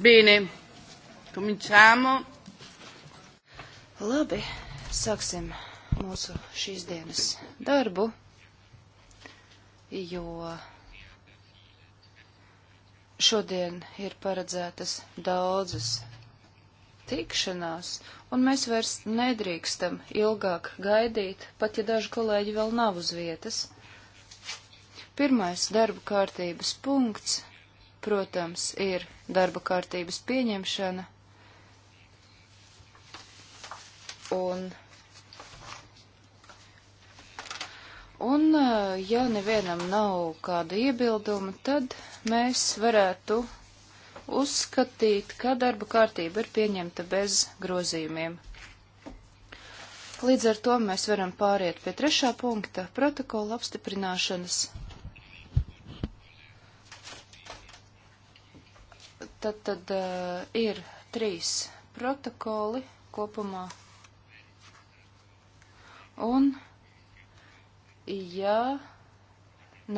Bene, cominciamo. Labi, sāksim mūsu šīs dienas darbu, jo šodien ir paredzētas daudzas tikšanās, un mēs vairs nedrīkstam ilgāk gaidīt, pat ja daži kolēģi vēl nav uz vietas. Pirmais darba kārtības punkts protams, ir darba kārtības pieņemšana un, un eh, ja nevienam nav kāda iebilduma, tad mēs varētu uzskatīt, ka darba kārtība ir pieņemta bez grozījumiem. Līdz ar to mēs varam pāriet pie trešā punkta - protokola apstiprināšanas. Tad, tad uh, ir trīs protokoli kopumā. Un, ja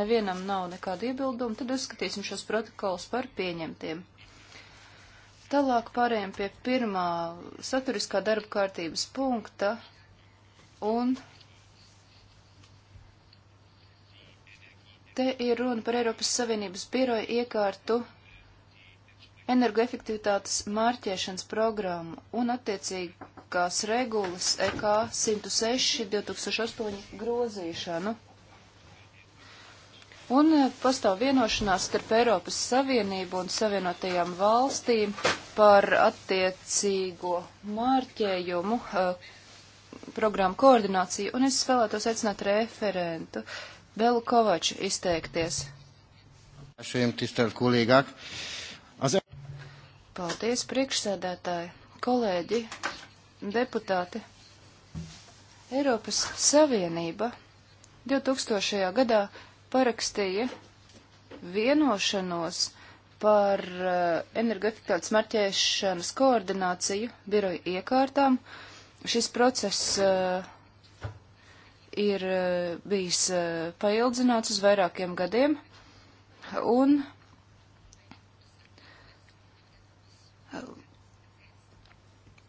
nevienam nav nekāda iebilduma, tad uzskatīsim šos protokolus par pieņemtiem. Tālāk pārējām pie pirmā saturiskā darba kārtības punkta un te ir runa par Eiropas Savienības biroja iekārtu energoefektivitātes mārķēšanas programmu un attiecīgās regulas EK 106-2008 grozīšanu. Un e, pastāv vienošanās starp Eiropas Savienību un Savienotajām valstīm par attiecīgo mārķējumu, e, programmu koordināciju, un es vēlētos aicināt referentu Belu Kovaču izteikties. Šiem tistēt kolēgāk. Uh, Paldies, priekšsēdētāji, kolēģi, deputāti. Eiropas Savienība 2000. gadā parakstīja vienošanos par eh, energoefektātes marķēšanas koordināciju biroju iekārtām. Šis process uh, ir eh, bijis uh, paildzināts uz vairākiem gadiem, un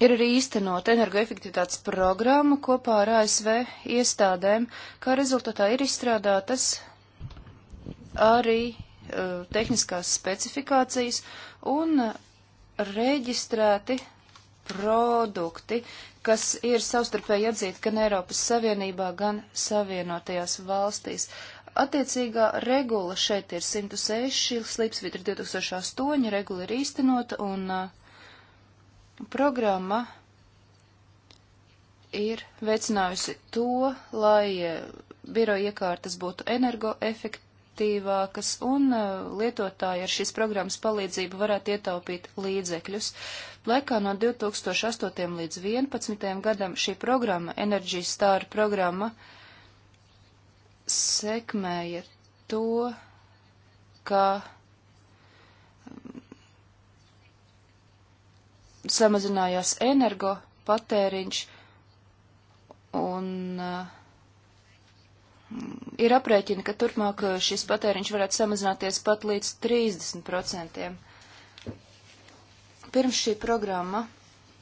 ir arī īstenot energoefektivitātes programmu kopā ar ASV iestādēm, kā rezultatā ir izstrādātas arī uh, tehniskās specifikācijas un uh, reģistrēti produkti, kas ir savstarpēji atzīti gan Eiropas Savienībā, gan Savienotajās valstīs. Attiecīgā regula šeit ir 106, slīpsvītra 2008, regula ir īstenota un uh, Programma ir veicinājusi to, lai eh, biroja iekārtas būtu energoefektīvākas un eh, lietotāji ar šīs programmas palīdzību varētu ietaupīt līdzekļus. Laikā no 2008. līdz 2011. gadam šī programma, Energy Star programma, sekmēja to, ka samazinājās energo patēriņš un uh, ir aprēķini, ka turpmāk uh, šis patēriņš varētu samazināties pat līdz 30%. Pirms šī programma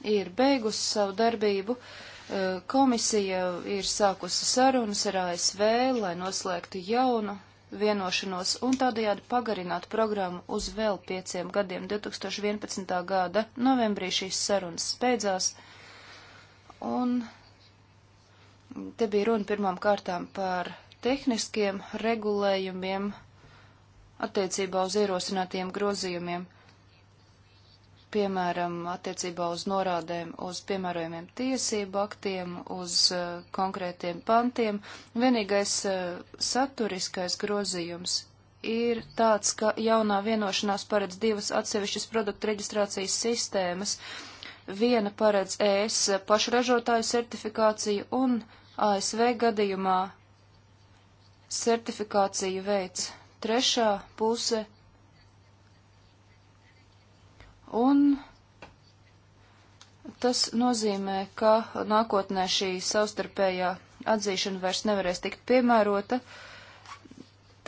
ir beigusi savu darbību, uh, komisija ir sākusi sarunas ar ASV, lai noslēgtu jaunu vienošanos un tādējādi pagarināt programmu uz vēl pieciem gadiem. 2011. gada novembrī šīs sarunas spēdzās, un te bija runa pirmām kārtām par tehniskiem regulējumiem attiecībā uz ierosinātiem grozījumiem piemēram, attiecībā uz norādēm, uz piemērojumiem tiesību aktiem, uz uh, konkrētiem pantiem. Vienīgais uh, saturiskais grozījums ir tāds, ka jaunā vienošanās paredz divas atsevišķas produktu reģistrācijas sistēmas. Viena paredz ES pašražotāju certifikāciju un ASV gadījumā certifikāciju veids trešā puse un tas nozīmē, ka nākotnē šī savstarpējā atzīšana vairs nevarēs tikt piemērota,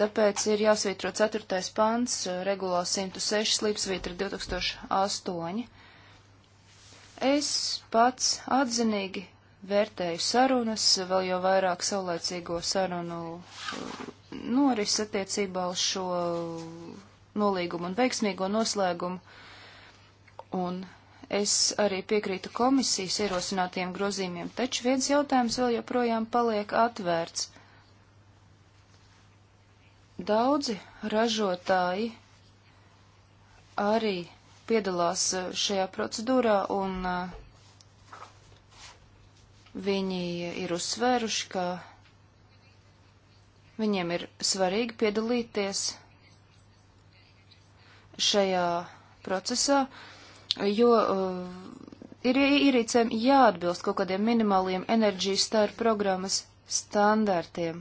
tāpēc ir jāsvītro 4. pants, regulā 106, līpsvītra 2008. Es pats atzinīgi vērtēju sarunas, vēl jau vairāk saulēcīgo sarunu uh, noris attiecībā uz šo nolīgumu un veiksmīgo noslēgumu. Un es arī piekrītu komisijas ierosinātiem grozījumiem, taču viens jautājums vēl joprojām paliek atvērts. Daudzi ražotāji arī piedalās eh, šajā procedūrā un eh, viņi ir uzsvēruši, ka viņiem ir svarīgi piedalīties šajā procesā, uh, jo uh, ir ierīcēm jāatbilst kaut kādiem minimāliem enerģijas stāra programmas standartiem.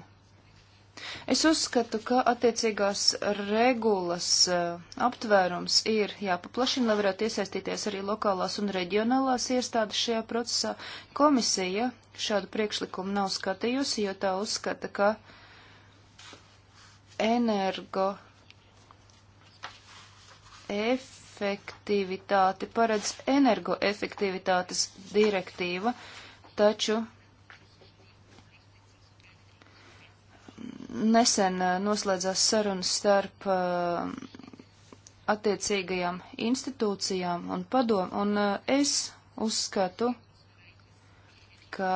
Es uzskatu, ka attiecīgās regulas uh, aptvērums ir jāpaplašina, lai varētu iesaistīties arī lokālās un reģionālās iestādes šajā procesā. Komisija šādu priekšlikumu nav skatījusi, jo tā uzskata, ka energo F energoefektivitāti paredz energoefektivitātes direktīva, taču nesen eh, noslēdzās sarunas starp eh, attiecīgajām institūcijām un padomu, un eh, es uzskatu, ka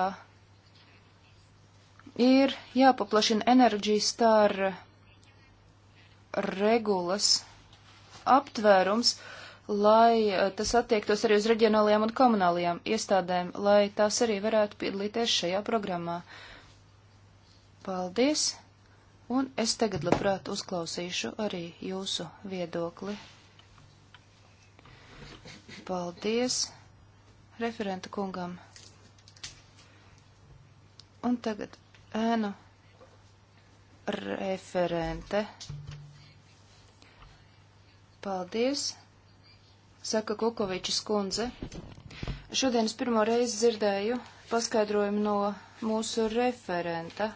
ir jāpaplašina enerģijas stāra regulas aptvērums, uh, lai eh, tas attiektos arī uz reģionālajām un komunālajām iestādēm, lai tās arī varētu piedalīties šajā programmā. Paldies! Un es tagad labprāt uzklausīšu arī jūsu viedokli. Paldies referenta kungam. Un tagad ēnu referente. Paldies! saka Kukoviča skundze. Šodien es pirmo reizi dzirdēju paskaidrojumu no mūsu referenta,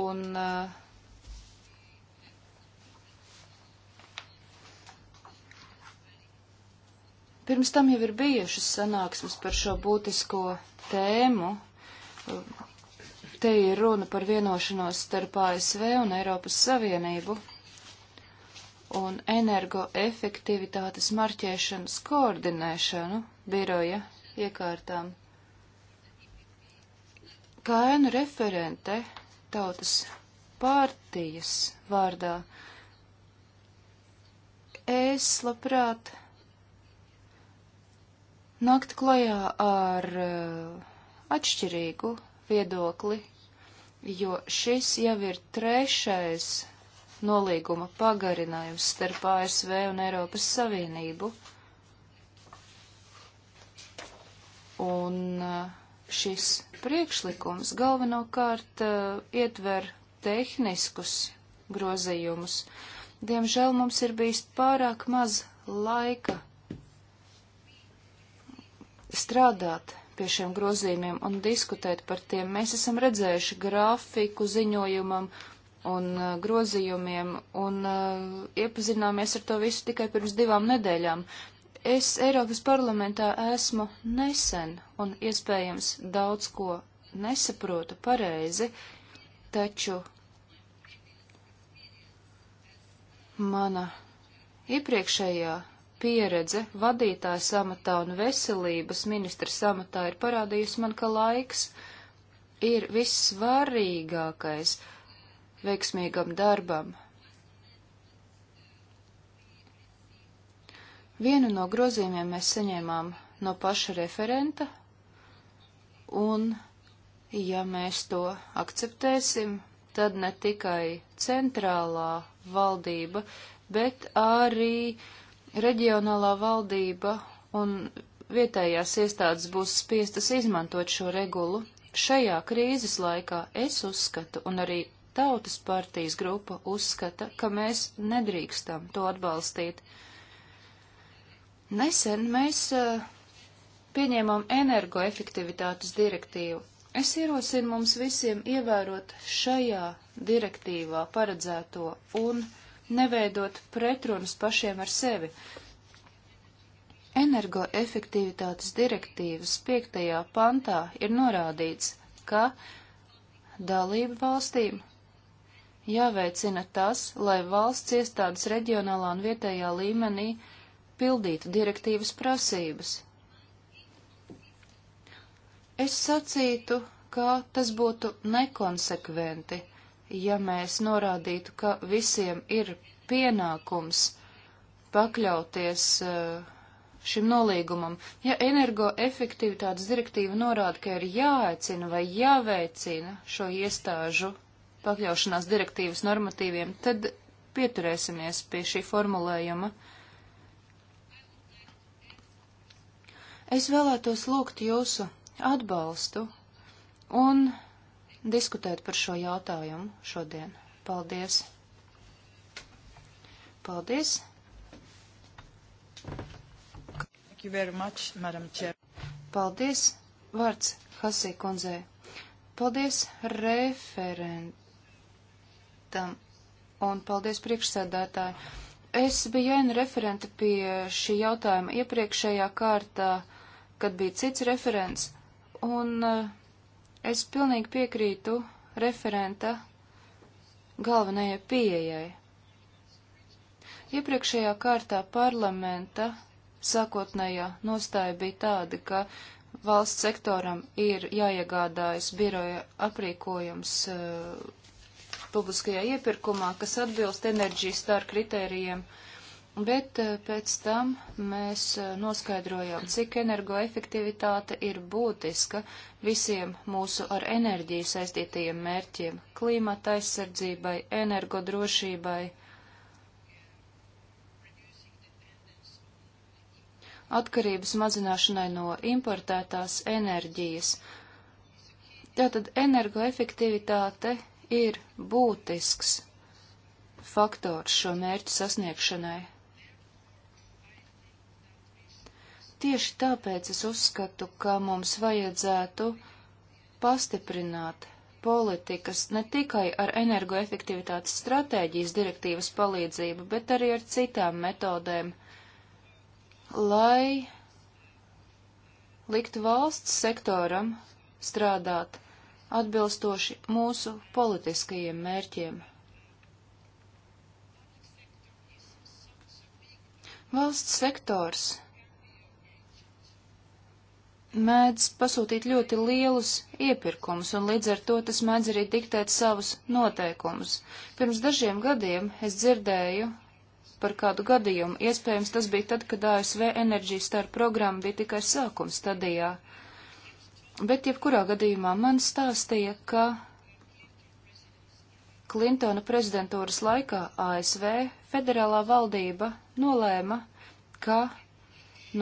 un uh, Pirms tam jau ir bijušas sanāksmes par šo būtisko tēmu. Te ir runa par vienošanos starp ASV un Eiropas Savienību un energoefektivitātes marķēšanas koordinēšanu biroja iekārtām. Kā ēnu referente tautas pārtījas vārdā, es labprāt nakt klajā ar uh, atšķirīgu viedokli, jo šis jau ir trešais nolīguma pagarinājums starp ASV un Eiropas Savienību. Un eh, šis priekšlikums galvenokārt uh, ietver tehniskus grozījumus. Diemžēl mums ir bijis pārāk maz laika strādāt pie šiem grozījumiem un diskutēt par tiem. Mēs esam redzējuši grafiku ziņojumam un uh, grozījumiem, un uh, iepazināmies ar to visu tikai pirms divām nedēļām. Es Eiropas parlamentā esmu nesen un iespējams daudz ko nesaprotu pareizi, taču mana iepriekšējā pieredze vadītāja samatā un veselības ministra samatā ir parādījusi man, ka laiks ir vissvarīgākais. Uh, veiksmīgam darbam. Vienu no grozījumiem mēs saņēmām no paša referenta, un, ja mēs to akceptēsim, tad ne tikai centrālā valdība, bet arī reģionālā valdība un vietējās iestādes būs spiestas izmantot šo regulu. Šajā krīzes laikā es uzskatu, un arī Tautas partijas grupa uzskata, ka mēs nedrīkstam to atbalstīt. Nesen mēs uh, pieņēmām energoefektivitātes direktīvu. Es ierosinu mums visiem ievērot šajā direktīvā paredzēto un neveidot pretrunas pašiem ar sevi. Energoefektivitātes direktīvas 5. pantā ir norādīts, ka dalību valstīm jāveicina tas, lai valsts iestādes reģionālā un vietējā līmenī pildītu direktīvas prasības. Es sacītu, ka tas būtu nekonsekventi, ja mēs norādītu, ka visiem ir pienākums pakļauties eh, šim nolīgumam. Ja energoefektivitātes direktīva norāda, ka ir jāaicina vai jāveicina šo iestāžu pakļaušanās direktīvas normatīviem, tad pieturēsimies pie šī formulējuma. Es vēlētos lūgt jūsu atbalstu un diskutēt par šo jautājumu šodien. Paldies! Paldies! Thank you very much, Madam Chair. Paldies! Vārds Hasī kundzei. Paldies referent lietām. Un paldies priekšsēdētāji. Es biju viena referente pie šī jautājuma iepriekšējā kārtā, kad bija cits referents. Un eh, es pilnīgi piekrītu referenta galvenajai pieejai. Iepriekšējā kārtā parlamenta sākotnējā nostāja bija tāda, ka valsts sektoram ir jāiegādājas biroja aprīkojums eh, publiskajā iepirkumā, kas atbilst enerģijas stāra kritērijiem, bet eh, pēc tam mēs eh, noskaidrojām, cik energoefektivitāte ir būtiska visiem mūsu ar enerģiju saistītajiem mērķiem - klimata aizsardzībai, energodrošībai. atkarības mazināšanai no importētās enerģijas. Tātad energoefektivitāte ir būtisks faktors šo mērķu sasniegšanai. Tieši tāpēc es uzskatu, ka mums vajadzētu pastiprināt politikas ne tikai ar energoefektivitātes stratēģijas direktīvas palīdzību, bet arī ar citām metodēm, lai likt valsts sektoram strādāt atbilstoši mūsu politiskajiem mērķiem. Valsts sektors mēdz pasūtīt ļoti lielus iepirkumus, un līdz ar to tas mēdz arī diktēt savus noteikumus. Pirms dažiem gadiem es dzirdēju par kādu gadījumu, iespējams tas bija tad, kad ASV enerģijas star programma bija tikai sākuma stadijā. Uh, Bet jebkurā gadījumā man stāstīja, ka Klintona prezidentūras laikā ASV federālā valdība nolēma, ka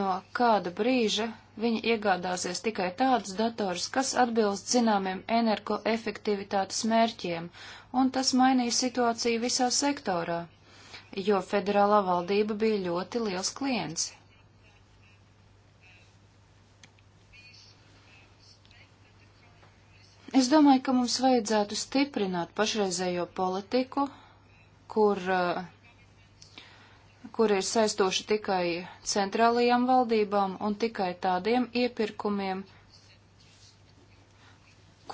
no kāda brīža viņi iegādāsies tikai tādus dators, kas atbilst zināmiem energoefektivitātes mērķiem, un tas mainīja situāciju visā sektorā, jo federālā valdība bija ļoti liels klients. Es domāju, ka mums vajadzētu stiprināt pašreizējo politiku, kur, eh, kur ir saistoši tikai centrālajām valdībām un tikai tādiem iepirkumiem,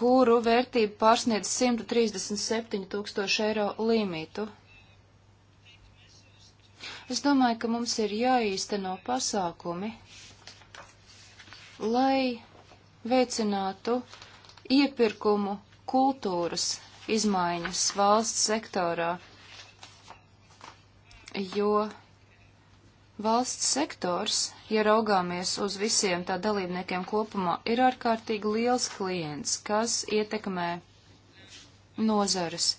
kuru vērtība pārsniedz 137 tūkstošu eiro limitu. Es domāju, ka mums ir jāīsteno pasākumi, lai veicinātu uh, iepirkumu kultūras izmaiņas valsts sektorā, jo valsts sektors, ja raugāmies uz visiem tā dalībniekiem kopumā, ir ārkārtīgi liels klients, kas ietekmē nozares.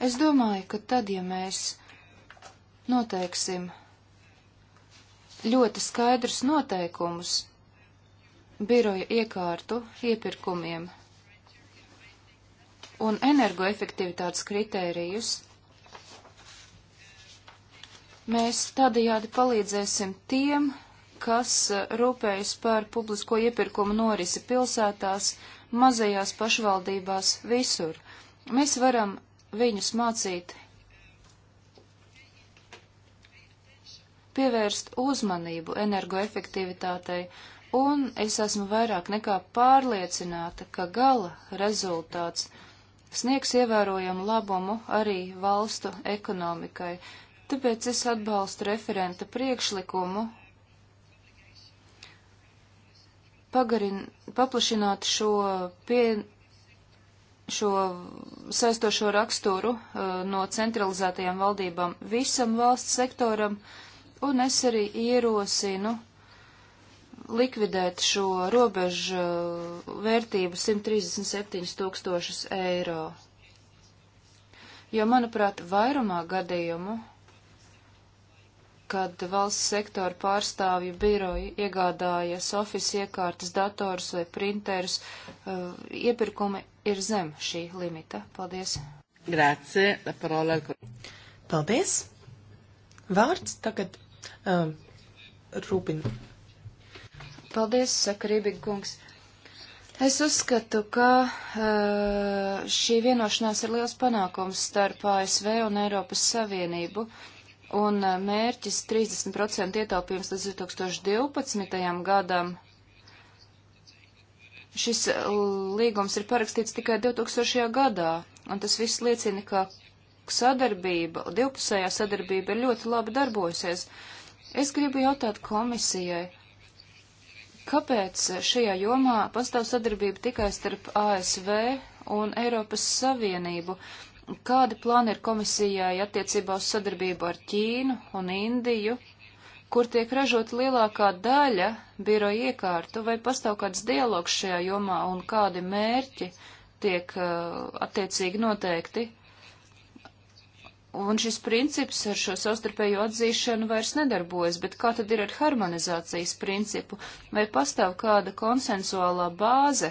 Es domāju, ka tad, ja mēs noteiksim ļoti skaidrus noteikumus biroja iekārtu iepirkumiem un energoefektivitātes kritērijus. Mēs tādajādi palīdzēsim tiem, kas eh, rūpējas par publisko iepirkumu norisi pilsētās, mazajās pašvaldībās, visur. Mēs varam viņus mācīt pievērst uzmanību energoefektivitātei, un es esmu vairāk nekā pārliecināta, ka gala rezultāts sniegs ievērojamu labumu arī valstu ekonomikai, tāpēc es atbalstu referenta priekšlikumu pagarin, paplašināt šo, pie, šo saistošo raksturu uh, no centralizētajām valdībām visam valsts sektoram, uh, un es arī ierosinu likvidēt šo robežu uh, vērtību 137 tūkstošus eiro. Jo, manuprāt, vairumā gadījumu, kad valsts sektora pārstāvju biroji iegādājas oficiālas iekārtas, dators vai printerus, uh, iepirkumi ir zem šī limita. Paldies! Grācie, parola. Paldies! Vārds tagad um, Rūpin. Paldies, saka Rībīgi kungs. Es uzskatu, ka uh, šī vienošanās ir liels panākums starp ASV un Eiropas Savienību, un uh, mērķis 30% ietaupījums līdz 2012. gadam šis uh, līgums ir parakstīts tikai 2000. gadā, un tas viss liecina, ka sadarbība, divpusējā sadarbība ir ļoti labi darbojusies. Es gribu jautāt komisijai, kāpēc šajā jomā pastāv sadarbība tikai starp ASV un Eiropas Savienību? Kādi plāni ir komisijai attiecībā uz sadarbību ar Ķīnu un Indiju, kur tiek ražot lielākā daļa biroja iekārtu, vai pastāv kāds dialogs šajā jomā un kādi mērķi tiek uh, attiecīgi noteikti? Un šis princips ar šo savstarpējo atzīšanu vairs nedarbojas, bet kā tad ir ar harmonizācijas principu? Vai pastāv kāda konsensuālā bāze,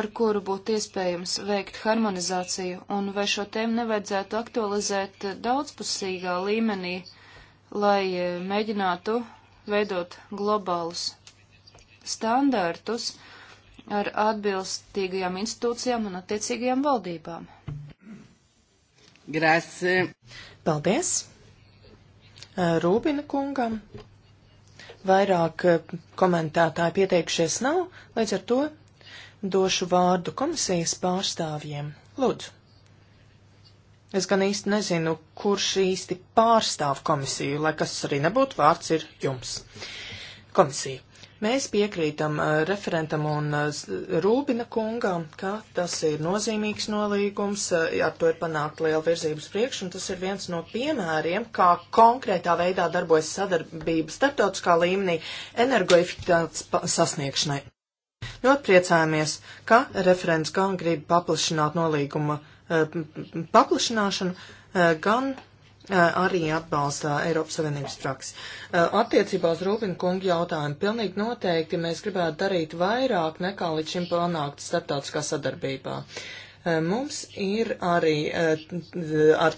ar kuru būtu iespējams veikt harmonizāciju, un vai šo tēmu nevajadzētu aktualizēt daudzpusīgā līmenī, lai e, mēģinātu veidot globālus standārtus ar atbilstīgajām institūcijām un attiecīgajām valdībām? Grāsie. Paldies. Eh, Rūbina kungam. Vairāk eh, komentētāji pieteikušies nav, līdz ar to došu vārdu komisijas pārstāvjiem. Lūdzu. Es gan īsti nezinu, kurš īsti pārstāv komisiju, lai kas arī nebūtu vārds ir jums. Komisija. Mēs piekrītam uh, referentam un uh, Rūbina kungam, ka tas ir nozīmīgs nolīgums, uh, ar to ir panākt liela virzības priekš, un tas ir viens no piemēriem, kā konkrētā veidā darbojas sadarbība starptautiskā līmenī energoefektivitātes sasniegšanai. Ļoti priecājamies, ka referents gan grib paplašināt nolīguma paplašināšanu, gan Eh, arī atbalsta Eiropas Savienības praksi. Eh, attiecībā uz Rūpina kungu jautājumu pilnīgi noteikti mēs gribētu darīt vairāk nekā līdz šim panākt starptautiskā sadarbībā. Eh, mums ir arī ar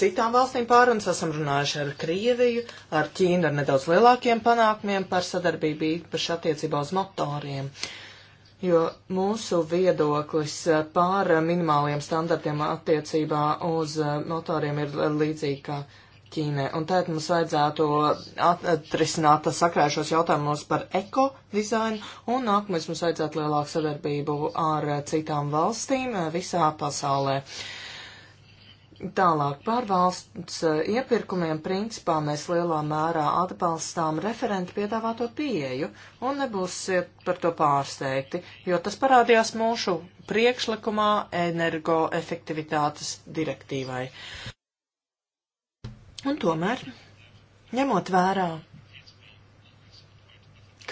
citām valstīm pārunas, esam runājuši ar Krieviju, ar Ķīnu ar nedaudz lielākiem panākumiem par sadarbību īpaši attiecībā uz motoriem. Uh, jo mūsu viedoklis eh, pār eh, minimāliem standartiem attiecībā uz motoriem eh, ir līdzīgi kā Ķīnai. Un tātad mums vajadzētu atrisināt sakrājušos jautājumus par eko dizainu, un nākamais mums vajadzētu lielāku sadarbību ar citām valstīm visā pasaulē. Uh, Tālāk par valsts eh, iepirkumiem principā mēs lielā mērā atbalstām referentu piedāvāto pieeju un nebūsiet par to pārsteigti, jo tas parādījās mūsu priekšlikumā energoefektivitātes direktīvai. Un tomēr, ņemot vērā,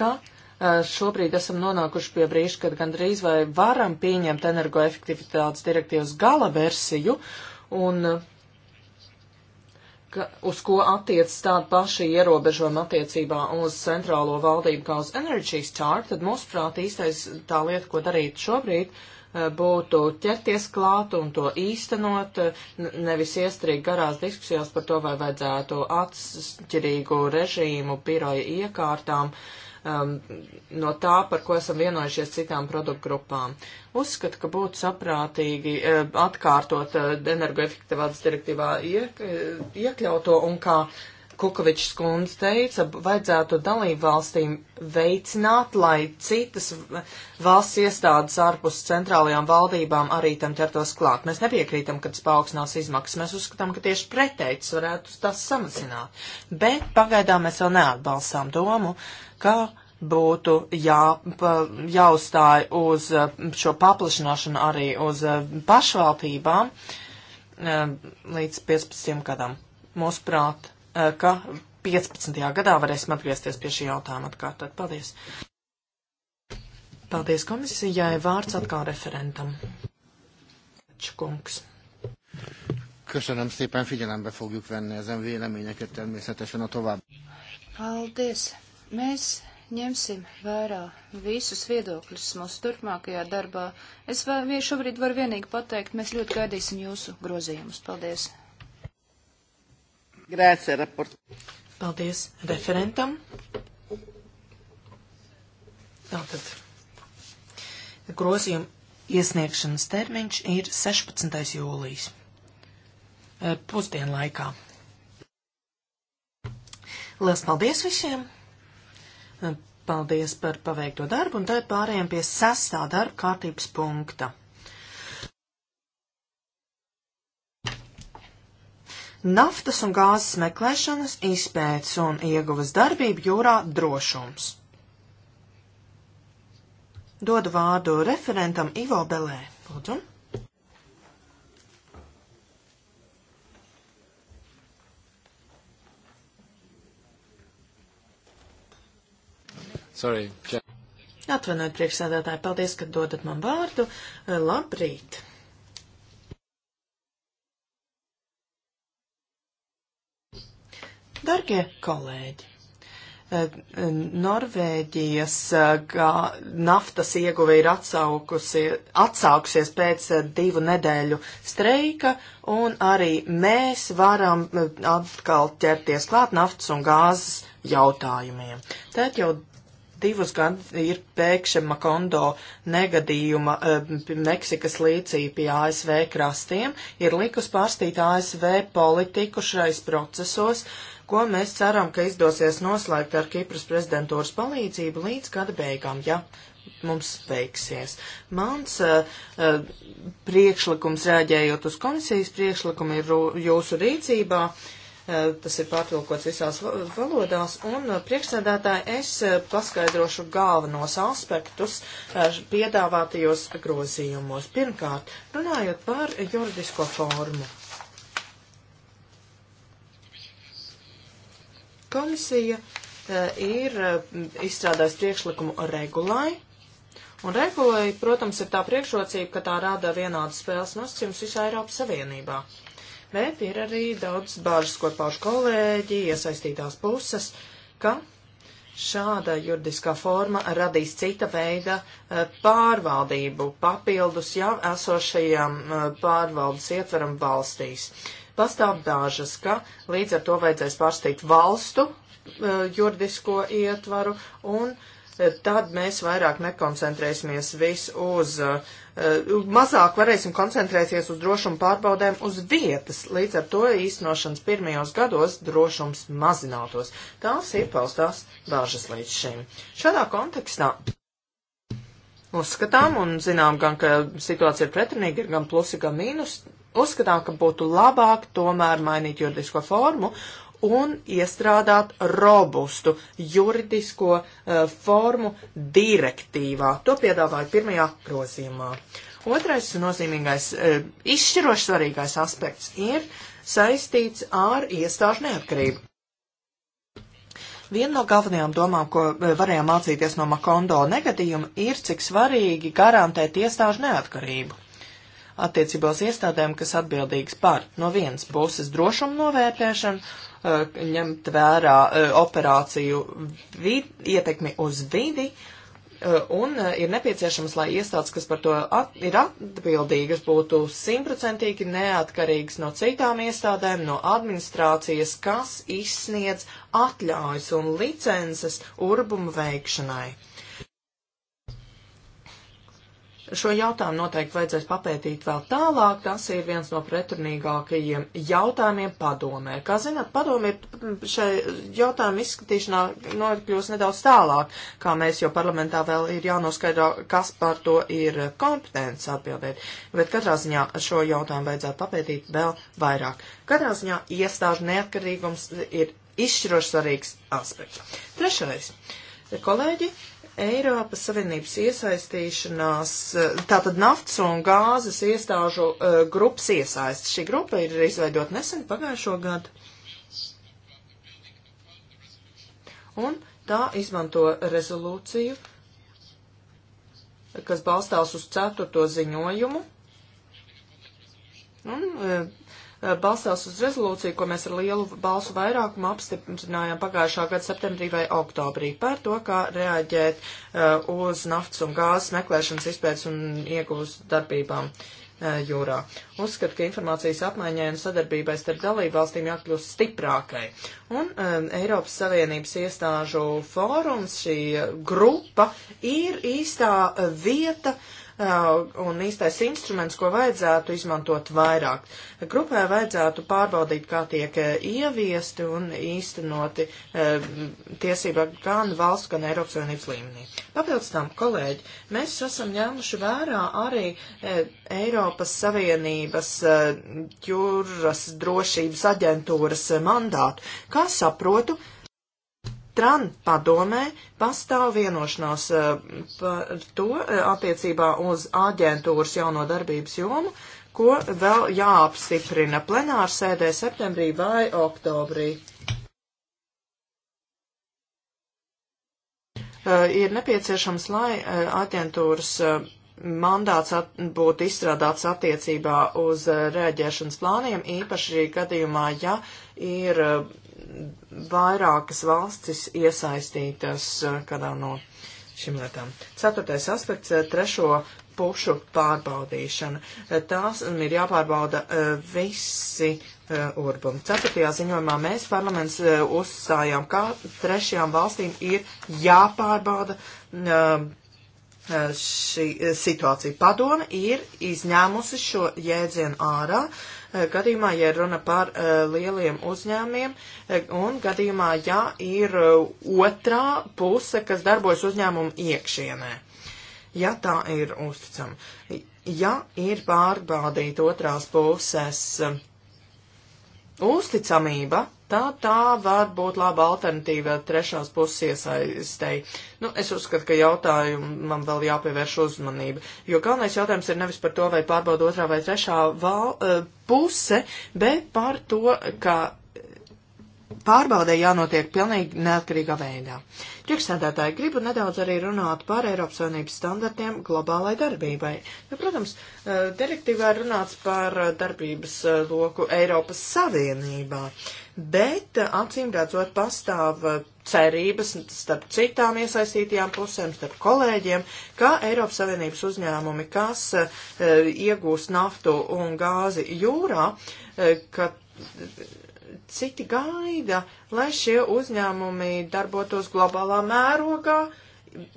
ka eh, šobrīd esam nonākuši pie brīža, kad gandrīz vai varam pieņemt energoefektivitātes direktīvas gala versiju, uh, un ka, uz ko attiec tāda paša ierobežojuma attiecībā uz centrālo valdību kā uz Energy Star, tad mūsuprāt īstais tā lieta, ko darīt šobrīd, eh, būtu ķerties klāt un to īstenot, nevis iestrīgi garās diskusijās par to, vai vajadzētu atšķirīgu režīmu piroja iekārtām uh, um, no tā, par ko esam vienojušies citām produktu grupām. Uzskatu, ka būtu saprātīgi uh, atkārtot uh, energoefektivitātes direktīvā iek, uh, iekļauto un kā Kukovičs kundze teica, vajadzētu dalību valstīm veicināt, lai citas valsts iestādes ārpus centrālajām valdībām arī tam ķertos klāt. Mēs nepiekrītam, ka tas paaugstinās izmaksas. Mēs uzskatām, ka tieši pretējas varētu tas samazināt. Bet pagaidām mēs vēl neatbalstām domu, ka būtu jā, pa, jāuzstāj uz eh, šo paplašināšanu arī uz eh, pašvaldībām eh, līdz 15 gadam. Mūsuprāt, Eh, ka 15. gadā varēsim atgriezties pie šī jautājuma atkārtot. Paldies! Paldies komisijai, vārds atkal referentam. Čukungs. Köszönöm szépen, figyelembe fogjuk venni ezen véleményeket természetesen a tovább. Paldies! Mēs ņemsim vērā visus viedokļus mūsu turpmākajā darbā. Es vēl šobrīd varu vienīgi pateikt, mēs ļoti gaidīsim jūsu grozījumus. Paldies! Grēce raport. Paldies referentam. Tātad grozījuma iesniegšanas termiņš ir 16. jūlijas e, pusdienlaikā. Lielas paldies visiem! E, paldies par paveikto darbu, un tagad pārējām pie sestā darba kārtības punkta. naftas un gāzes meklēšanas, izpētes un ieguvas darbību jūrā drošums. Dodu vārdu referentam Ivo Belē. Lūdzu. Sorry. Atvainojiet, priekšsēdētāji, paldies, ka dodat man vārdu. Labrīt! Dargie kolēģi! Eh, eh, Norvēģijas eh, naftas ieguve ir atsākusies pēc divu nedēļu streika, un arī mēs varam atkal ķerties klāt naftas un gāzes jautājumiem. Tad jau divus gadus ir pēkšņa Makondo negadījuma Meksikas līcī pie ASV krastiem, ir likus pārstīt ASV politiku šais procesos. Uh, ko mēs ceram, ka izdosies noslēgt ar Kipras prezidentūras palīdzību līdz gada beigām, ja mums veiksies. Mans uh, priekšlikums, rēģējot uz komisijas priekšlikumu, ir jūsu rīcībā. Uh, tas ir pārtulkots visās valodās, un uh, priekšsēdētāji es paskaidrošu galvenos aspektus piedāvātajos grozījumos. Pirmkārt, runājot par juridisko formu. Komisija eh, ir eh, izstrādājusi priekšlikumu regulai, un regulai, protams, ir tā priekšrocība, ka tā rada vienādas spēles nosacījums visā Eiropas Savienībā. Bet ir arī daudz bāžas, ko pauž kolēģi, iesaistītās puses, ka šāda juridiskā forma radīs cita veida eh, pārvaldību papildus jau esošajam pārvaldes ietveram valstīs. Pastāv dažas, ka līdz ar to vajadzēs pārsteigt valstu e, juridisko ietvaru un e, tad mēs vairāk nekoncentrēsimies visu uz, e, mazāk varēsim koncentrēties uz drošumu pārbaudēm uz vietas. Līdz ar to īstenošanas pirmajos gados drošums mazinātos. Tās ir paustās dažas līdz šim. Šādā kontekstā. Uzskatām un zinām gan, ka situācija ir pretrunīga, ir gan plusi, gan mīnus, uzskatām, ka būtu labāk tomēr mainīt juridisko formu un iestrādāt robustu juridisko uh, formu direktīvā. To piedāvāja pirmajā grozījumā. Otrais nozīmīgais, uh, izšķiroši svarīgais aspekts ir saistīts ar iestāžu neatkarību. Viena no galvenajām domām, ko eh, varējām mācīties no Makondo negadījuma, ir, cik svarīgi garantēt iestāžu neatkarību attiecībā uz iestādēm, kas atbildīgas par no vienas puses drošumu novērtēšanu, eh, ņemt vērā eh, operāciju vid, ietekmi uz vidi, eh, un ir nepieciešams, lai iestādes, kas par to at, ir atbildīgas, būtu simtprocentīgi neatkarīgas no citām iestādēm, no administrācijas, kas izsniedz atļaujas un licences urbumu veikšanai. Šo jautājumu noteikti vajadzēs papētīt vēl tālāk. Tas ir viens no pretrunīgākajiem jautājumiem padomē. Kā zināt, padomē ir šai jautājumu izskatīšanā nokļūst nedaudz tālāk, kā mēs jau parlamentā vēl ir jānoskaidro, kas par to ir kompetents atbildēt. Bet katrā ziņā šo jautājumu vajadzētu papētīt vēl vairāk. Katrā ziņā iestāžu neatkarīgums ir izšķiroši svarīgs aspekts. Trešais. Kolēģi, Eiropas Savienības iesaistīšanās, eh, tātad naftas un gāzes iestāžu uh, grupas iesaist. Šī grupa ir izveidot nesen pagājušo gadu. Un tā izmanto rezolūciju, kas balstās uz ceturto ziņojumu. Un uh, Eh, balsās uz rezolūciju, ko mēs ar lielu balsu vairākumu apstiprinājām pagājušā gada septembrī vai oktobrī par to, kā reaģēt uh, uz naftas un gāzes meklēšanas izpētes un ieguvus darbībām uh, jūrā. Uzskatu, ka informācijas apmaiņai un sadarbībai starp dalībvalstīm jākļūst stiprākai. Un uh, Eiropas Savienības iestāžu fórums, šī grupa, ir īstā vieta uh, un īstais instruments, ko vajadzētu izmantot vairāk. Grupai vajadzētu pārbaudīt, kā tiek eh, ieviesti un īstenoti eh, tiesība gan valsts, gan Eiropas Savienības līmenī. Papildus tam, kolēģi, mēs esam ņēmuši vērā arī eh, Eiropas Savienības jūras drošības aģentūras mandātu. Kā saprotu, Tran padomē pastāv vienošanās eh, par to eh, attiecībā uz aģentūras jauno darbības jomu, ko vēl jāapstiprina plenārsēdē septembrī vai oktobrī. Eh, ir nepieciešams, lai aģentūras mandāts at, būtu izstrādāts attiecībā uz reaģēšanas plāniem, īpaši gadījumā, ja ir vairākas valstis iesaistītas eh, kādā no šīm lietām. Ceturtais aspekts eh, - trešo pušu pārbaudīšana. Eh, tās ir jāpārbauda visi urbumi. Ceturtajā ziņojumā mēs parlaments uzstājām, kā trešajām valstīm ir jāpārbauda šī situācija. Padona ir izņēmusi šo jēdzienu ārā Eh, gadījumā, ja runa par eh, lieliem uzņēmiem, eh, un gadījumā, ja ir otrā puse, kas darbojas uzņēmumu iekšienē. Ja tā ir uzticama. Ja ir pārbaudīta otrās puses Uzticamība, tā, tā var būt laba alternatīva trešās puses iesaistēji. Nu, es uzskatu, ka jautājumam vēl jāpievērš uzmanība, jo galvenais jautājums ir nevis par to, vai pārbauda otrā vai trešā val, eh, puse, bet par to, ka pārbaudē jānotiek pilnīgi neatkarīgā veidā. Priekšsēdētāji gribu nedaudz arī runāt par Eiropas Savienības standartiem globālai darbībai. Jo, nu, protams, eh, direktīvā ir runāts par eh, darbības eh, loku Eiropas Savienībā, bet acīm redzot pastāv cerības starp citām iesaistītajām pusēm, starp kolēģiem, ka Eiropas Savienības uzņēmumi, kas iegūst naftu un gāzi jūrā, ka citi gaida, lai šie uzņēmumi darbotos globālā mērogā,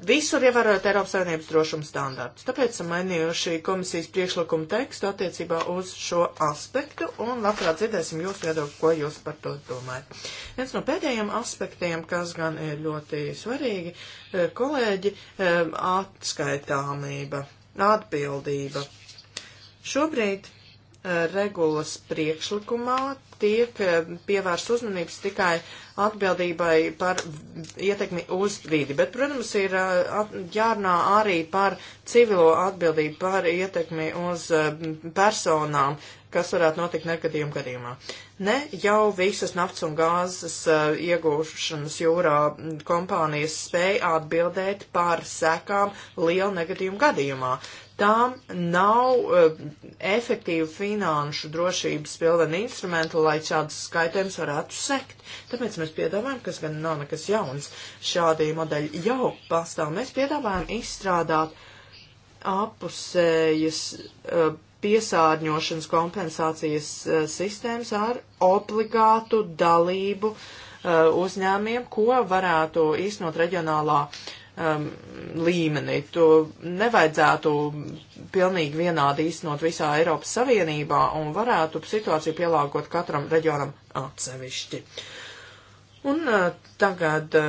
visur ievērojot Eiropas Savienības drošuma standārtus. Tāpēc esam mainījuši komisijas priekšlikumu tekstu attiecībā uz šo aspektu un labprāt dzirdēsim jūsu viedokli, ko jūs par to domājat. Viens no pēdējiem aspektiem, kas gan ir ļoti svarīgi, e, kolēģi, e, atskaitāmība, atbildība. Šobrīd regulas priekšlikumā tiek eh, pievērst uzmanības tikai atbildībai par ietekmi uz vidi, bet, protams, ir eh, jārunā arī par civilo atbildību par ietekmi uz eh, personām, kas varētu notikt negadījuma gadījumā. Ne jau visas nafts un gāzes iegūšanas jūrā kompānijas spēja atbildēt par sekām liela negadījuma gadījumā tām nav uh, efektīvu finanšu drošības pilvena instrumentu, lai šādas skaitējums varētu sekt. Tāpēc mēs piedāvājam, kas gan nav nekas jauns, šādi modeļi jau pastāv. Mēs piedāvājam izstrādāt apusējas uh, piesārņošanas kompensācijas uh, sistēmas ar obligātu dalību uzņēmiem, ko varētu īstenot reģionālā uh, um, līmenī. To nevajadzētu pilnīgi vienādi īstenot visā Eiropas Savienībā un varētu situāciju pielāgot katram reģionam atsevišķi. Uh, Un uh, tagad uh,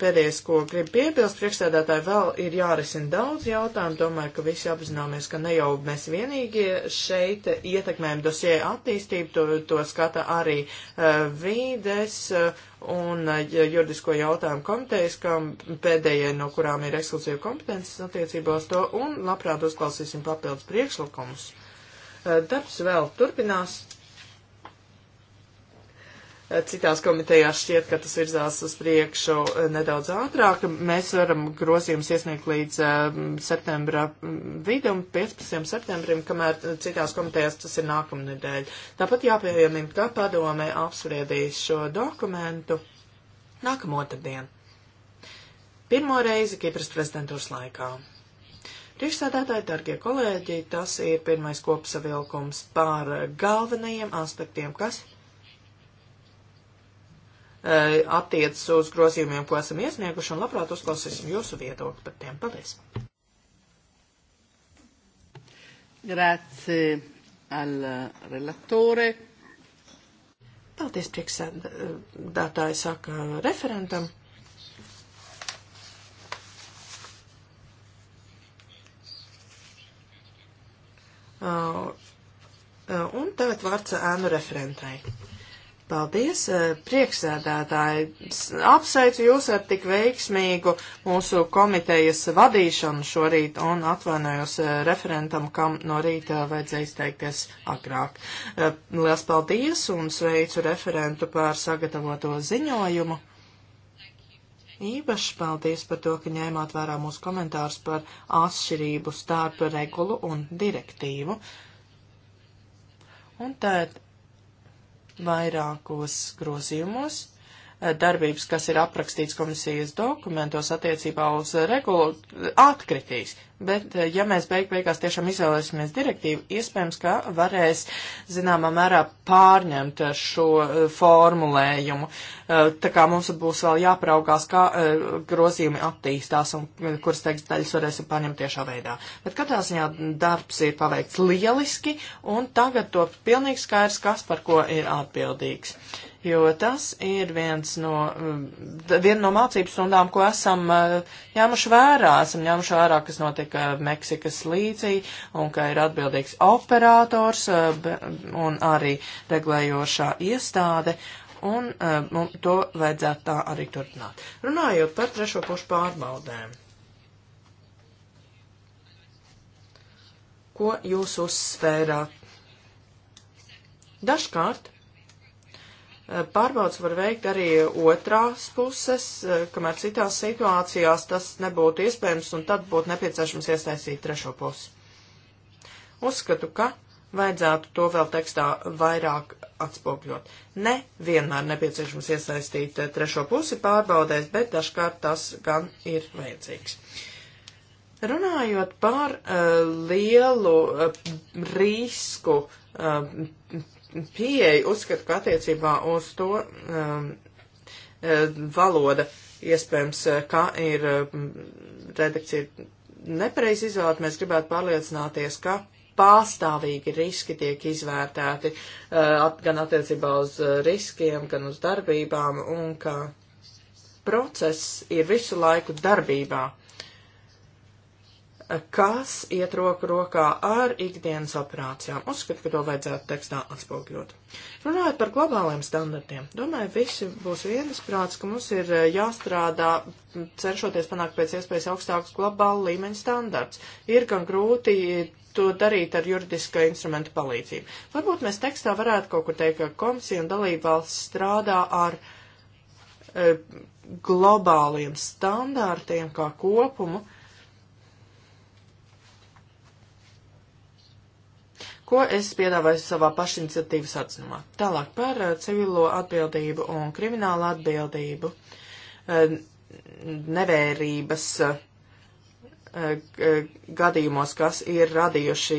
pēdējais, ko gribu piebilst, priekšsēdētāji vēl ir jārisina daudz jautājumu. Domāju, ka visi apzināmies, ka ne jau mēs vienīgie šeit ietekmējam dosie attīstību, to, to skata arī uh, vīdes un juridisko jautājumu komitejas, kam pēdējai no kurām ir ekskluzīva kompetences attiecībā uz to, un labprāt uzklausīsim papildus priekšlikumus. Darbs vēl turpinās. Citās komitejās šķiet, ka tas virzās uz priekšu eh, nedaudz ātrāk. Mēs varam grozījums iesniegt līdz eh, septembra mm, vidum, 15. septembrim, kamēr eh, citās komitejās tas ir nākamnedēļ. Tāpat jāpievienina, ka padome apspriedīs šo dokumentu nākamo otrdien. Pirmo reizi Kipras prezidentūras laikā. Priekšsēdētāji, darbie kolēģi, tas ir pirmais kopsavilkums par galvenajiem aspektiem, kas E, attiecas uz grozījumiem, ko esam iesnieguši, un labprāt uzklausīsim jūsu viedokli par tiem. Paldies! Grazie al relatore. Paldies, priekšsēdētāji, saka referentam. Uh, uh, un tagad vārds ēnu referentai. Paldies, e, prieksēdētāji. Apsveicu jūs ar tik veiksmīgu mūsu komitejas vadīšanu šorīt un atvainojos e, referentam, kam no rīta vajadzēja izteikties agrāk. E, Lielas paldies un sveicu referentu par sagatavoto ziņojumu. Īpaši paldies par to, ka ņēmāt vērā mūsu komentārus par atšķirību starp regulu un direktīvu. Un tad vairākos grozījumos eh, darbības, kas ir aprakstīts komisijas dokumentos attiecībā uz regulu, atkritīs. Bet, eh, ja mēs beig beigās tiešām izvēlēsimies direktīvu, iespējams, ka varēs zināmā mērā pārņemt šo eh, formulējumu. Eh, tā kā mums būs vēl jāpraugās, kā grozījumi attīstās un kuras teksta daļas varēsim pārņemt tiešā veidā. Bet katrā ziņā darbs ir paveikts lieliski un tagad to pilnīgi skaidrs, kas par ko ir atbildīgs jo tas ir viens no, mm, viena no mācības stundām, ko esam ņēmuši vērā, esam ņēmuši vērā, kas notiek notiek Meksikas līcī un ka ir atbildīgs operators uh, un arī regulējošā iestāde. Un mums uh, to vajadzētu tā arī turpināt. Runājot par trešo pušu pārbaudēm. Ko jūs uzsvērāt? Dažkārt Eh, pārbaudas var veikt arī otrās puses, eh, kamēr citās situācijās tas nebūtu iespējams, un tad būtu nepieciešams iesaistīt trešo pusi. Uzskatu, ka vajadzētu to vēl tekstā vairāk atspokļot. Ne vienmēr nepieciešams iesaistīt eh, trešo pusi pārbaudēs, bet dažkārt tas gan ir vajadzīgs. Runājot par uh, lielu uh, risku uh, pieeja uzskata, ka attiecībā uz to um, eh, valoda iespējams, eh, ka ir mm, redakcija nepareiz izvēlēta, mēs gribētu pārliecināties, ka pārstāvīgi riski tiek izvērtēti eh, gan attiecībā uz riskiem, gan uz darbībām un ka process ir visu laiku darbībā kas iet roku rokā ar ikdienas operācijām. Uzskatu, ka to vajadzētu tekstā atspogļot. Runājot par globāliem standartiem, domāju, visi būs vienisprāts, ka mums ir eh, jāstrādā, cenšoties panākt pēc iespējas augstākus globālu līmeņu standarts. Ir gan grūti to darīt ar juridiska instrumenta palīdzību. Varbūt mēs tekstā varētu kaut kur teikt, ka komisija un dalībvalsts strādā ar e, globāliem standārtiem kā kopumu, uh, ko es piedāvāju savā pašiniciatīvas atzinumā. Tālāk par eh, civilo atbildību un kriminālu atbildību eh, nevērības eh, Eh, eh, gadījumos, kas ir radījuši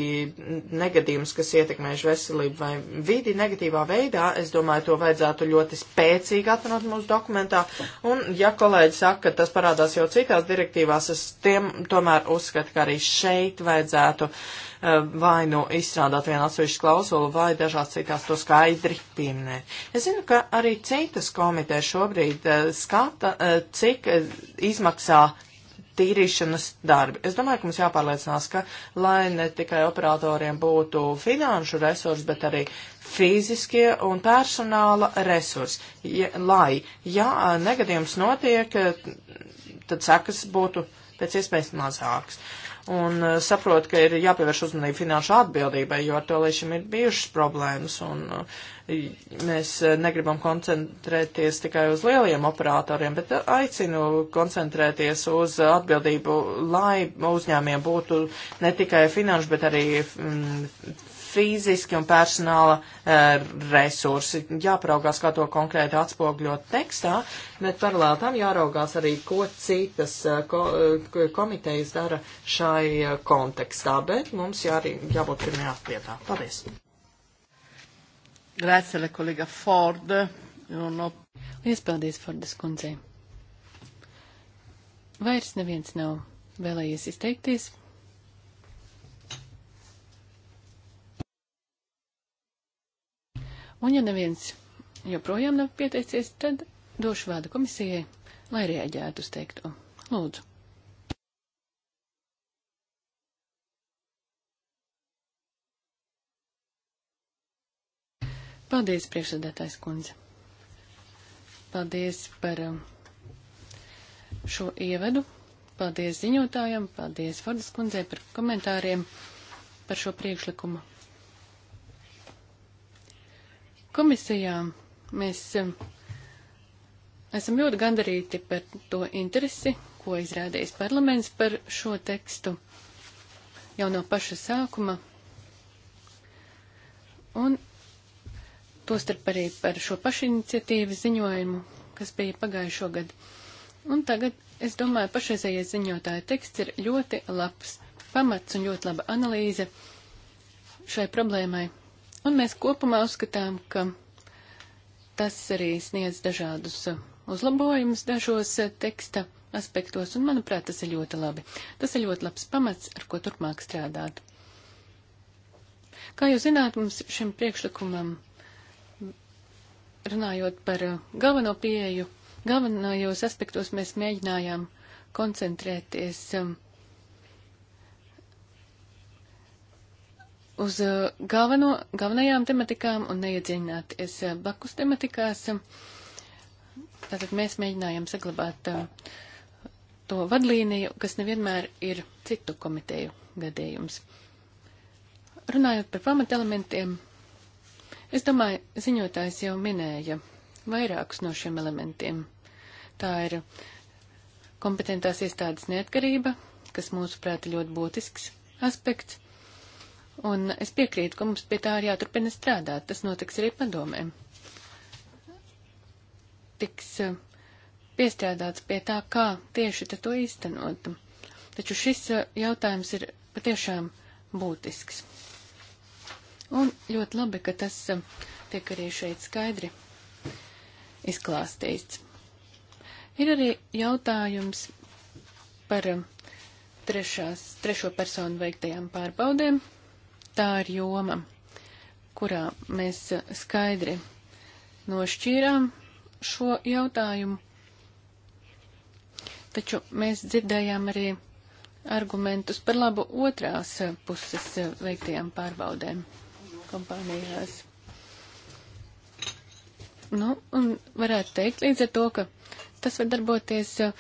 negadījumus, kas ietekmējuši veselību vai vidi negatīvā veidā, es domāju, to vajadzētu ļoti spēcīgi atrunāt mūsu dokumentā. Un, ja kolēģi saka, ka tas parādās jau citās direktīvās, es tiem tomēr uzskatu, ka arī šeit vajadzētu eh, vai nu izstrādāt vienu atsevišķu klausulu, vai dažās citās to skaidri pieminēt. Es zinu, ka arī citas komitejas šobrīd skata, cik izmaksā tīrīšanas darbi. Es domāju, ka mums jāpārliecinās, ka lai ne tikai operatoriem būtu finanšu resursi, bet arī fiziskie un personāla resursi. Ja, lai, ja negadījums notiek, tad sekas būtu pēc iespējas mazākas. Un saprot, ka ir jāpievērš uzmanība finanšu atbildībai, jo ar to līdz šim ir bijušas problēmas. Un, uh, Mēs eh, negribam koncentrēties tikai uz lieliem operatoriem, bet aicinu koncentrēties uz atbildību, lai uzņēmiem būtu ne tikai finanšu, bet arī mm, fiziski un personāla uh, resursi. Jāpraugās, kā to konkrēti atspogļot tekstā, bet paralēli tam jāraugās arī, ko citas uh, ko, uh, komitejas dara šai kontekstā, bet mums jā, arī jābūt pirmajā vietā. Paldies! Grācija, la kolēga Ford. No... Lies paldies, Fordas kundzei. Vairs neviens nav vēlējies izteikties. Un ja neviens joprojām nav pieteicies, tad došu vārdu komisijai, lai reaģētu uz teikto. Lūdzu. Paldies, priekšsēdētājs kundze. Paldies par um, šo ievadu. Paldies ziņotājam, paldies Fordas kundzei par komentāriem par šo priekšlikumu. Komisijā mēs um, esam ļoti gandarīti par to interesi, ko izrādījis parlaments par šo tekstu jau no paša sākuma. Un tostarp arī par šo pašiniciatīvas ziņojumu, kas bija pagājušo gadu. Un tagad, es domāju, pašreizējais ziņotāja teksts ir ļoti labs pamats un ļoti laba analīze šai problēmai. Un mēs kopumā uzskatām, ka tas arī sniedz dažādus uh, uzlabojumus dažos uh, teksta aspektos, un manuprāt, tas ir ļoti labi. Tas ir ļoti labs pamats, ar ko turpmāk strādāt. Kā jūs zināt, mums šim priekšlikumam runājot par uh, galveno pieeju, galvenajos aspektos mēs mēģinājām koncentrēties um, uz uh, galveno, galvenajām tematikām un neiedziļināties uh, blakus tematikās. Um, tātad mēs mēģinājām saglabāt um, to vadlīniju, kas nevienmēr ir citu komiteju gadījums. Runājot par pamatelementiem, elementiem, Es domāju, ziņotājs jau minēja vairākus no šiem elementiem. Tā ir kompetentās iestādes neatkarība, kas mūsuprāt ir ļoti būtisks aspekts. Un es piekrītu, ka mums pie tā ir jāturpina strādāt. Tas notiks arī padomēm. Tiks eh, piestrādāts pie tā, kā tieši to īstenot. Taču šis eh, jautājums ir patiešām būtisks. Un ļoti labi, ka tas um, tiek arī šeit skaidri izklāstīts. Ir arī jautājums par um, trešās, trešo personu veiktajām pārbaudēm. Tā ir joma, kurā mēs uh, skaidri nošķīrām šo jautājumu. Taču mēs dzirdējām arī argumentus par labu otrās uh, puses uh, veiktajām pārbaudēm kompānijās. Nu, un varētu teikt līdz ar to, ka tas var darboties uh,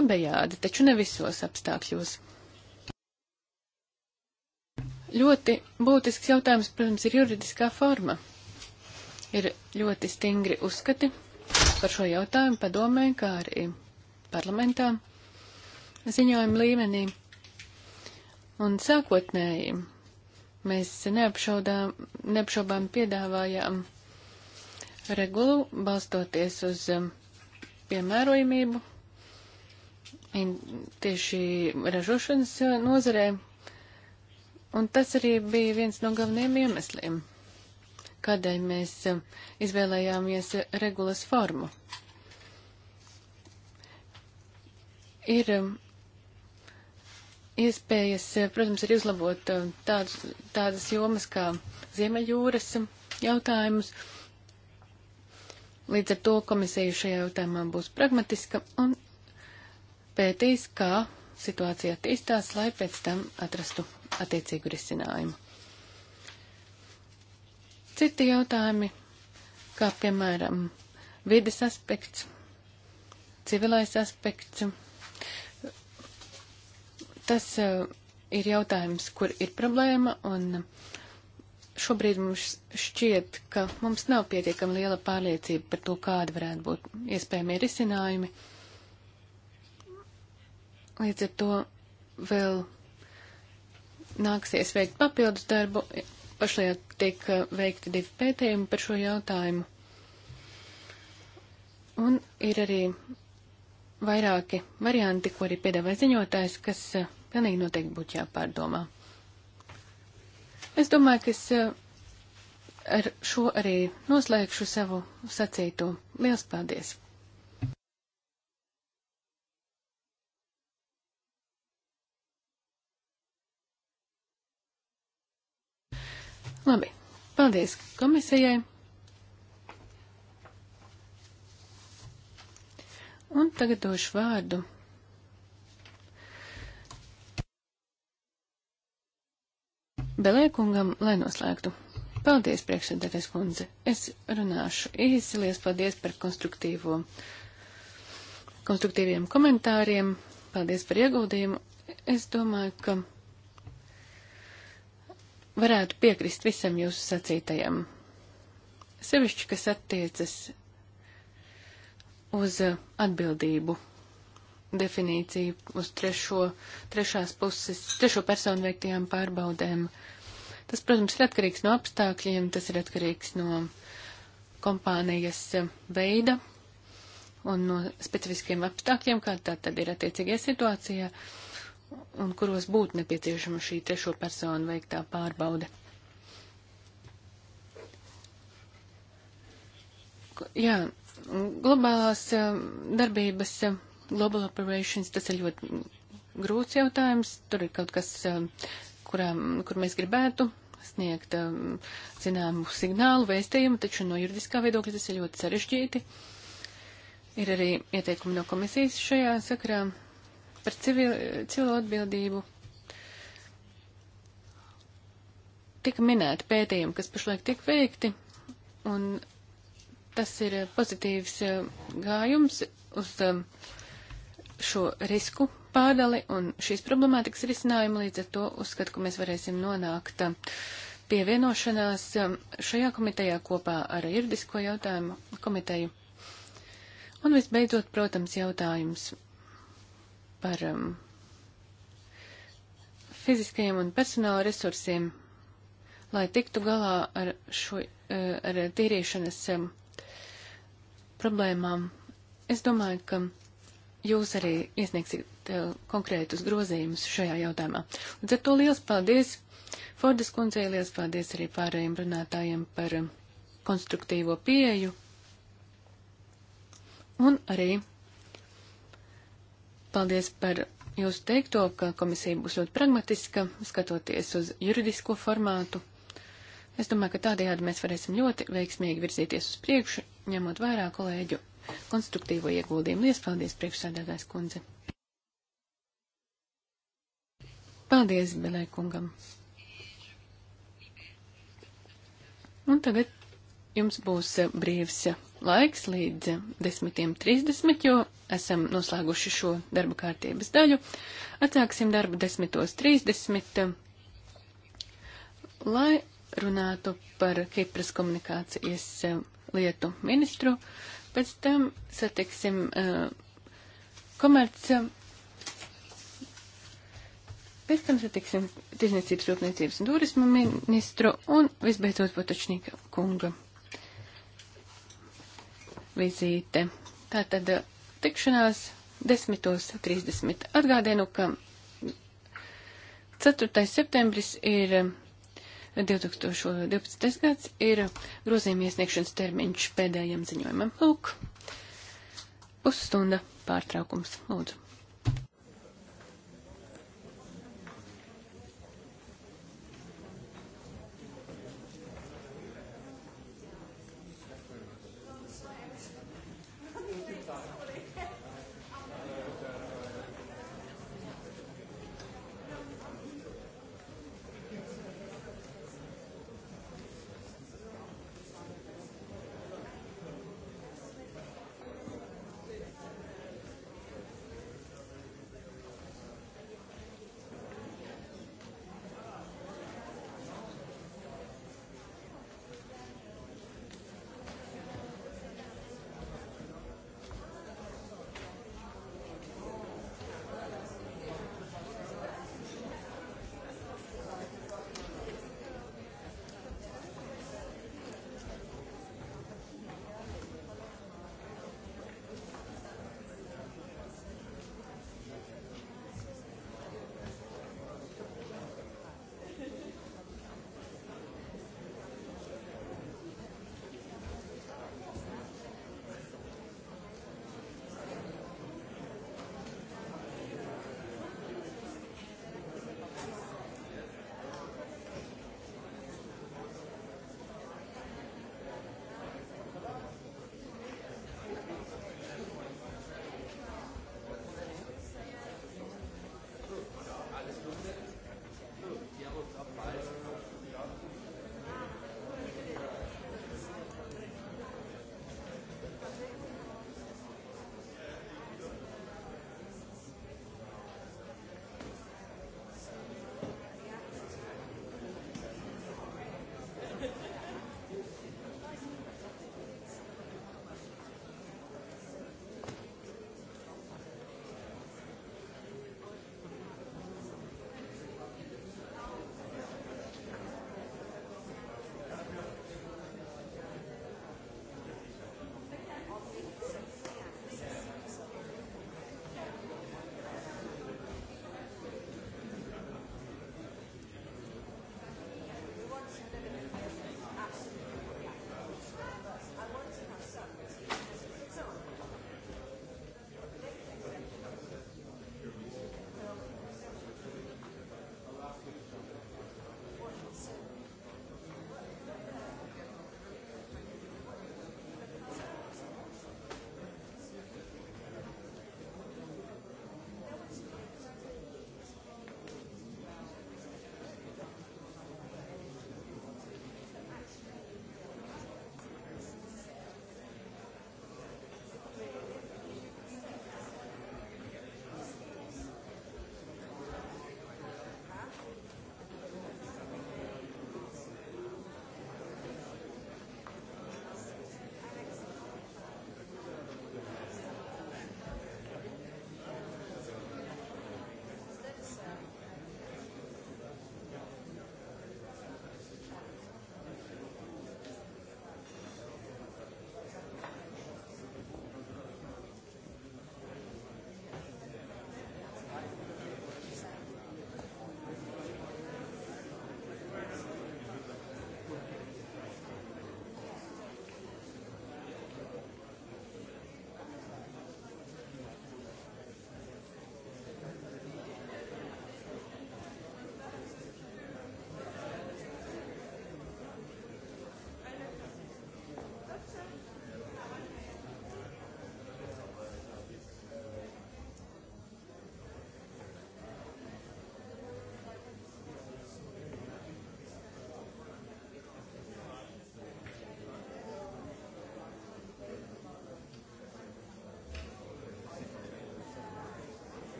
abejādi, taču ne visos apstākļos. Ļoti būtisks jautājums, protams, ir juridiskā forma. Ir ļoti stingri uzskati par šo jautājumu padomē, kā arī parlamentā ziņojuma līmenī. Un sākotnēji Mēs neapšaubām piedāvājām regulu, balstoties uz um, piemērojamību in, tieši ražošanas uh, nozarē. Un tas arī bija viens no galvenajiem iemesliem, kādēļ mēs um, izvēlējāmies regulas formu. Ir um, iespējas, eh, protams, ir uzlabot eh, tādus, tādas jomas kā Ziemeļjūras jautājumus. Līdz ar to komisija šajā jautājumā būs pragmatiska un pētīs, kā situācija attīstās, lai pēc tam atrastu attiecīgu risinājumu. Citi jautājumi, kā piemēram vides aspekts, civilais aspekts Tas eh, ir jautājums, kur ir problēma, un šobrīd mums šķiet, ka mums nav pietiekami liela pārliecība par to, kāda varētu būt iespējami risinājumi. Līdz ar to vēl nāksies veikt papildus darbu. Pašlaik tiek eh, veikti divi pētījumi par šo jautājumu. Un ir arī vairāki varianti, ko arī piedāvā ziņotājs, kas eh, pilnīgi noteikti būtu jāpārdomā. Es domāju, ka es eh, ar šo arī noslēgšu savu sacīto. Liels paldies! Labi, paldies komisijai. Un tagad došu vārdu Belēkungam, lai noslēgtu. Paldies, priekšsēdētājs kundze. Es runāšu īsi, liels paldies par konstruktīvo, konstruktīviem komentāriem. Paldies par ieguldījumu. Es domāju, ka varētu piekrist visam jūsu sacītajam. Sevišķi, kas attiecas uz atbildību definīciju uz trešo, trešās puses, trešo personu veiktajām pārbaudēm. Tas, protams, ir atkarīgs no apstākļiem, tas ir atkarīgs no kompānijas veida un no specifiskiem apstākļiem, kā tā tad ir attiecīgajā situācijā un kuros būtu nepieciešama šī trešo personu veiktā pārbaude. Jā, globālās eh, darbības eh, Global operations tas ir ļoti grūts jautājums. Tur ir kaut kas, um, kurā, kur mēs gribētu sniegt um, zināmu signālu, vēstījumu, taču no juridiskā viedokļa tas ir ļoti sarežģīti. Ir arī ieteikumi no komisijas šajā sakrā par civil, civilo atbildību. Tika minēti pētījumi, kas pašlaik tiek veikti, un tas ir pozitīvs uh, gājums uz um, šo risku pārdali un šīs problemātikas risinājumu, līdz ar to uzskatu, ka mēs varēsim nonākt um, pievienošanās um, šajā komitejā kopā ar juridisko jautājumu komiteju. Un visbeidzot, protams, jautājums par um, fiziskajiem un personāla resursiem, lai tiktu galā ar, šo, eh, ar tīrīšanas um, problēmām. Es domāju, ka jūs arī iesniegsiet uh, konkrētus grozījumus šajā jautājumā. Līdz ar to liels paldies Fordas kundzei, liels paldies arī pārējiem runātājiem par uh, konstruktīvo pieeju un arī paldies par jūsu teikto, ka komisija būs ļoti pragmatiska, skatoties uz juridisko formātu. Es domāju, ka tādējādi mēs varēsim ļoti veiksmīgi virzīties uz priekšu, ņemot vērā kolēģu konstruktīvo ieguldījumu. Lies paldies, priekšsādātājs kundze. Paldies, Belē kungam. Un tagad jums būs brīvs laiks līdz 10.30, jo esam noslēguši šo darba kārtības daļu. Atsāksim darbu 10.30, lai runātu par Kipras komunikācijas lietu ministru. Pēc tam, satiksim, eh, komerc, eh, pēc tam satiksim tirzniecības rūpniecības un turisma ministru un visbeidzot Potočnika kunga vizīte. Tātad eh, tikšanās 10.30. Atgādienu, ka 4. septembris ir 2012. gads ir grozījuma iesniegšanas termiņš pēdējiem ziņojumam. Lūk, pusstunda pārtraukums. Lūdzu.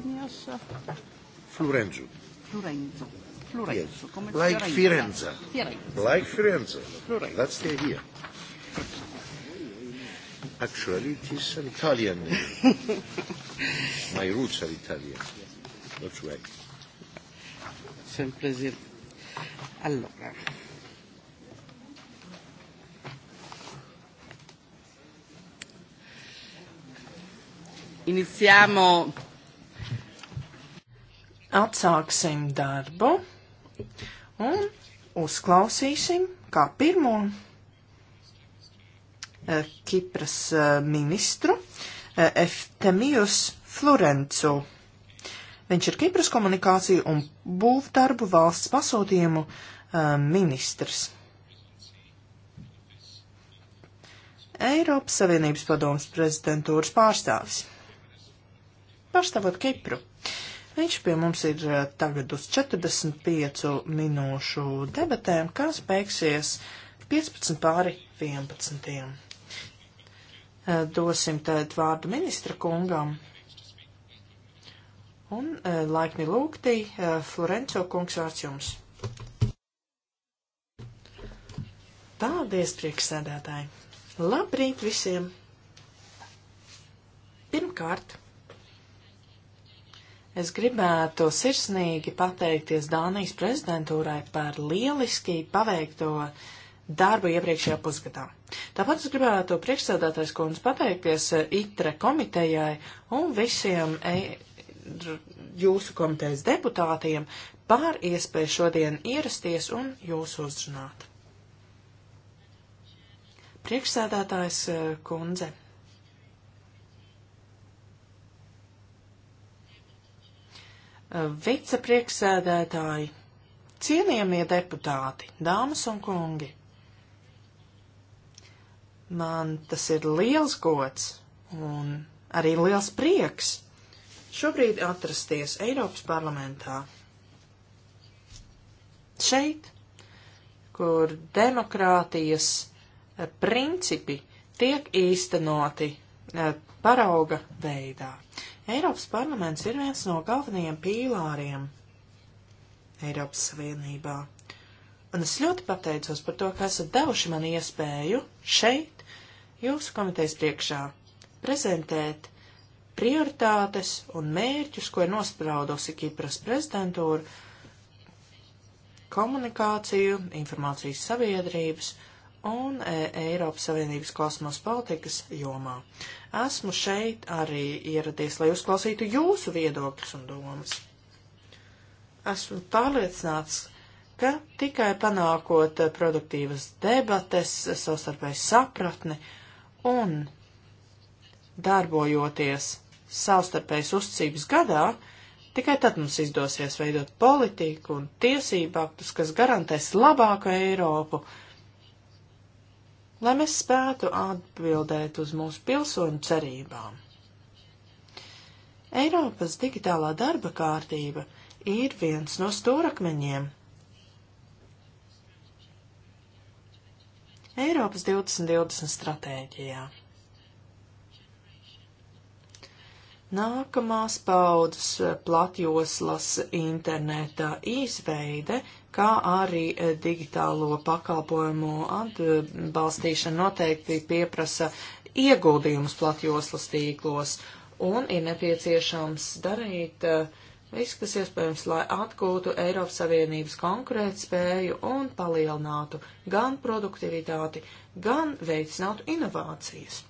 Florenius. Florenzo. Florenzo. Florenzo. Yes. Come like Firenze. Firenze. Like Firenze. Florenzo. That's the idea. Actually, it is an Italian name. My roots are Italian. That's why. It's a pleasure. Allora. Iniziamo Atsāksim darbu un uzklausīsim kā pirmo eh, Kipras eh, ministru eh, Eftemijus Florencu. Viņš ir Kipras komunikāciju un būvdarbu valsts pasūtījumu ministrs. Eiropas Savienības padomas prezidentūras pārstāvis. Pārstāvot Kipru. Viņš pie mums ir eh, tagad uz 45 minūšu debatēm, kas beigsies 15 pāri 11. Eh, dosim tad vārdu ministra kungam. Un eh, laipni lūgtī, Florenco kungs vārds jums. Paldies, priekšsēdētāji! Labrīt visiem! Pirmkārt! Es gribētu sirsnīgi pateikties Dānijas prezidentūrai par lieliski paveikto darbu iepriekšējā pusgadā. Tāpat es gribētu priekšsēdētājs kundze pateikties ITRE komitejai un visiem e jūsu komitejas deputātiem par iespēju šodien ierasties un jūs uzrunāt. Priekšsēdētājs eh, kundze. vicepriekšsēdētāji, cienījamie deputāti, dāmas un kungi. Man tas ir liels gods un arī liels prieks šobrīd atrasties Eiropas parlamentā. Šeit, kur demokrātijas principi tiek īstenoti eh, parauga veidā. Eiropas parlaments ir viens no galvenajiem pīlāriem Eiropas Savienībā. Un es ļoti pateicos par to, ka esat devuši man iespēju šeit, jūsu komitejas priekšā, prezentēt prioritātes un mērķus, ko ir nospraudusi Kipras prezidentūra, komunikāciju, informācijas sabiedrības un e, Eiropas Savienības kosmosa politikas jomā. Esmu šeit arī ieradies, lai uzklausītu jūsu viedokļus un domas. Esmu pārliecināts, ka tikai panākot produktīvas debates, savstarpēji sapratni un darbojoties savstarpējas uzticības gadā, Tikai tad mums izdosies veidot politiku un tiesību aktus, kas garantēs labāku Eiropu lai mēs spētu atbildēt uz mūsu pilsoņu cerībām. Eiropas digitālā darba kārtība ir viens no stūrakmeņiem. Eiropas 2020 stratēģijā. Nākamās paudzes eh, platjoslas interneta izveide, kā arī eh, digitālo pakalpojumu atbalstīšana noteikti pieprasa ieguldījumus platjoslas tīklos un ir nepieciešams darīt eh, viss, kas iespējams, lai atgūtu Eiropas Savienības konkurētspēju un palielinātu gan produktivitāti, gan veicinātu inovācijas.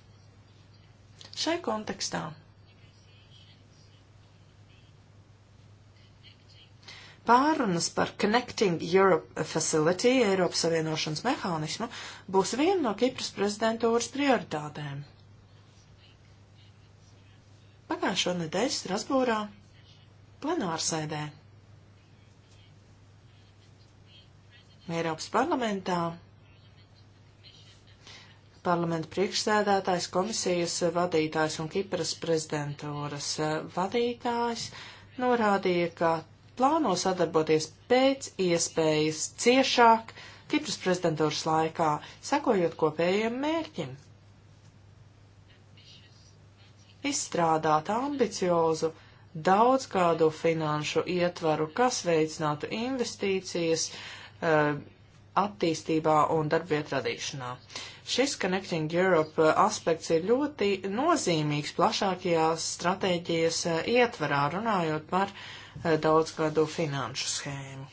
Šai kontekstā Pārunas par Connecting Europe Facility, Eiropas Savienošanas mehānismu, būs viena no Kipras prezidentūras prioritātēm. Pagājušo nedēļu Strasbūrā plenārsēdē Eiropas parlamentā parlamenta priekšsēdētājs, komisijas vadītājs un Kipras prezidentūras vadītājs norādīja, ka plāno sadarboties pēc iespējas ciešāk Kipras prezidentūras laikā, sekojot kopējiem mērķim. Izstrādāt ambiciozu daudzgādu finanšu ietvaru, kas veicinātu investīcijas uh, attīstībā un darbvietu radīšanā. Šis Connecting Europe eh, aspekts ir ļoti nozīmīgs plašākajās stratēģijas uh, ietvarā, runājot par uh, Eh, daudzgadu finanšu schēmu.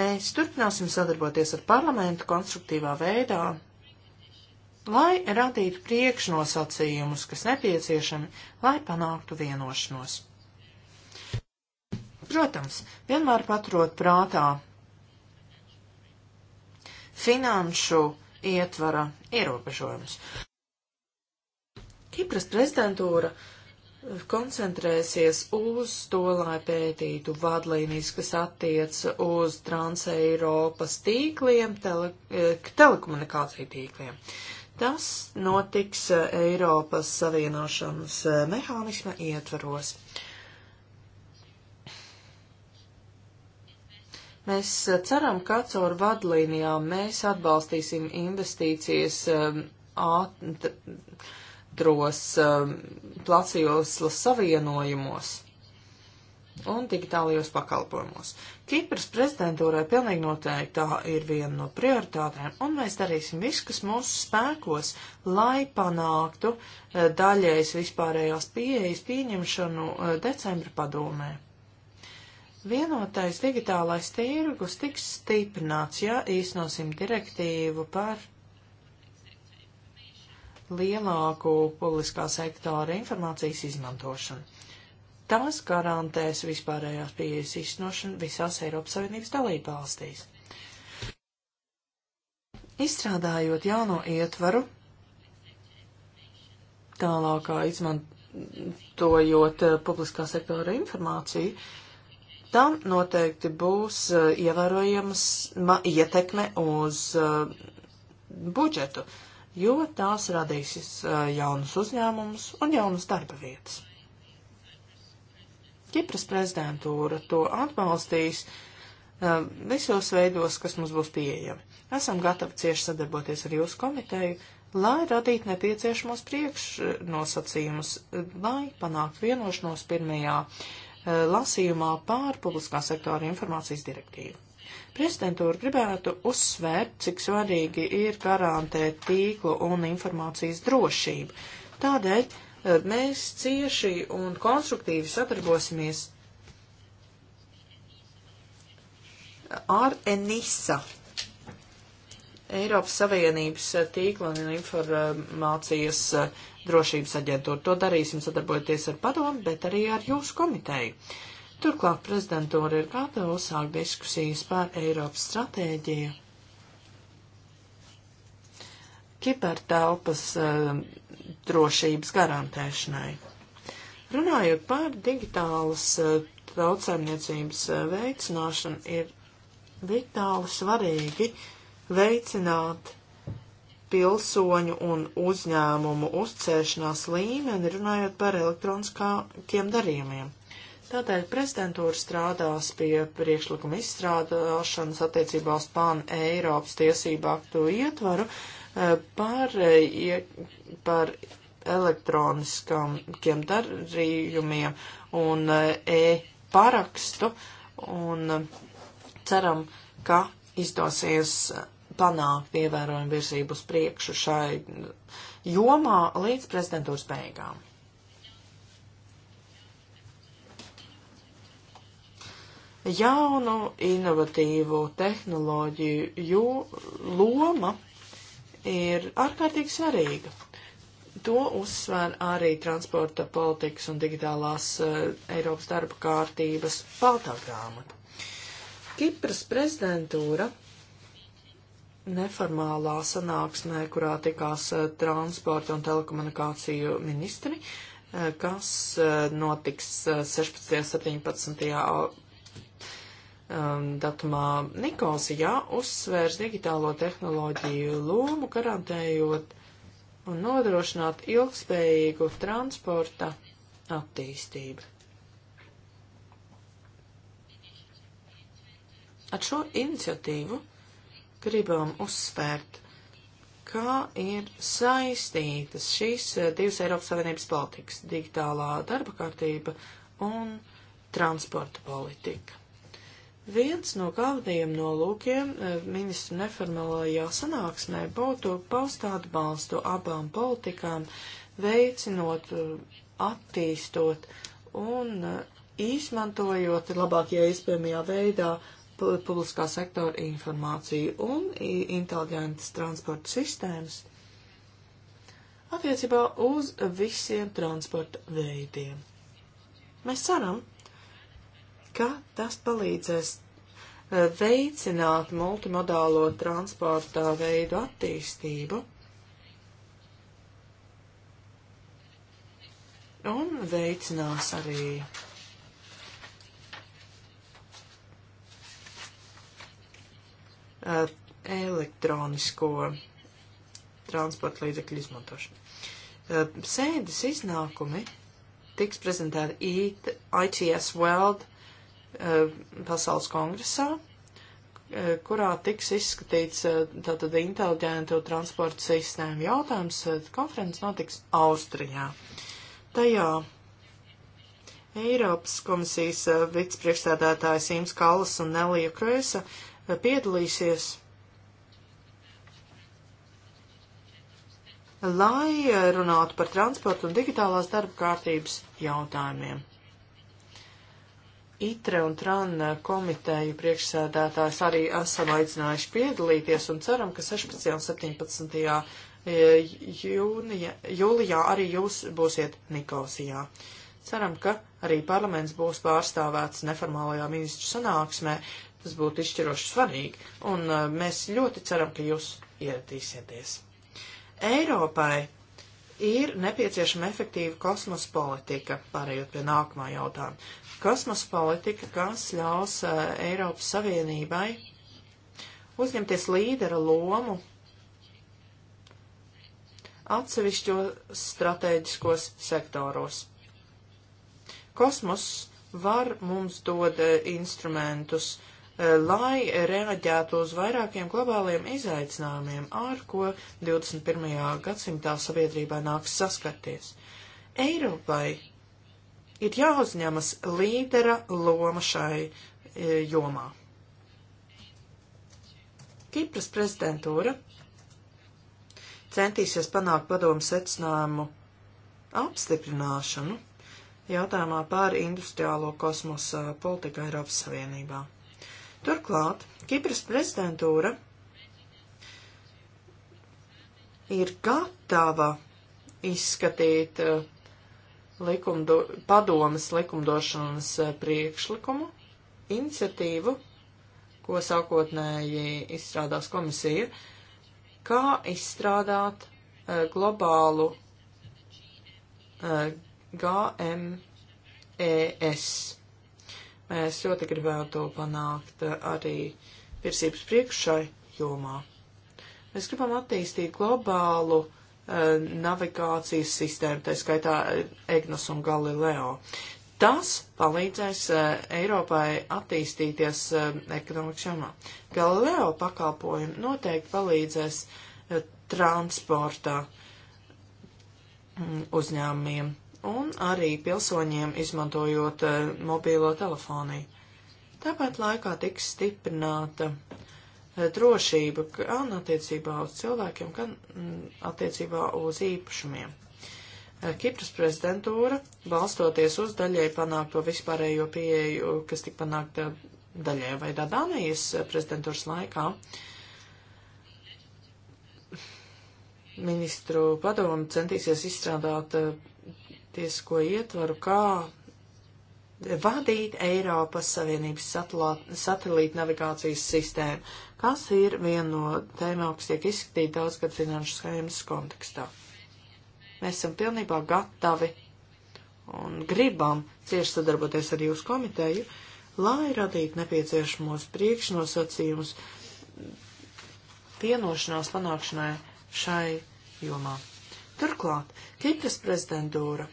Mēs turpināsim sadarboties ar parlamentu konstruktīvā veidā, lai radītu priekšnosacījumus, kas nepieciešami, lai panāktu vienošanos. Protams, vienmēr paturot prātā finanšu ietvara ierobežojumus. Kipras prezidentūra uh, koncentrēsies uz to, lai pētītu vadlīnijas, kas attiec uz Transeiropas tīkliem, tele, e, telekomunikāciju tīkliem. Tas notiks e, Eiropas savienošanas e, mehānisma ietvaros. Mēs ceram, ka caur vadlīnijām mēs atbalstīsim investīcijas ātri ātros um, placījoslas savienojumos un digitālajos pakalpojumos. Kipras prezidentūrai pilnīgi noteikti tā ir viena no prioritātēm, un mēs darīsim visu, kas mūsu spēkos, lai panāktu uh, daļējas vispārējās pieejas pieņemšanu uh, decembra padomē. Vienotais digitālais tirgus tiks stiprināts, ja īsnosim direktīvu par lielāku publiskā sektora informācijas izmantošanu. Tās garantēs vispārējās pieejas izsnošanu visās Eiropas Savienības dalībvalstīs. Izstrādājot jauno ietvaru, tālākā izmantojot eh, publiskā sektora informāciju, tam noteikti būs eh, ievērojamas ietekme uz eh, budžetu. Uh, jo tās radīs jaunus uzņēmumus un jaunas darba vietas. Kipras prezidentūra to atbalstīs visos veidos, kas mums būs pieejami. Esam gatavi cieši sadarboties ar jūsu komiteju, lai radītu nepieciešamos priekšnosacījumus, lai panāktu vienošanos pirmajā lasījumā pār publiskā sektora informācijas direktīvu. Prezidentūra gribētu uzsvērt, cik svarīgi ir garantēt tīklu un informācijas drošību. Tādēļ eh, mēs cieši un konstruktīvi sadarbosimies ar ENISA, Eiropas Savienības tīkla un informācijas eh, drošības aģentūru. To darīsim sadarbojoties ar padomu, bet arī ar jūsu komiteju. Turklāt prezidentūra ir gatava uzsākt diskusijas par Eiropas stratēģiju kibertelpas uh, drošības garantēšanai. Runājot par digitālas uh, tautsēmniecības uh, veicināšanu, ir vitāli svarīgi veicināt pilsoņu un uzņēmumu uzcēšanās līmeni, runājot par elektroniskākiem darījumiem Tādēļ prezidentūra strādās pie priekšlikuma izstrādāšanas attiecībā uz pan-Eiropas tiesību aktu ietvaru eh, par, eh, par elektroniskiem darījumiem un eh, e-parakstu un ceram, ka izdosies panākt ievērojumu virzību uz priekšu šai jomā līdz prezidentūras beigām. jaunu inovatīvu tehnoloģiju jo, loma ir ārkārtīgi svarīga. To uzsver arī transporta politikas un digitālās uh, Eiropas darba kārtības baltā grāmata. Kipras prezidentūra neformālā sanāksmē, kurā tikās uh, transporta un telekomunikāciju ministri, uh, kas notiks 16. un 17 um, datumā Nikolsijā uzsvērs digitālo tehnoloģiju lomu, garantējot un nodrošināt ilgspējīgu transporta attīstību. Ar šo iniciatīvu gribam uzsvērt, kā ir saistītas šīs eh, divas Eiropas Savienības politikas - digitālā darba kārtība un transporta politika. Viens no galvenajiem nolūkiem e, ministru neformālajā sanāksmē būtu paust atbalstu abām politikām, veicinot, e, attīstot un e, izmantojot labākajā iespējamajā veidā publiskā sektora informāciju un inteliģentas transporta sistēmas attiecībā uz visiem transporta veidiem. Mēs ceram, ka tas palīdzēs e, veicināt multimodālo transportā veidu attīstību un veicinās arī e, elektronisko transporta līdzekļu izmantošanu. E, sēdes iznākumi tiks prezentēti ITS World Eh, pasaules kongresā, eh, kurā tiks izskatīts eh, tātad inteliģentu transporta sistēmu jautājums. Konferences notiks Austrijā. Tajā Eiropas komisijas vicepriekšstādātājs Ims Kallas un Nelija Krēsa piedalīsies lai runātu par transportu un digitālās darba kārtības jautājumiem. ITRE un TRAN komiteju priekšsēdētājs arī esam aicinājuši piedalīties un ceram, ka 16. un 17. E, jūnija, jūlijā arī jūs būsiet Nikosijā. Ceram, ka arī parlaments būs pārstāvēts neformālajā ministru sanāksmē. Tas būtu izšķiroši svarīgi, un e, mēs ļoti ceram, ka jūs ieradīsieties. Eiropai ir nepieciešama efektīva kosmosa politika, pārējot pie nākamā jautājuma. Kosmosa politika, kas ļaus uh, Eiropas Savienībai uzņemties līdera lomu atsevišķos strateģiskos sektoros. Kosmos var mums dod uh, instrumentus uh, lai reaģētu uz vairākiem globāliem izaicinājumiem, ar ko 21. gadsimtā sabiedrībā nāks saskarties. Eiropai ir jāuzņemas līdera loma šai e, jomā. Kipras prezidentūra centīsies panākt padomu secinājumu apstiprināšanu jautājumā par industriālo kosmosa politiku Eiropas Savienībā. Turklāt Kipras prezidentūra ir gatava izskatīt eh, likumdo, padomas likumdošanas eh, priekšlikumu, iniciatīvu, ko sākotnēji izstrādās komisija, kā izstrādāt eh, globālu GMES Mēs ļoti gribētu panākt arī virsības priekšai jomā. Mēs gribam attīstīt globālu uh, navigācijas sistēmu, tā skaitā eh, Egnos un Galileo. Tas palīdzēs uh, Eiropai attīstīties uh, ekonomikas jomā. Galileo pakalpojumi noteikti palīdzēs transportā mm, uzņēmumiem un arī pilsoņiem izmantojot uh, eh, mobīlo telefoniju. Tāpat laikā tiks stiprināta uh, drošība gan attiecībā uz cilvēkiem, gan mm, attiecībā uz īpašumiem. Uh, Kipras prezidentūra, balstoties uz daļai panākto vispārējo pieeju, kas tika panākta daļai vai Danijas prezidentūras laikā, ministru padomu centīsies izstrādāt uh, tiesisko ietvaru, kā vadīt Eiropas Savienības satelīta navigācijas sistēmu, kas ir viena no tēmām, kas tiek izskatīta daudzgad finanšu schēmas kontekstā. Mēs esam pilnībā gatavi un gribam cieši sadarboties ar jūsu komiteju, lai radītu nepieciešamos priekšnosacījumus vienošanās panākšanai šai jomā. Turklāt, Kipras prezidentūra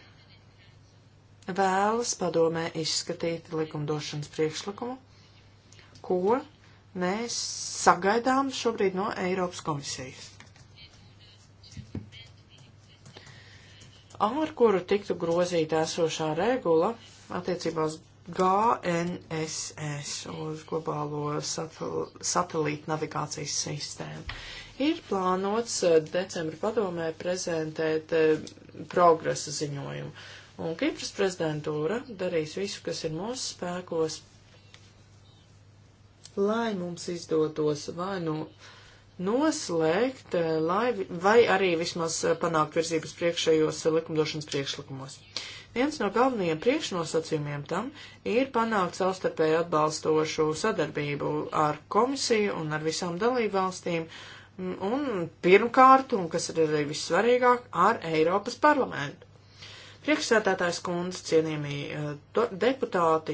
vēlas padomē izskatīt likumdošanas priekšlikumu, ko mēs sagaidām šobrīd no Eiropas komisijas. Ar kuru tiktu grozīta esošā regula attiecībā uz GNSS, uz globālo satel satelītu navigācijas sistēmu. Ir plānots eh, decembra padomē prezentēt eh, progresa ziņojumu Un Kipras prezidentūra darīs visu, kas ir mūsu spēkos, lai mums izdotos vai nu noslēgt, eh, lai, vai arī vismaz eh, panākt virzības priekšējos eh, likumdošanas priekšlikumos. Viens no galvenajiem priekšnosacījumiem tam ir panākt savstarpēji atbalstošu sadarbību ar komisiju un ar visām dalībvalstīm, un pirmkārt, un kas ir arī vissvarīgāk, ar Eiropas parlamentu. Priekšsēdētājs kundze, cienījamie eh, deputāti,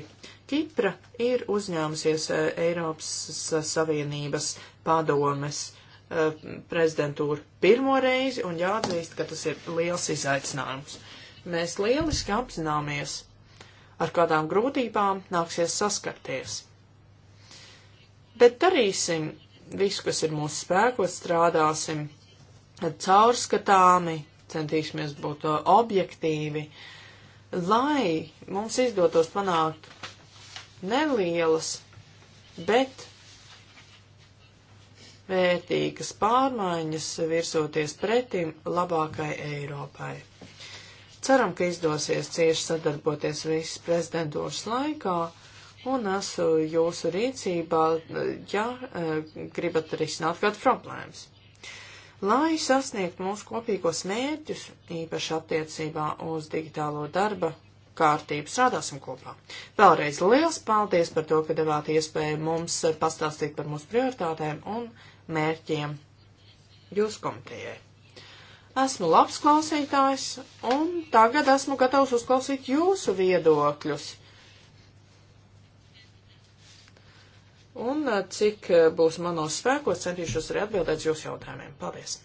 Kipra ir uzņēmusies eh, Eiropas Savienības padomes eh, prezidentūru pirmo reizi, un jāatzīst, ka tas ir liels izaicinājums. Mēs lieliski apzināmies, ar kādām grūtībām nāksies saskarties. Bet darīsim visu, kas ir mūsu spēkos, strādāsim caurskatāmi, centīsimies būt uh, objektīvi, lai mums izdotos panākt nelielas, bet vērtīgas pārmaiņas virsoties pretim labākai Eiropai. Ceram, ka izdosies cieši sadarboties visas prezidentūras laikā un esmu uh, jūsu rīcībā, uh, ja gribat risināt kādu problēmas. Lai sasniegtu mūsu kopīgos mērķus, īpaši attiecībā uz digitālo darba kārtību, strādāsim kopā. Vēlreiz liels paldies par to, ka devāt iespēju mums pastāstīt par mūsu prioritātēm un mērķiem jūsu komitejai. Esmu labs klausītājs, un tagad esmu gatavs uzklausīt jūsu viedokļus un cik būs manos spēkos, centīšos arī atbildēt jūsu jautājumiem. Paldies!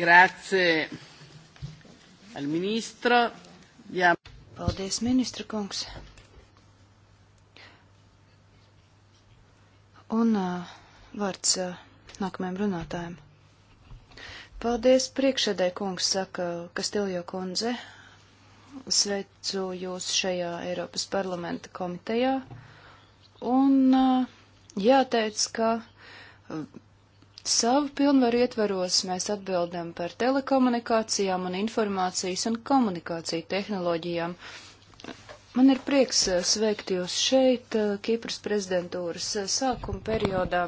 Grazie al ministro. Jā. Paldies, ministra kungs. Un uh, vārds uh, nākamajam runātājam. Paldies, priekšēdē kungs, saka Kastiljo kundze, Sveicu jūs šajā Eiropas parlamenta komitejā. Un uh, jāteic, ka uh, savu pilnvaru ietvaros mēs atbildam par telekomunikācijām un informācijas un komunikāciju tehnoloģijām. Man ir prieks uh, sveikt jūs šeit, Kipras prezidentūras sākuma periodā.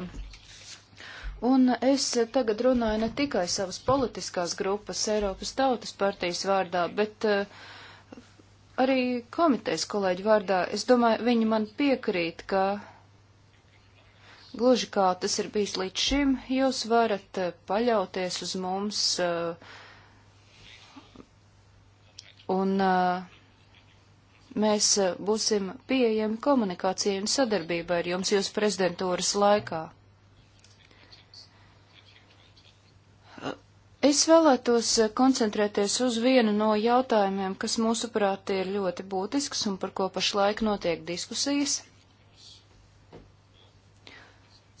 Un es tagad runāju ne tikai savas politiskās grupas Eiropas Tautas partijas vārdā, bet uh, Arī komitejas kolēģi vārdā, es domāju, viņi man piekrīt, ka gluži kā tas ir bijis līdz šim, jūs varat eh, paļauties uz mums eh, un eh, mēs būsim pieejami komunikācijai un sadarbībai ar jums jūsu prezidentūras laikā. Es vēlētos koncentrēties uz vienu no jautājumiem, kas mūsuprāt ir ļoti būtisks un par ko pašlaik notiek diskusijas,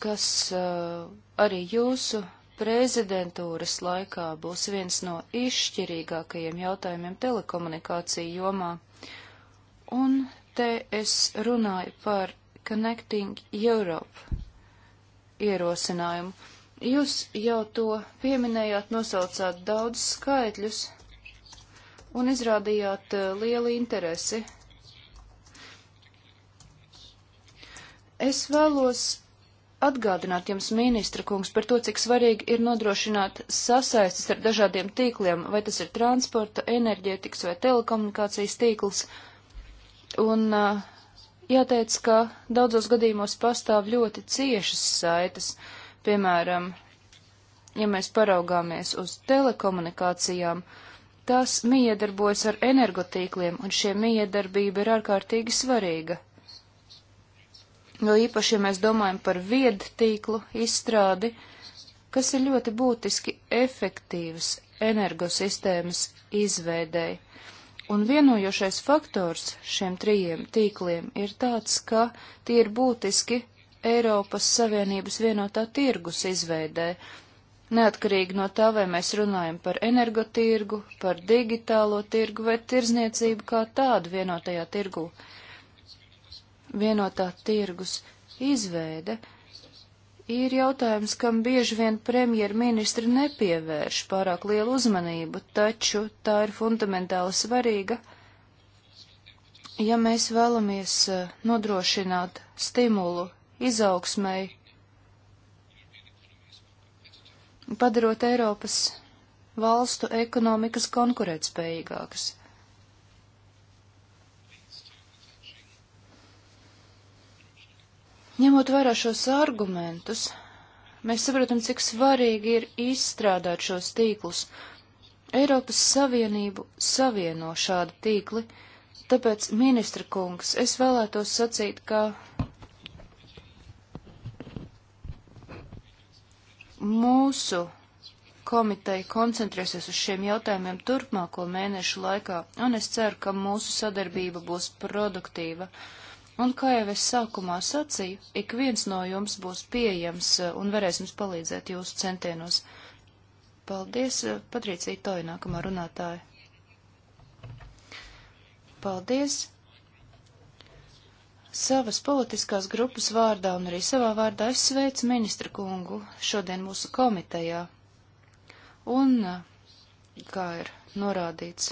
kas uh, arī jūsu prezidentūras laikā būs viens no izšķirīgākajiem jautājumiem telekomunikāciju jomā. Un te es runāju par Connecting Europe ierosinājumu. Jūs jau to pieminējāt, nosaucāt daudz skaitļus un izrādījāt eh, lielu interesi. Es vēlos atgādināt jums, ministra kungs, par to, cik svarīgi ir nodrošināt sasaistes ar dažādiem tīkliem, vai tas ir transporta, enerģētikas vai telekomunikācijas tīkls. Un eh, jāteic, ka daudzos gadījumos pastāv ļoti ciešas saites. Uh, Piemēram, ja mēs paraugāmies uz telekomunikācijām, tās miedarbojas ar energotīkliem, un šie miedarbība ir ārkārtīgi svarīga. Jo īpaši, ja mēs domājam par viedtīklu izstrādi, kas ir ļoti būtiski efektīvas energosistēmas izveidēji. Un vienojošais faktors šiem trījiem tīkliem ir tāds, ka tie ir būtiski Eiropas Savienības vienotā tirgus izveidē, neatkarīgi no tā, vai mēs runājam par energotirgu, par digitālo tirgu vai tirzniecību kā tādu vienotajā tirgu. Vienotā tirgus izveide ir jautājums, kam bieži vien premjerministri nepievērš pārāk lielu uzmanību, taču tā ir fundamentāli svarīga, ja mēs vēlamies eh, nodrošināt stimulu izaugsmai, padarot Eiropas valstu ekonomikas konkurētspējīgākas. Ņemot vērā šos argumentus, mēs saprotam, cik svarīgi ir izstrādāt šos tīklus. Eiropas Savienību savieno šādi tīkli, tāpēc, ministra kungs, es vēlētos sacīt, ka mūsu komiteja koncentrēsies uz šiem jautājumiem turpmāko mēnešu laikā, un es ceru, ka mūsu sadarbība būs produktīva. Un kā jau es sākumā sacīju, ik viens no jums būs pieejams eh, un varēs jums palīdzēt jūsu centienos. Paldies, eh, Patricija Toja, nākamā runātāja. Paldies! Savas politiskās grupas vārdā un arī savā vārdā es sveicu ministra kungu šodien mūsu komitejā. Un, eh, kā ir norādīts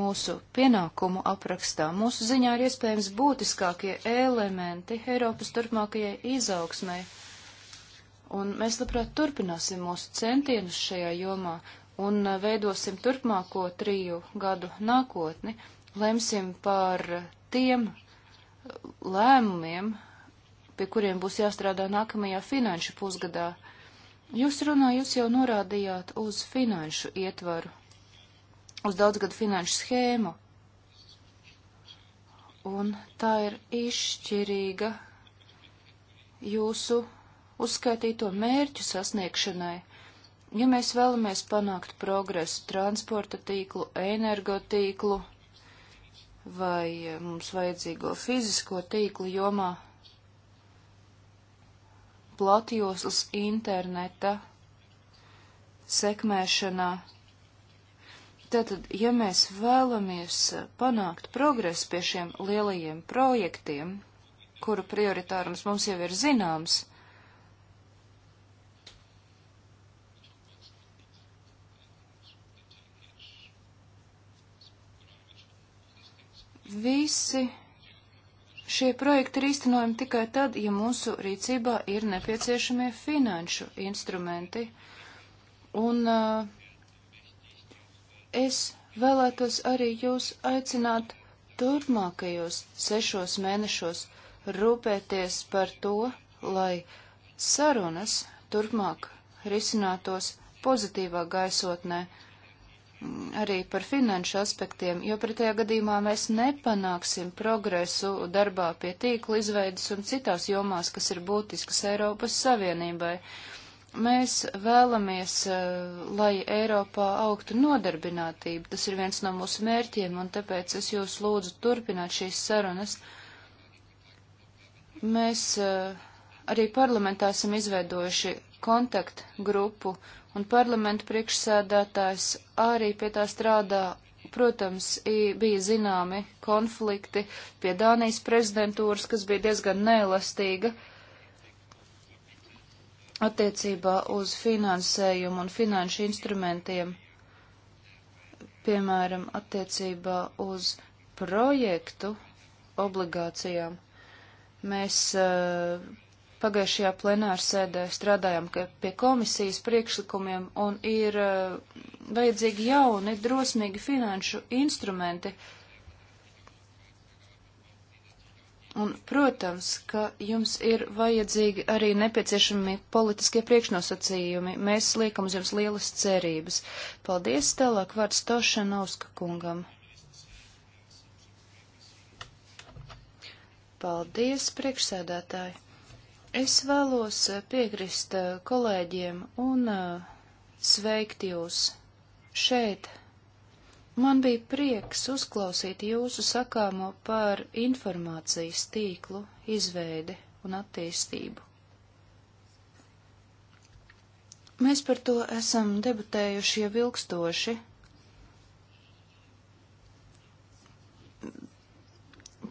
mūsu pienākumu aprakstā, mūsu ziņā ir iespējams būtiskākie elementi Eiropas turpmākajai izaugsmai. Un mēs labprāt turpināsim mūsu centienus šajā jomā un eh, veidosim turpmāko triju gadu nākotni, lemsim par tiem lēmumiem, pie kuriem būs jāstrādā nākamajā finanšu pusgadā. Jūs runā, jūs jau norādījāt uz finanšu ietvaru, uz daudzgadu finanšu schēmu. Un tā ir izšķirīga jūsu uzskaitīto mērķu sasniegšanai. Ja mēs vēlamies panākt progresu transporta tīklu, energotīklu, vai eh, mums vajadzīgo fizisko tīklu jomā, platjoslas interneta sekmēšanā. Tātad, ja mēs vēlamies eh, panākt progresu pie šiem lielajiem projektiem, kuru prioritārums mums jau ir zināms, Visi šie projekti ir īstenojami tikai tad, ja mūsu rīcībā ir nepieciešamie finanšu instrumenti. Un uh, es vēlētos arī jūs aicināt turpmākajos sešos mēnešos rūpēties par to, lai sarunas turpmāk risinātos pozitīvā gaisotnē. Uh, arī par finanšu aspektiem, jo pretējā gadījumā mēs nepanāksim progresu darbā pie tīkla izveidas un citās jomās, kas ir būtiskas Eiropas Savienībai. Mēs vēlamies, eh, lai Eiropā augtu nodarbinātība, tas ir viens no mūsu mērķiem, un tāpēc es jūs lūdzu turpināt šīs sarunas. Mēs eh, arī parlamentā esam izveidojuši kontaktgrupu grupu un parlamentu priekšsēdētājs arī pie tā strādā. Protams, bija zināmi konflikti pie Dānijas prezidentūras, kas bija diezgan neelastīga attiecībā uz finansējumu un finanšu instrumentiem, piemēram, attiecībā uz projektu obligācijām. Mēs uh, Pagājušajā plenāra sēdē strādājām pie komisijas priekšlikumiem un ir eh, vajadzīgi jauni, drosmīgi finanšu instrumenti. Un, protams, ka jums ir vajadzīgi arī nepieciešami politiskie priekšnosacījumi. Mēs liekam uz jums lielas cerības. Paldies, tālāk vārds Tošanauska kungam. Paldies, priekšsēdētāji! Es vēlos eh, piekrist eh, kolēģiem un eh, sveikt jūs šeit. Man bija prieks uzklausīt jūsu sakāmo par informācijas tīklu izveidi un attīstību. Mēs par to esam debatējuši jau ilgstoši.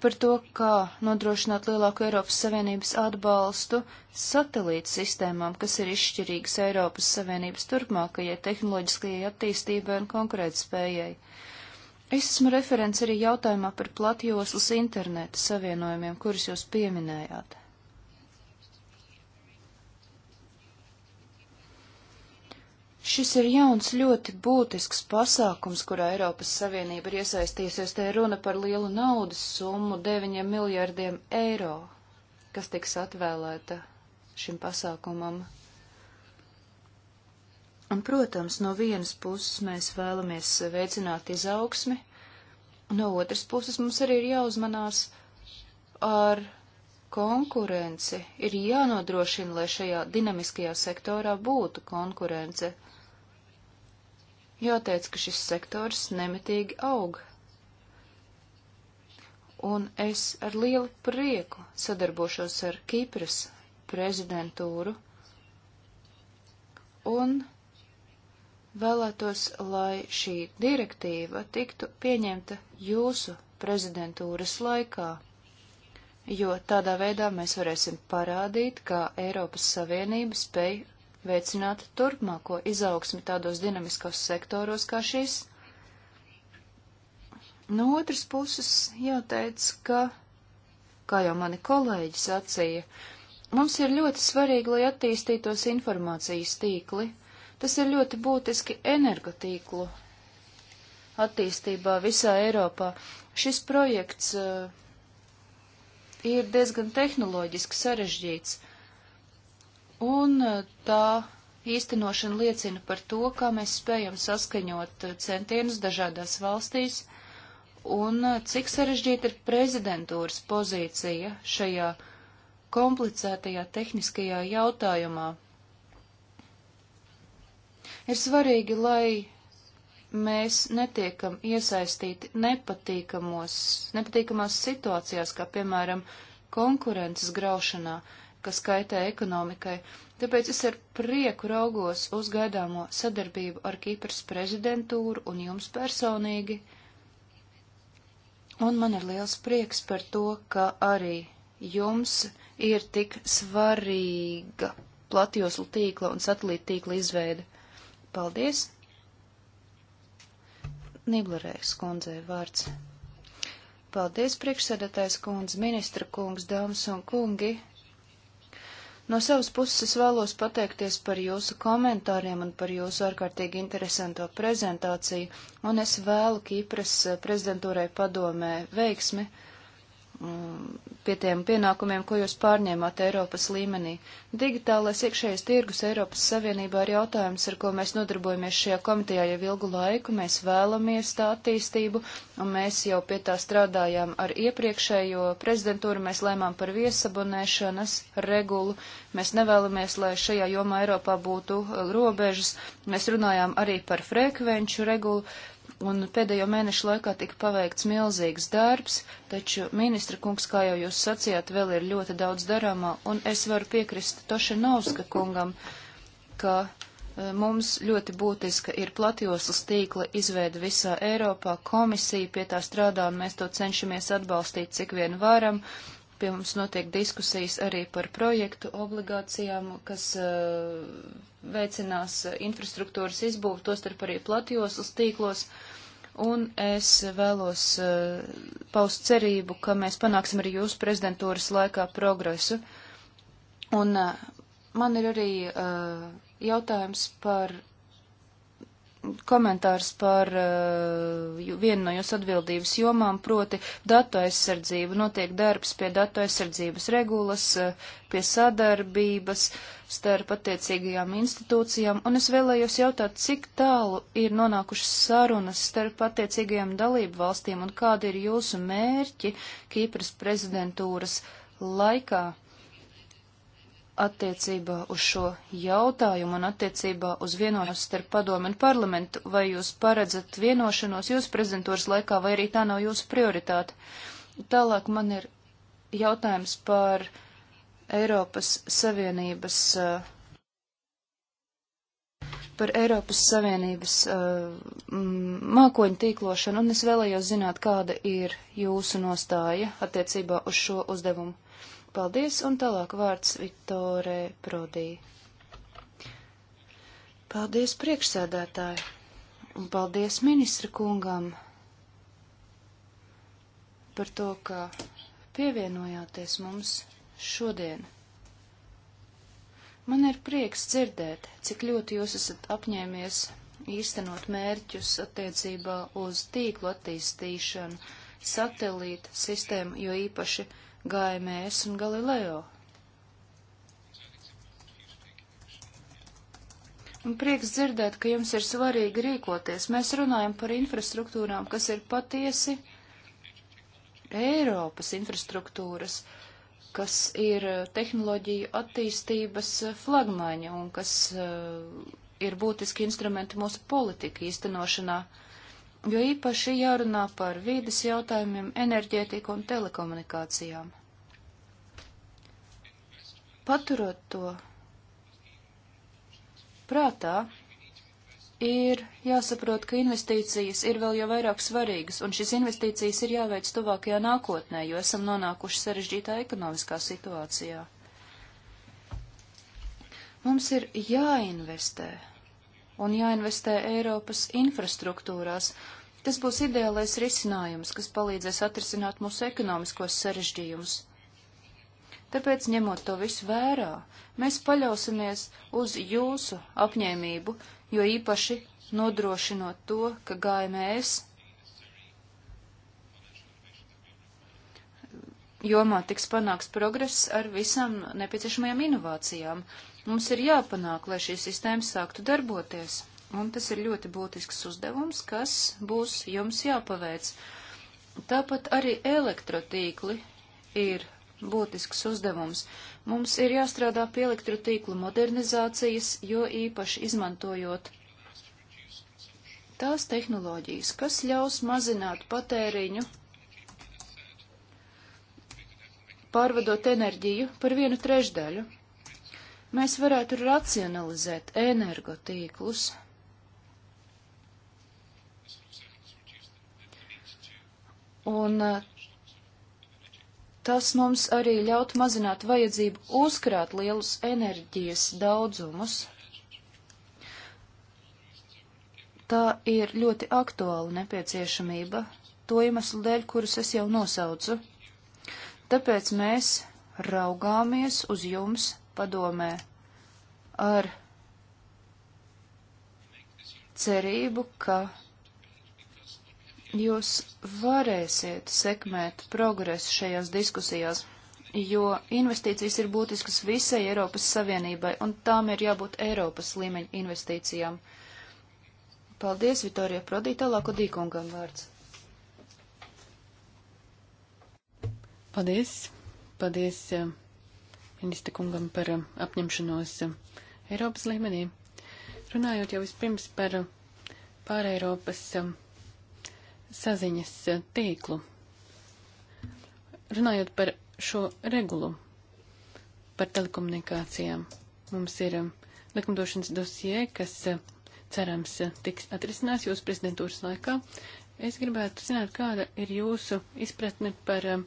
par to, kā nodrošināt lielāku Eiropas Savienības atbalstu satelīta sistēmām, kas ir izšķirīgas Eiropas Savienības turpmākajai tehnoloģiskajai attīstībai un konkurētspējai. Es esmu referents arī jautājumā par platjoslas interneta savienojumiem, kurus jūs pieminējāt. Šis ir jauns ļoti būtisks pasākums, kurā Eiropas Savienība ir iesaistījusies. Te runa par lielu naudas summu - 9 miljārdiem eiro, kas tiks atvēlēta šim pasākumam. Un, protams, no vienas puses mēs vēlamies veicināt izaugsmi, no otras puses mums arī ir jāuzmanās ar konkurence, ir jānodrošina, lai šajā dinamiskajā sektorā būtu konkurence jāteic, ka šis sektors nemitīgi aug. Un es ar lielu prieku sadarbošos ar Kīpras prezidentūru un vēlētos, lai šī direktīva tiktu pieņemta jūsu prezidentūras laikā, jo tādā veidā mēs varēsim parādīt, kā Eiropas Savienība spēj veicināt turpmāko izaugsmi tādos dinamiskos sektoros kā šis. No otras puses jāteic, ka, kā jau mani kolēģi sacīja, mums ir ļoti svarīgi, lai attīstītos informācijas tīkli. Tas ir ļoti būtiski energotīklu attīstībā visā Eiropā. Šis projekts uh, ir diezgan tehnoloģiski sarežģīts un eh, tā īstenošana liecina par to, kā mēs spējam saskaņot eh, centienus dažādās valstīs un eh, cik sarežģīta ir prezidentūras pozīcija šajā komplicētajā tehniskajā jautājumā. Ir svarīgi, lai mēs netiekam iesaistīti nepatīkamos, nepatīkamās situācijās, kā piemēram konkurences graušanā, kas kaitē ekonomikai, tāpēc es ar prieku raugos uz gaidāmo sadarbību ar Kīpras prezidentūru un jums personīgi. Un man ir liels prieks par to, ka arī jums ir tik svarīga platjoslu tīkla un satelīta tīkla izveida. Paldies! Niblerēs kundzei vārds. Paldies, priekšsēdētājs kundze, ministra kungs, dāmas un kungi! No savas puses es vēlos pateikties par jūsu komentāriem un par jūsu ārkārtīgi interesanto prezentāciju, un es vēlu Kīpras prezidentūrai padomē veiksmi. Mm, pie tiem pienākumiem, ko jūs pārņēmāt Eiropas līmenī. Digitālais iekšējais tirgus Eiropas Savienībā ir jautājums, ar ko mēs nodarbojamies šajā komitejā jau ilgu laiku. Mēs vēlamies tā attīstību, un mēs jau pie tā strādājām ar iepriekšējo prezidentūru. Mēs lēmām par viesabonēšanas regulu. Mēs nevēlamies, lai šajā jomā Eiropā būtu uh, robežas. Mēs runājām arī par frekvenču regulu un pēdējo mēnešu laikā tika paveikts milzīgs darbs, taču ministra kungs, kā jau jūs sacījāt, vēl ir ļoti daudz darāmā, un es varu piekrist Tošenovska kungam, ka e, mums ļoti būtiska ir platjoslas tīkla izveida visā Eiropā, komisija pie tā strādā, un mēs to cenšamies atbalstīt, cik vien varam, Pie mums notiek diskusijas arī par projektu obligācijām, kas uh, veicinās uh, infrastruktūras izbūvu, tostarp arī platjoslas tīklos. Un es vēlos uh, paust cerību, ka mēs panāksim arī jūsu prezidentūras laikā progresu. Un uh, man ir arī uh, jautājums par komentārs par uh, vienu no jūsu atbildības jomām, proti datu aizsardzību. Notiek darbs pie datu aizsardzības regulas, uh, pie sadarbības starp attiecīgajām institūcijām, un es vēlējos jautāt, cik tālu ir nonākušas sarunas starp attiecīgajām dalību valstīm un kādi ir jūsu mērķi Kīpras prezidentūras laikā attiecībā uz šo jautājumu un attiecībā uz vienošanos starp padomu un parlamentu, vai jūs paredzat vienošanos jūsu prezidentūras laikā, vai arī tā nav jūsu prioritāte? Tālāk man ir jautājums par Eiropas Savienības, eh, par Eiropas Savienības eh, mākoņu tīklošanu, un es vēlējos zināt, kāda ir jūsu nostāja attiecībā uz šo uzdevumu. Paldies, un tālāk vārds Viktorē Prodī. Paldies priekšsēdētāji, un paldies ministra kungam par to, ka pievienojāties mums šodien. Man ir prieks dzirdēt, cik ļoti jūs esat apņēmies īstenot mērķus attiecībā uz tīklu attīstīšanu, satelīta sistēmu, jo īpaši GMS un Galileo. Un prieks dzirdēt, ka jums ir svarīgi rīkoties. Mēs runājam par infrastruktūrām, kas ir patiesi Eiropas infrastruktūras, kas ir tehnoloģiju attīstības flagmaņa un kas uh, ir būtiski instrumenti mūsu politika īstenošanā. Uh, jo īpaši jārunā par vīdes jautājumiem, enerģētiku un telekomunikācijām. Paturot to prātā, ir jāsaprot, ka investīcijas ir vēl jau vairāk svarīgas, un šīs investīcijas ir jāveic tuvākajā nākotnē, jo esam nonākuši sarežģītā ekonomiskā situācijā. Mums ir jāinvestē un jāinvestē Eiropas infrastruktūrās. Tas būs ideālais risinājums, kas palīdzēs atrisināt mūsu ekonomiskos sarežģījumus. Tāpēc, ņemot to visu vērā, mēs paļausimies uz jūsu apņēmību, jo īpaši nodrošinot to, ka GMS jomā tiks panāks progress ar visām nepieciešamajām inovācijām. Mums ir jāpanāk, lai šī sistēma sāktu darboties, un tas ir ļoti būtisks uzdevums, kas būs jums jāpaveic. Tāpat arī elektrotīkli ir būtisks uzdevums. Mums ir jāstrādā pie elektrotīklu modernizācijas, jo īpaši izmantojot tās tehnoloģijas, kas ļaus mazināt patēriņu, pārvadot enerģiju par vienu trešdaļu. Mēs varētu racionalizēt energotīklus. Un eh, tas mums arī ļaut mazināt vajadzību uzkrāt lielus enerģijas daudzumus. Tā ir ļoti aktuāla nepieciešamība, to iemeslu dēļ, kurus es jau nosaucu. Tāpēc mēs raugāmies uz jums, padomē ar cerību, ka jūs varēsiet sekmēt progresu šajās diskusijās, jo investīcijas ir būtiskas visai Eiropas Savienībai, un tām ir jābūt Eiropas līmeņa investīcijām. Paldies, Vitorija Prodī, tālāko dīkungam vārds. Paldies, paldies ministra kungam par um, apņemšanos um, Eiropas līmenī. Runājot jau vispirms par um, pāreiropas saziņas tīklu. Runājot par šo regulu par telekomunikācijām, mums ir likumdošanas dosie, kas cerams tiks atrisinās jūsu prezidentūras laikā. Es gribētu zināt, kāda ir jūsu izpratne par uh,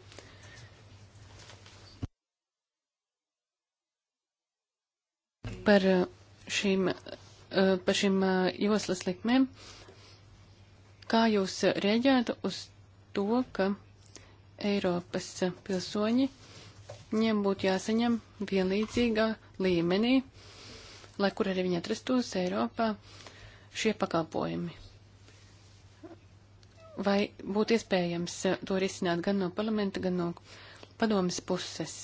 Eh, eh, par šīm, par eh, šīm joslas likmēm, kā jūs rēģētu uz to, ka Eiropas pilsoņi viņiem būtu jāsaņem vienlīdzīgā līmenī, lai kur arī viņi atrastos Eiropā, šie pakalpojumi. Vai būtu iespējams to risināt gan no parlamenta, gan no padomas puses?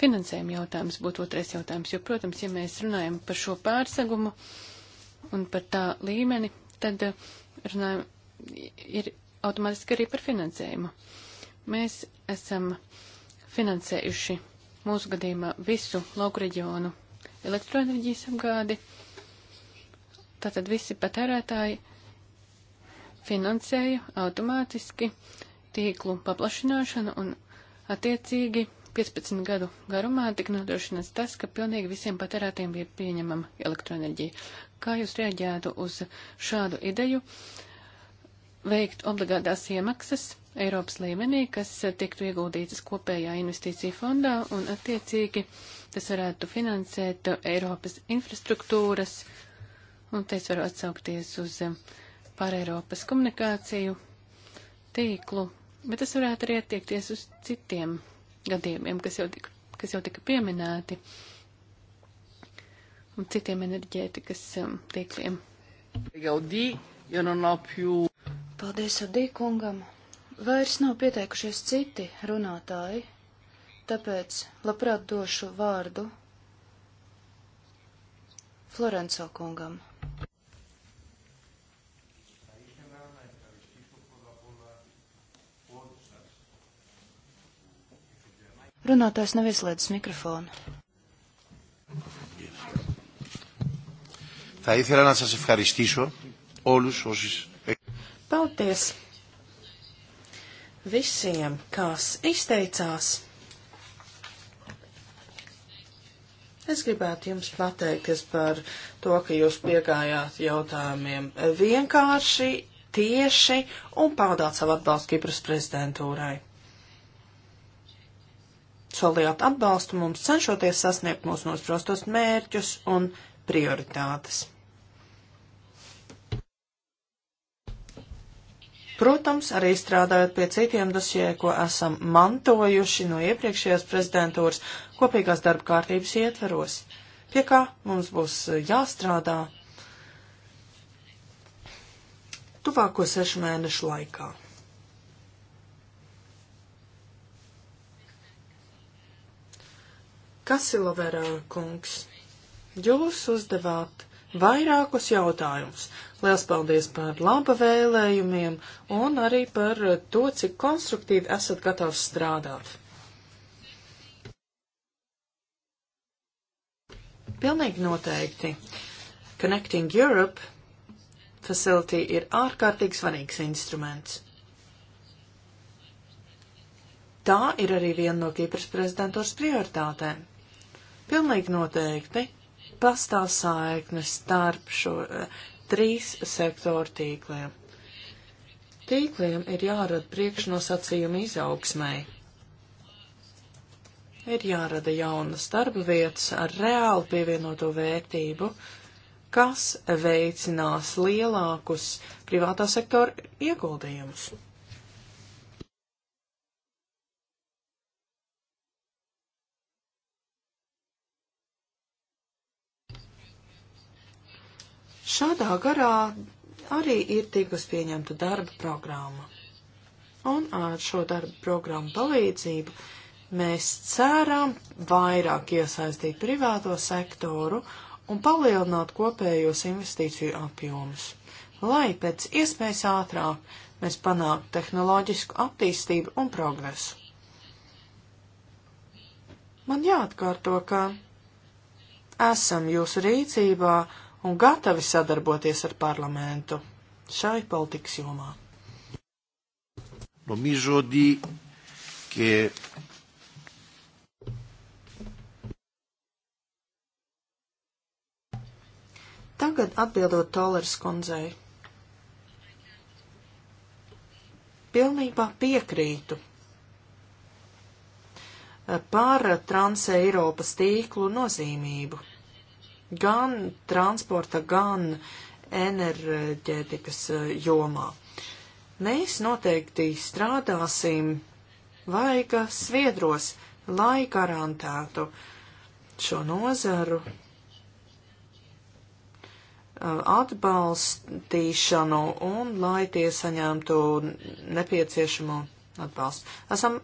Finansējuma jautājums būtu otrais jautājums, jo, protams, ja mēs runājam par šo pārsegumu un par tā līmeni, tad eh, runājam, ir automātiski arī par finansējumu. Mēs esam finansējuši mūsu gadījumā visu lauku reģionu elektroenerģijas apgādi. Tātad visi patērētāji finansēja automātiski tīklu paplašināšanu un attiecīgi 15 gadu garumā tika nodrošināts tas, ka pilnīgi visiem patērētiem bija pieņemama elektroenerģija. Kā jūs reaģētu uz šādu ideju veikt obligātās iemaksas Eiropas līmenī, kas tiktu ieguldītas kopējā investīcija fondā un attiecīgi tas varētu finansēt Eiropas infrastruktūras, un te es varu atsaukties uz pār Eiropas komunikāciju tīklu, bet tas varētu arī attiekties uz citiem gadījumiem, kas jau tika, kas jau tika pieminēti, un citiem enerģētikas um, tīkliem. Nu Paldies Odī kungam. Vairs nav pieteikušies citi runātāji, tāpēc labprāt došu vārdu Florenco kungam. Runātājs nav ieslēdzis mikrofonu. Θα ήθελα να σας ευχαριστήσω όλους όσοι... Paldies visiem, kas izteicās. Es gribētu jums pateikties par to, ka jūs piegājāt jautājumiem vienkārši, tieši un paudāt savu atbalstu Kipras prezidentūrai solījāt atbalstu mums cenšoties sasniegt mūsu nosprostos mērķus un prioritātes. Protams, arī strādājot pie citiem dosjē, ko esam mantojuši no iepriekšējās prezidentūras kopīgās darba kārtības ietveros, pie kā mums būs jāstrādā tuvāko sešu mēnešu laikā. Kasiloverā kungs, jūs uzdevāt vairākus jautājumus. Liels paldies par laba vēlējumiem un arī par to, cik konstruktīvi esat gatavs strādāt. Pilnīgi noteikti. Connecting Europe Facility ir ārkārtīgi svarīgs instruments. Tā ir arī viena no Kipras prezidentūras prioritātēm. Pilnīgi noteikti pastāv saikne starp šo uh, trīs sektoru tīkliem. Tīkliem ir jārada priekšnosacījumi izaugsmai. Ir jārada jaunas darba vietas ar reāli pievienoto vērtību, kas veicinās lielākus privātā sektora ieguldījumus. Šādā garā arī ir tikus pieņemta darba programma. Un ar šo darba programmu palīdzību mēs ceram vairāk iesaistīt privāto sektoru un palielināt kopējos investīciju apjomus, lai pēc iespējas ātrāk mēs panāktu tehnoloģisku attīstību un progresu. Man jāatkārto, ka esam jūsu rīcībā un gatavi sadarboties ar parlamentu šai politikas jomā. Νομίζω ότι και Tagad atbildot Tolers kundzei. Pilnībā piekrītu par Trans Eiropas tīklu nozīmību gan transporta, gan enerģētikas eh, jomā. Mēs noteikti strādāsim laika sviedros, lai garantētu šo nozaru eh, atbalstīšanu un lai tie saņemtu nepieciešamo atbalstu. Esam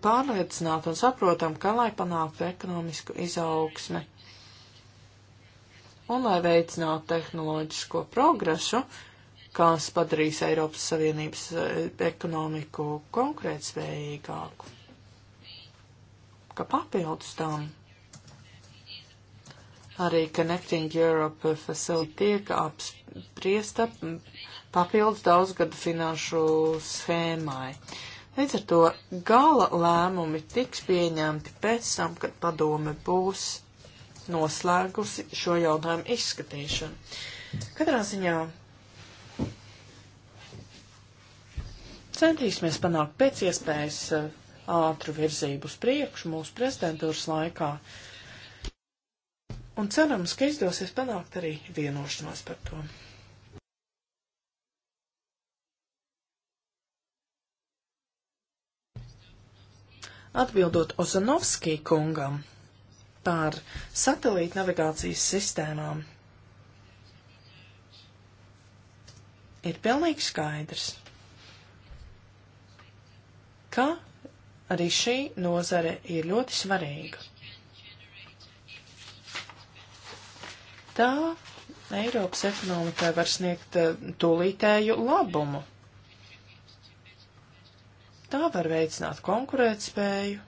pārliecināti un saprotam, ka lai panāktu ekonomisku izaugsmi un lai veicinātu tehnoloģisko progresu, kas padarīs Eiropas Savienības eh, ekonomiku konkurētspējīgāku. Ka papildus tam arī Connecting Europe Facility tiek apspriesta papildus daudzgadu finanšu schēmai. Līdz ar to gala lēmumi tiks pieņemti pēc tam, kad padome būs noslēgusi šo jautājumu izskatīšanu. Katrā ziņā centīsimies panākt pēc iespējas uh, ātru virzību uz priekšu mūsu prezidentūras laikā. Un cerams, ka izdosies panākt arī vienošanos par to. Atbildot Ozanovskī kungam, par satelīta navigācijas sistēmām ir pilnīgi skaidrs, ka arī šī nozare ir ļoti svarīga. Tā Eiropas ekonomikai var sniegt eh, tūlītēju labumu. Tā var veicināt konkurētspēju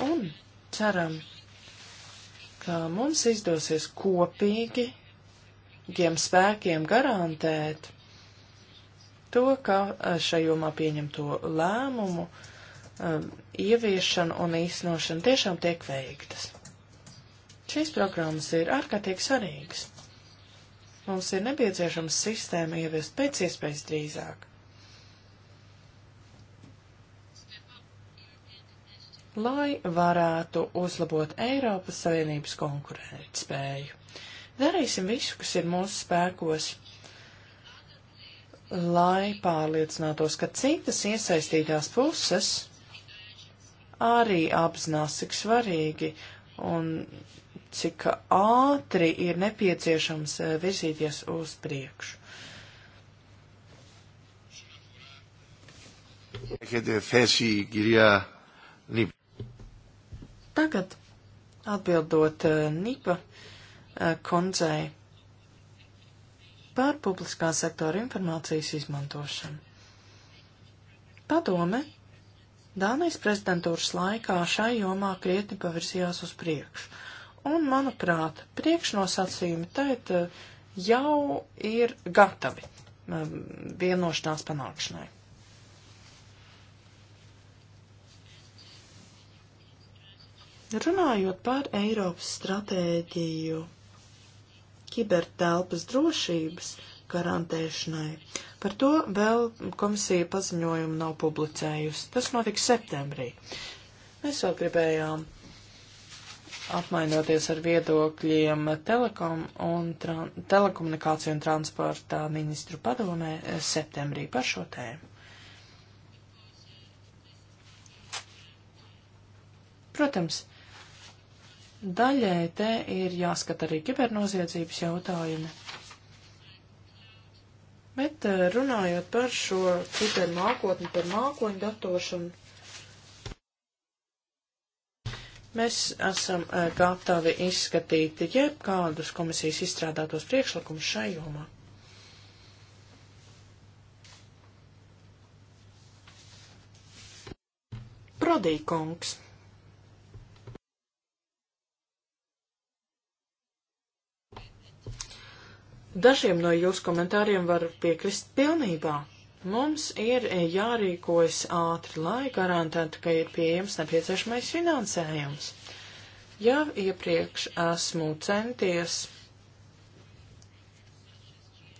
un ceram, ka mums izdosies kopīgi giem spēkiem garantēt to, ka eh, šajomā pieņemto lēmumu um, ieviešana un īstenošana tiešām tiek veiktas. Šīs programmas ir ārkārtīgi svarīgas. Mums ir nepieciešams sistēma ieviest pēc iespējas drīzāk. lai varētu uzlabot Eiropas Savienības konkurētspēju. Darīsim visu, kas ir mūsu spēkos, lai pārliecinātos, ka citas iesaistītās puses arī apzinās, cik svarīgi un cik ātri ir nepieciešams eh, virzīties uz priekšu. Έχετε θέση, κυρία Tagad, atbildot eh, Nipa eh, kundzei par publiskā sektora informācijas izmantošanu. Padome Dānijas prezidentūras laikā šai jomā krietni pavirzījās uz priekšu, un, manuprāt, priekšnosacījumi tagad eh, jau ir gatavi vienošanās panākšanai. Runājot par Eiropas stratēģiju kibertelpas drošības garantēšanai, par to vēl komisija paziņojumu nav publicējusi. Tas notiks septembrī. Mēs vēl gribējām apmainoties ar viedokļiem telekom un telekomunikāciju un transportā ministru padomē eh, septembrī par šo tēmu. Protams, Daļai te ir jāskata arī kibernoziedzības jautājumi. Bet eh, runājot par šo ciber nākotni, par mākoņu datošanu, mēs esam eh, gatavi izskatīt jebkādus komisijas izstrādātos priekšlikumus šai jomā. Prodīkungs. Dažiem no jūsu komentāriem var piekrist pilnībā. Mums ir jārīkojas ātri, lai garantētu, ka ir pieejams nepieciešamais finansējums. Ja iepriekš esmu centies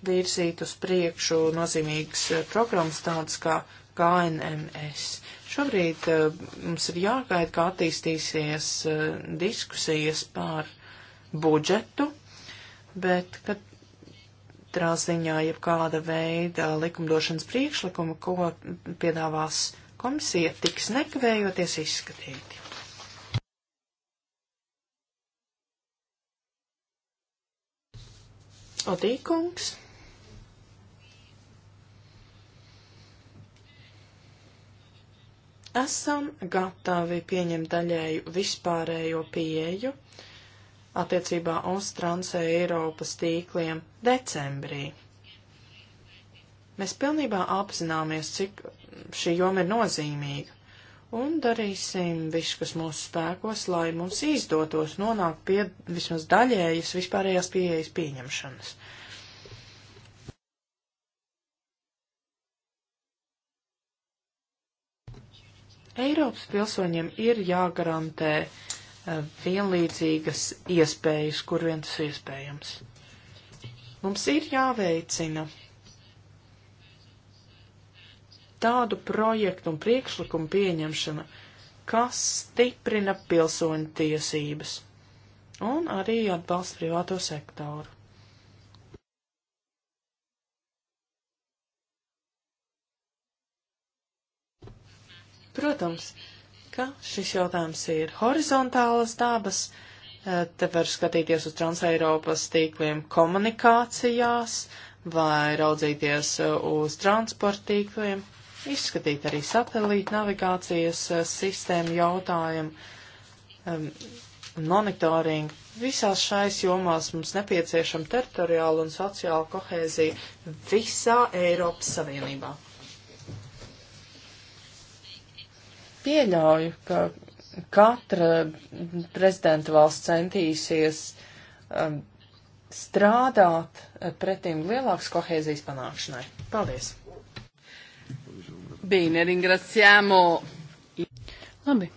virzīt uz priekšu nozīmīgas programmas tādas kā KNMS. Šobrīd uh, mums ir jāgaida, kā attīstīsies uh, diskusijas par budžetu, bet, kad Katrā ziņā jebkāda veida likumdošanas priekšlikuma, ko piedāvās komisija, tiks nekavējoties izskatīti. Odīkungs. Esam gatavi pieņemt daļēju vispārējo pieeju attiecībā uz Transeiropas tīkliem decembrī. Mēs pilnībā apzināmies, cik šī joma ir nozīmīga, un darīsim visu, kas mūsu spēkos, lai mums izdotos nonākt pie vismaz daļējas vispārējās pieejas pieņemšanas. Eiropas pilsoņiem ir jāgarantē uh, vienlīdzīgas iespējas, kur vien tas iespējams. Mums ir jāveicina tādu projektu un priekšlikumu pieņemšana, kas stiprina pilsoņu tiesības un arī atbalsta privāto sektoru. Protams, ka šis jautājums ir horizontālas dabas. Eh, te var skatīties uz Transeiropas tīkliem komunikācijās vai raudzīties eh, uz transporta tīkliem, izskatīt arī satelīta navigācijas eh, sistēmu jautājumu, um, monitoringu. Visās šais jomās mums nepieciešama teritoriāla un sociāla kohēzija visā Eiropas Savienībā. pieļauju, ka katra prezidenta valsts centīsies um, strādāt uh, pretim lielākas kohēzijas panākšanai. Paldies! Bīne, ringraciamo! Labi.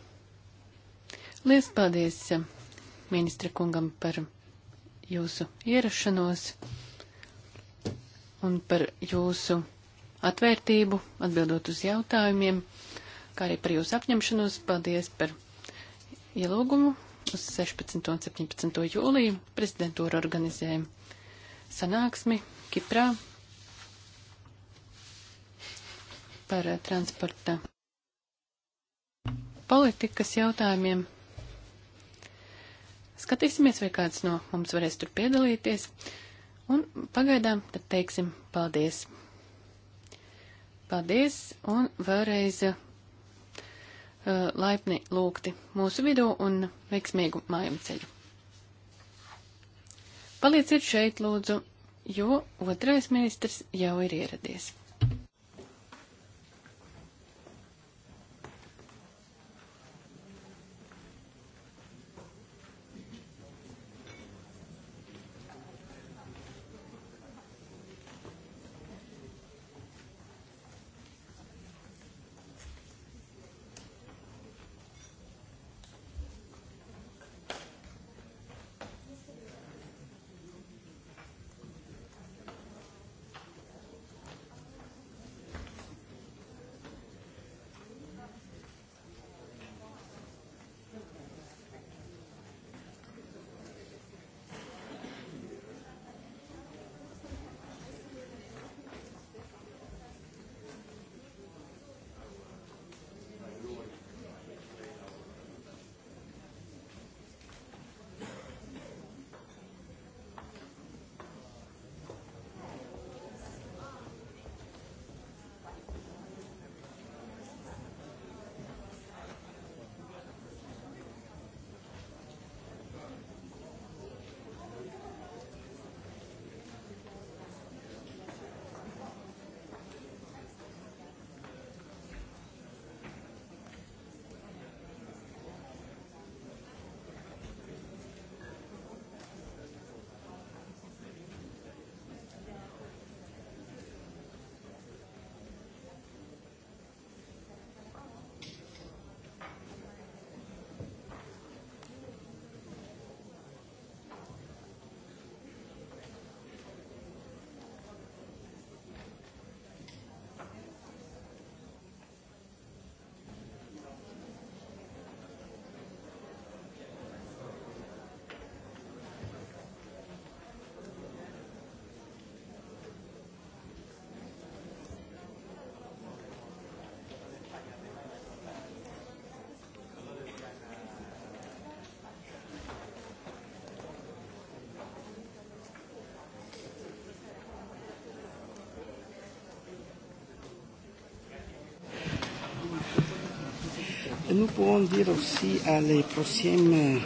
Lies paldies uh, ministra kungam par jūsu ierašanos un par jūsu atvērtību atbildot uz jautājumiem kā arī par jūsu apņemšanos. Paldies par ielūgumu uz 16. un 17. jūliju. Prezidentūra organizēja sanāksmi Kiprā par transporta politikas jautājumiem. Skatīsimies, vai kāds no mums varēs tur piedalīties. Un pagaidām tad teiksim paldies. Paldies un vēlreiz Uh, laipni lūgti mūsu vidū un veiksmīgu mājām ceļu. Palieciet šeit, lūdzu, jo otrais ministrs jau ir ieradies. nous pouvons dire aussi à les prochaines. Euh,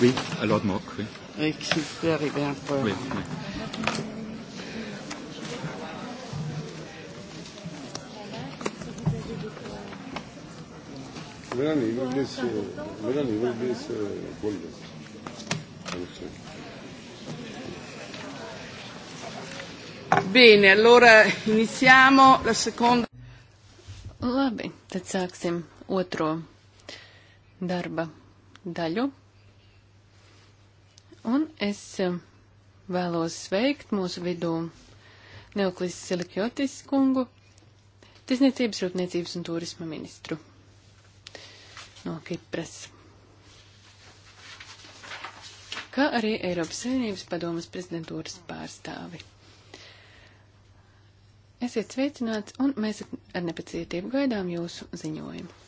oui, à l'ordre moque, euh, oui. Oui, s'il peut arriver un peu. Oui, oui. Melanie, we'll be uh, Melanie, we'll be uh, Golden. Bene, allora iniziamo la seconda. Labi, tad sāksim otro darba daļu. Un es eh, vēlos sveikt mūsu vidū Neoklis Silikjotis kungu, Tiesniecības, Rūpniecības un Turisma ministru no Kipras. Kā arī Eiropas Savienības padomas prezidentūras pārstāvi. Esiet sveicināts un mēs ar nepacietību gaidām jūsu ziņojumu.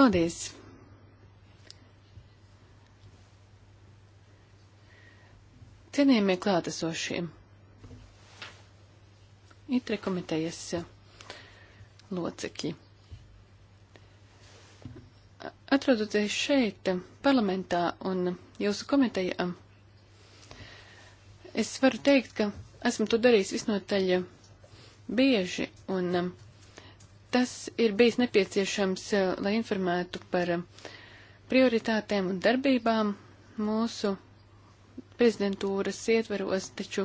Paldies! Cienījamie klātesošie, itri komitejas locekļi. Atrodoties šeit, parlamentā un jūsu komitejā, es varu teikt, ka esmu to darījis visnotaļ bieži un Tas ir bijis nepieciešams, eh, lai informētu par eh, prioritātēm un darbībām mūsu prezidentūras ietveros, taču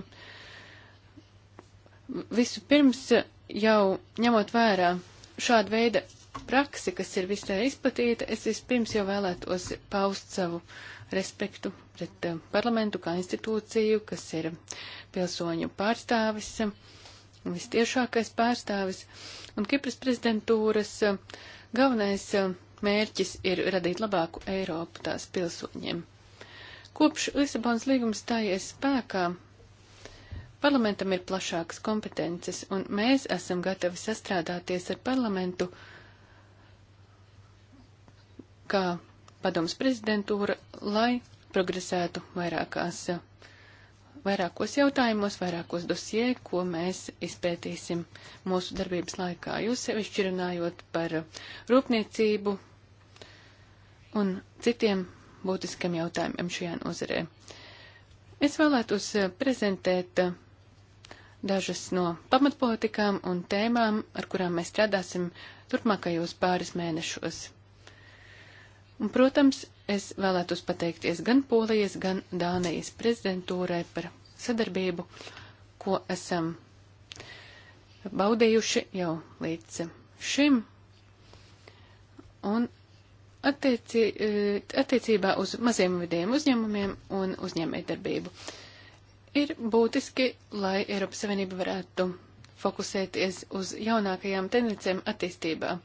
visu pirms eh, jau ņemot vērā šādu veidu praksi, kas ir visai izplatīta, es vispirms jau vēlētos paust savu respektu pret parlamentu kā institūciju, kas ir pilsoņu pārstāvis. Uh, vistiešākais pārstāvis. Un Kipras prezidentūras galvenais mērķis ir radīt labāku Eiropu tās pilsoņiem. Kopš Lisabonas līguma stājies spēkā, parlamentam ir plašākas kompetences, un mēs esam gatavi sastrādāties ar parlamentu kā padoms prezidentūra, lai progresētu vairākās vairākos jautājumos, vairākos dosie, ko mēs izpētīsim mūsu darbības laikā. Jūs sevišķi runājot par rūpniecību un citiem būtiskiem jautājumiem šajā nozarē. Es vēlētos prezentēt dažas no pamatpolitikām un tēmām, ar kurām mēs strādāsim turpmākajos pāris mēnešos. Un, protams, Es vēlētos pateikties gan Polijas, gan Dānijas prezidentūrai par sadarbību, ko esam baudījuši jau līdz šim. Un attieci, e, attiecībā uz maziem vidiem uzņēmumiem un uzņēmējdarbību ir būtiski, lai Eiropas Savienība varētu fokusēties uz jaunākajām tendencēm attīstībā.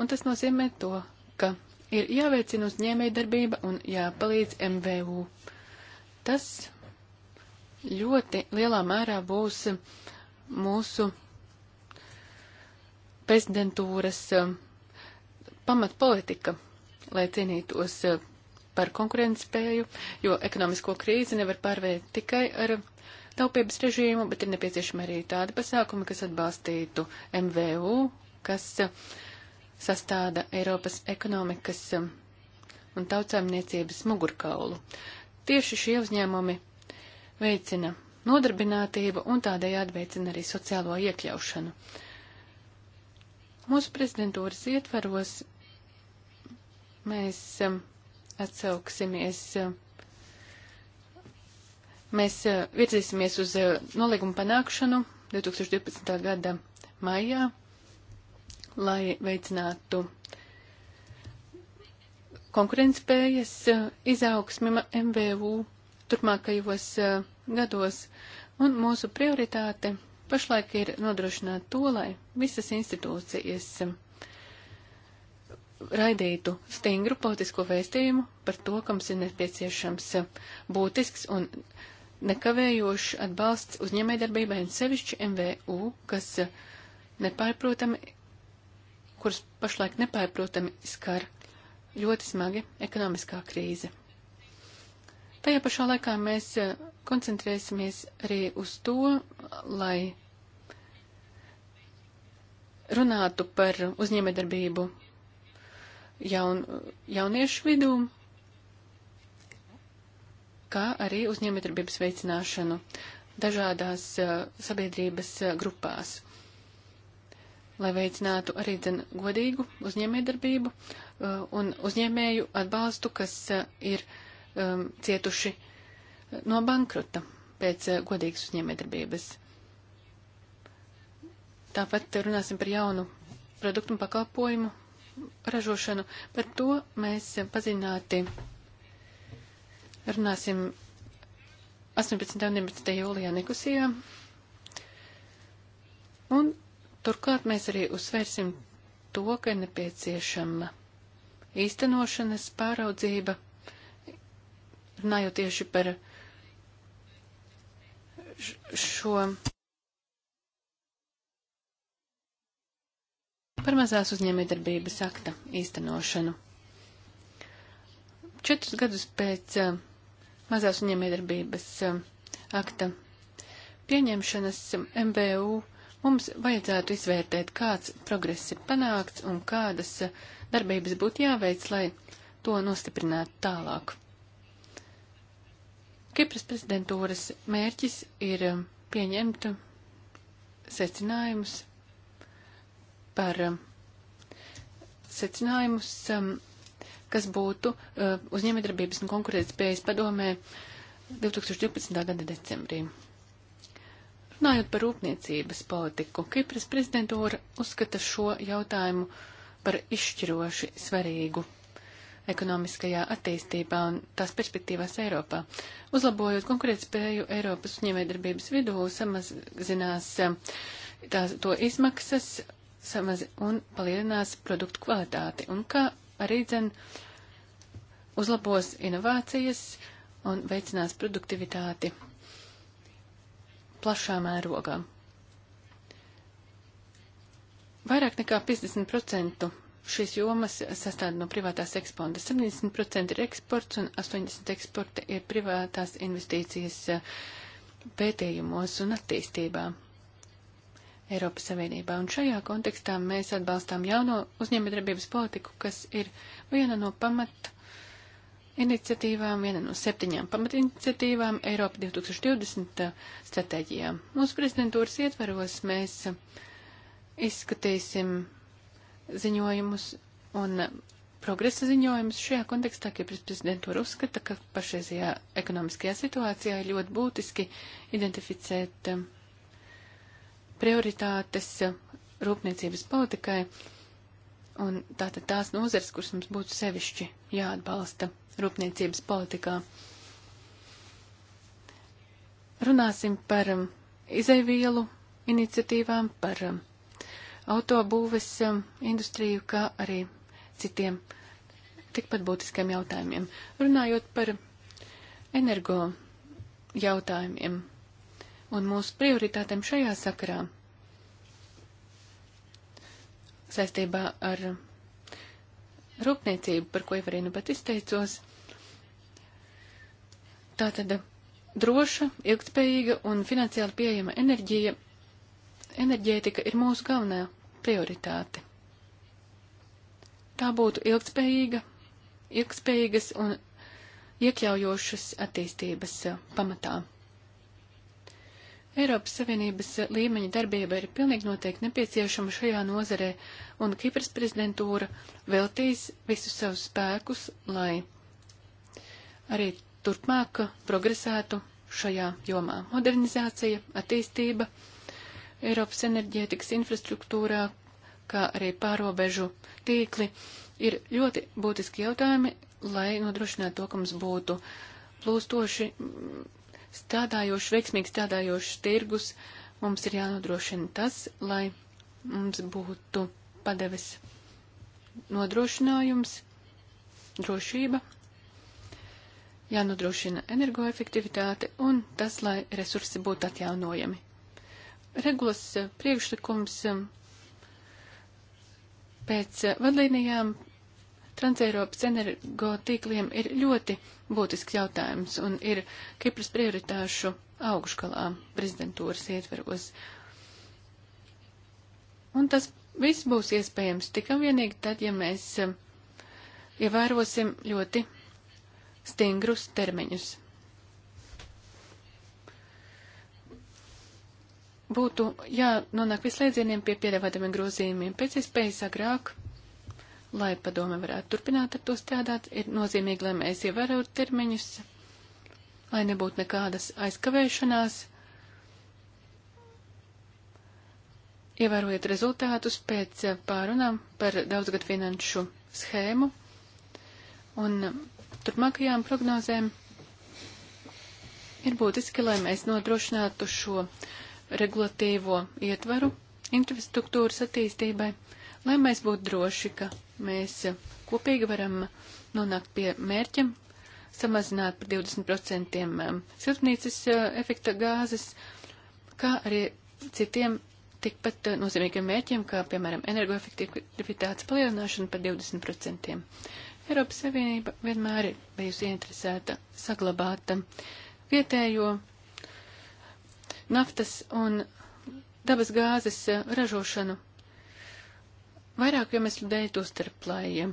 Un tas nozīmē to, ka ir jāveicina uzņēmējdarbība un jāpalīdz MVU. Tas ļoti lielā mērā būs mūsu prezidentūras eh, pamatpolitika, lai cīnītos eh, par konkurētspēju, jo ekonomisko krīzi nevar pārvērt tikai ar taupības režīmu, bet ir nepieciešama arī tāda pasākuma, kas atbalstītu MVU, kas uh, sastāda Eiropas ekonomikas um, un tautsājumniecības mugurkaulu. Tieši šie uzņēmumi veicina nodarbinātību un tādējādi veicina arī sociālo iekļaušanu. Mūsu prezidentūras ietvaros mēs um, atsauksimies, um, mēs uh, virzīsimies uz uh, nolīgumu panākšanu 2012. gada maijā lai veicinātu konkurentspējas eh, izaugsmi MVU turpmākajos eh, gados. Un mūsu prioritāte pašlaik ir nodrošināt to, lai visas institūcijas eh, raidītu stingru politisko vēstījumu par to, kams ir nepieciešams būtisks un nekavējošs atbalsts uzņēmējdarbībai un sevišķi MVU, kas nepārprotami kurus pašlaik nepārprotami skar ļoti smagi ekonomiskā krīze. Tajā pašā laikā mēs eh, koncentrēsimies arī uz to, lai runātu par uzņēmējdarbību jaun, jauniešu vidū, kā arī uzņēmējdarbības veicināšanu dažādās uh, sabiedrības uh, grupās lai veicinātu arī dzen godīgu uzņēmējdarbību uh, un uzņēmēju atbalstu, kas uh, ir um, cietuši uh, no bankrota pēc godīgas uzņēmējdarbības. Tāpat runāsim par jaunu produktu un pakalpojumu ražošanu. Par to mēs paziņāti runāsim 18. un 19. jūlijā Nikusijā. Un Turklāt mēs arī uzsvērsim to, ka nepieciešama īstenošanas pāraudzība, runājot tieši par šo par mazās uzņēmējdarbības akta īstenošanu. Četrus gadus pēc uh, mazās uzņēmējdarbības uh, akta pieņemšanas eh, MBU Mums vajadzētu izvērtēt, kāds progress ir panākts un kādas eh, darbības būtu jāveic, lai to nostiprinātu tālāk. Kipras prezidentūras mērķis ir eh, pieņemt eh, secinājumus par secinājumus, kas būtu uzņēmējdarbības un konkurētspējas padomē 2012. gada decembrī. Runājot par rūpniecības politiku, Kipras prezidentūra uzskata šo jautājumu par izšķiroši svarīgu ekonomiskajā attīstībā un tās perspektīvās Eiropā. Uzlabojot konkurētspēju Eiropas uzņēmējdarbības vidū, samazinās um, tās, to izmaksas samaz, un palielinās produktu kvalitāti, un kā arī dzen uzlabos inovācijas un veicinās produktivitāti plašā mērogā. Vairāk nekā 50% šīs jomas sastāv no privātās eksponda. 70% ir eksports un 80% eksporta ir privātās investīcijas eh, pētījumos un attīstībā Eiropas Savienībā. Un šajā kontekstā mēs atbalstām jauno uzņēmējdarbības politiku, kas ir viena no pamata iniciatīvām, viena no septiņām pamatiniciatīvām Eiropa 2020 uh, stratēģijām. Mūsu prezidentūras ietvaros mēs uh, izskatīsim ziņojumus un uh, progresa ziņojumus šajā kontekstā, Kipras prezidentūra uzskata, ka pašreizajā ekonomiskajā situācijā ir ļoti būtiski identificēt prioritātes rūpniecības politikai un tātad tās nozars, kuras mums būtu sevišķi jāatbalsta rūpniecības politikā. Runāsim par um, izaivielu iniciatīvām, par um, autobūves um, industriju, kā arī citiem tikpat būtiskiem jautājumiem. Runājot par energo jautājumiem un mūsu prioritātēm šajā sakarā saistībā ar rūpniecību, par ko jau arī nu pat izteicos. Tātad droša, ilgtspējīga un finansiāli pieejama enerģija, enerģētika ir mūsu galvenā prioritāte. Tā būtu ilgtspējīga, ilgtspējīgas un iekļaujošas attīstības eh, pamatā. Eiropas Savienības līmeņa darbība ir pilnīgi noteikti nepieciešama šajā nozarē, un Kipras prezidentūra veltīs visus savus spēkus, lai arī turpmāk progresētu šajā jomā. Modernizācija, attīstība Eiropas enerģētikas infrastruktūrā, kā arī pārobežu tīkli ir ļoti būtiski jautājumi, lai nodrošinātu to, ka mums būtu plūstoši strādājošs, veiksmīgi strādājošs tirgus, mums ir jānodrošina tas, lai mums būtu padeves nodrošinājums, drošība, jānodrošina energoefektivitāte un tas, lai resursi būtu atjaunojami. Regulas eh, priekšlikums eh, pēc eh, vadlīnijām Transeiropas energo tīkliem ir ļoti būtisks jautājums un ir Kipras prioritāšu augškalā prezidentūras ietveros. Un tas viss būs iespējams tikai vienīgi tad, ja mēs um, ievērosim ļoti stingrus termiņus. Būtu jānonāk vislēdzieniem pie piedāvātiem grozījumiem pēc iespējas agrāk lai padome varētu turpināt ar to strādāt, ir nozīmīgi, lai mēs ievērotu termiņus, lai nebūtu nekādas aizkavēšanās, ievērojot rezultātus pēc pārunām par daudzgad finanšu schēmu un turpmākajām prognozēm. Ir būtiski, lai mēs nodrošinātu šo regulatīvo ietvaru infrastruktūras attīstībai, lai mēs būtu droši, ka mēs kopīgi varam nonākt pie mērķa samazināt par 20% um, siltumnīcas uh, efekta gāzes, kā arī citiem tikpat uh, nozīmīgiem mērķiem, kā piemēram energoefektivitātes palielināšana par 20%. Eiropas Savienība vienmēr ir bijusi interesēta saglabāt um, vietējo naftas un dabas gāzes uh, ražošanu vairāku iemeslu dēļ to starp, lai um,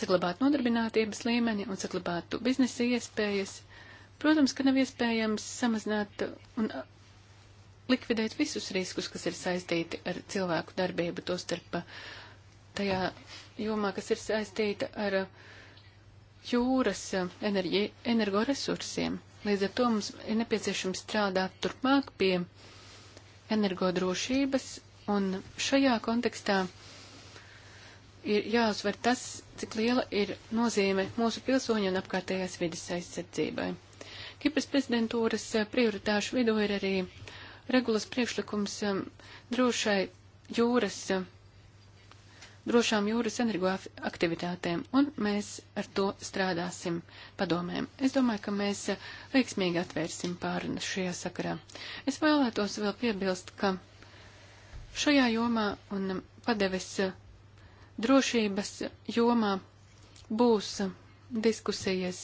saglabātu nodarbinātības līmeni un saglabātu biznesa iespējas. Protams, ka nav iespējams samazināt un uh, likvidēt visus riskus, kas ir saistīti ar cilvēku darbību, to starp uh, tajā jomā, kas ir saistīta ar uh, jūras enerģi, energoresursiem. Līdz ar to mums ir nepieciešams strādāt turpmāk pie energodrošības, un šajā kontekstā ir jāuzver tas, cik liela ir nozīme mūsu pilsoņu un apkārtējās vidas aizsardzībai. Kipras prezidentūras eh, prioritāšu vidū ir arī regulas priekšlikums eh, drošai jūras, eh, drošām jūras energoaktivitātēm, un mēs ar to strādāsim padomēm. Es domāju, ka mēs veiksmīgi atvērsim pārunas šajā sakarā. Es vēlētos vēl piebilst, ka šajā jomā un padeves Drošības jomā būs diskusijas,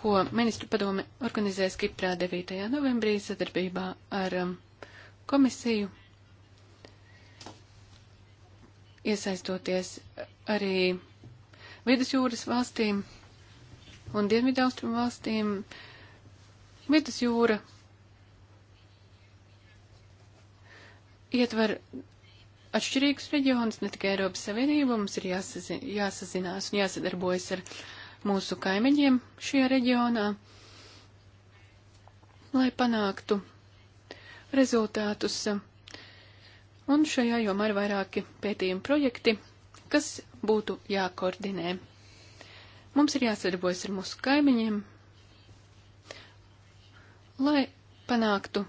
ko ministru padome organizēs Kiprā 9. novembrī sadarbībā ar um, komisiju, iesaistoties arī vidusjūras valstīm un dienvidaustrumu valstīm. Vidusjūra ietver atšķirīgus reģionus, ne tikai Eiropas Savienību, mums ir jāsazi, jāsazinās un jāsadarbojas ar mūsu kaimiņiem šajā reģionā, lai panāktu rezultātus. Un šajā jomā ir vairāki pētījumi projekti, kas būtu jākoordinē. Mums ir jāsadarbojas ar mūsu kaimiņiem, lai panāktu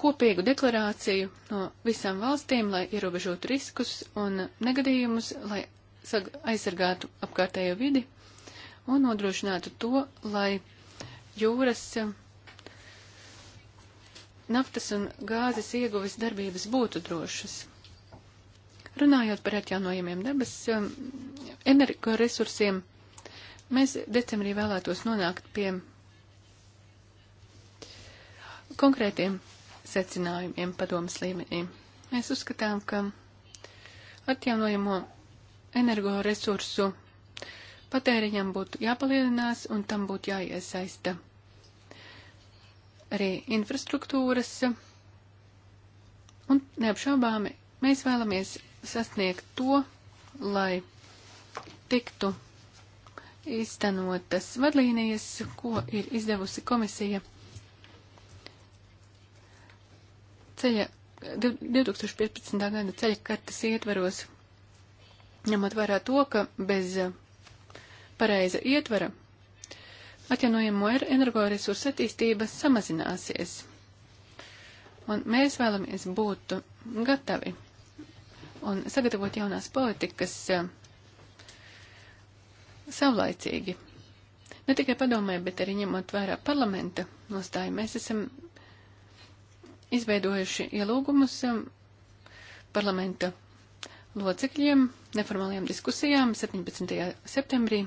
kopīgu deklarāciju no visām valstīm, lai ierobežotu riskus un negadījumus, lai aizsargātu apkārtējo vidi un nodrošinātu to, lai jūras naftas un gāzes ieguves darbības būtu drošas. Runājot par atjaunojumiem debes um, energoresursiem, mēs decembrī vēlētos nonākt pie konkrētiem secinājumiem padomas līmenī. Mēs uzskatām, ka atjaunojamo energoresursu patēriņam būtu jāpalielinās un tam būtu jāiesaista arī infrastruktūras. Un neapšaubāmi mēs vēlamies sasniegt to, lai tiktu iztenotas vadlīnijas, ko ir izdevusi komisija ceļa, 2015. gada ceļa kartas ietveros, ņemot vērā to, ka bez uh, pareiza ietvara atjaunojamo er, energoresursu attīstība samazināsies. Un mēs vēlamies būt gatavi un sagatavot jaunās politikas uh, savlaicīgi. Ne tikai padomē, bet arī ņemot vērā parlamenta nostāju, mēs esam izveidojuši ielūgumus um, parlamenta locekļiem neformālajām diskusijām 17. septembrī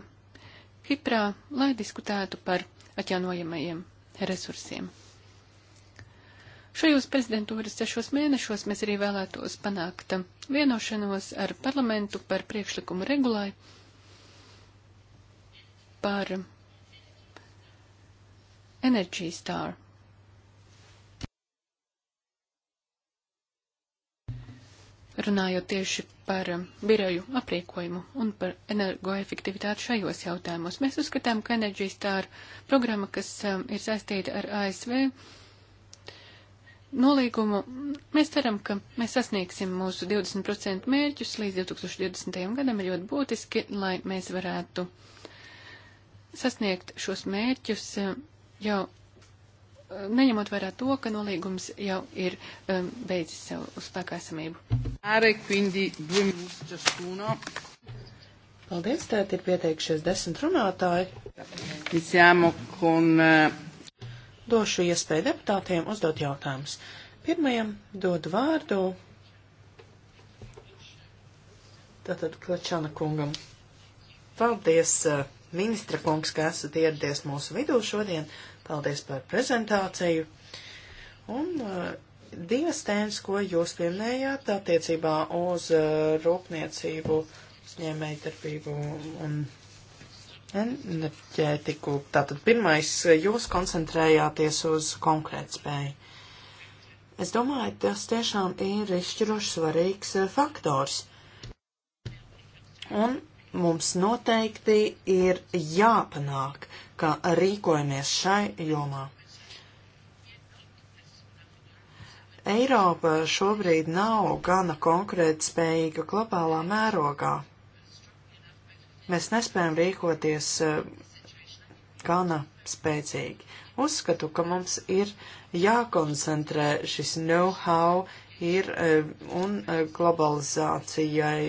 Kiprā, lai diskutētu par atjaunojamajiem resursiem. Šajos prezidentūras sešos mēnešos mēs arī vēlētos panākt um, vienošanos ar parlamentu par priekšlikumu regulai par um, Energy Star runājot tieši par um, biroju aprīkojumu un par energoefektivitāti šajos jautājumos. Mēs uzskatām, ka Energy Star programma, kas um, ir saistīta ar ASV nolīgumu, mēs ceram, ka mēs sasniegsim mūsu 20% mērķus līdz 2020. gadam ir ļoti būtiski, lai mēs varētu sasniegt šos mērķus um, jau neņemot vērā to, ka nolīgums jau ir um, beidzis savu uzspēkā esamību. Paldies, tēt ir pieteikšies desmit runātāji. Con... Eh, Došu iespēju deputātiem uzdot jautājumus. Pirmajam dodu vārdu. Tātad Klačana kungam. Paldies, eh, ministra kungs, ka esat ieradies mūsu vidū šodien. Uh, Paldies par prezentāciju. Un uh, divas tēmas, ko jūs pieminējāt attiecībā uz uh, rūpniecību, uzņēmējdarbību un enerģētiku. Tātad pirmais, jūs koncentrējāties uz konkrētspēju. Es domāju, tas tiešām ir izšķiroši svarīgs uh, faktors. Un mums noteikti ir jāpanāk kā rīkojamies šai jomā. Eiropa šobrīd nav gana konkrēti spējīga globālā mērogā. Mēs nespējam rīkoties eh, gana spēcīgi. Uzskatu, ka mums ir jākoncentrē šis know-how ir eh, un eh, globalizācijai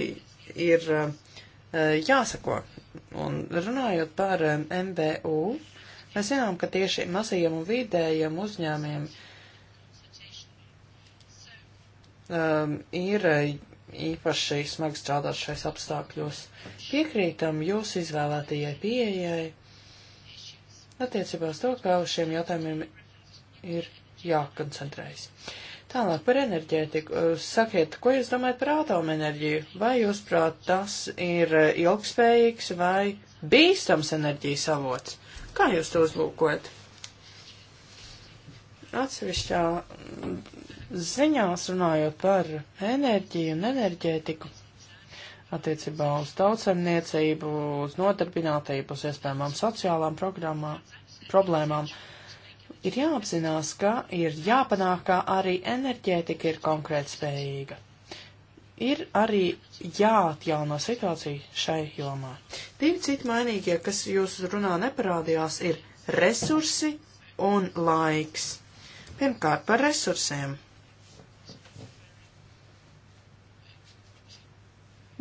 ir jāsako Un runājot par MBU, mēs zinām, ka tieši mazajiem un vidējiem uzņēmiem um, ir īpaši smagi strādāt šais apstākļos. Piekrītam jūsu izvēlētajai pieejai attiecībā uz to, ka uz šiem jautājumiem ir jākoncentrējas. Uh, Tālāk par enerģētiku. Sakiet, ko jūs domājat par atomenerģiju? Vai jūs prāt tas ir ilgspējīgs vai bīstams enerģijas avots? Kā jūs to uzlūkojat? Atsevišķā ziņās runājot par enerģiju un enerģētiku attiecībā uz tautsemniecību, uz nodarbinātību, uz iespējamām sociālām programmām, problēmām. Uh, Ir jāapzinās, ka ir jāpanāk, ka arī enerģētika ir konkurētspējīga. Ir arī jāatjauno situācija šai jomā. Divi citi mainīgie, kas jūsu runā neparādījās, ir resursi un laiks. Pirmkārt par resursiem.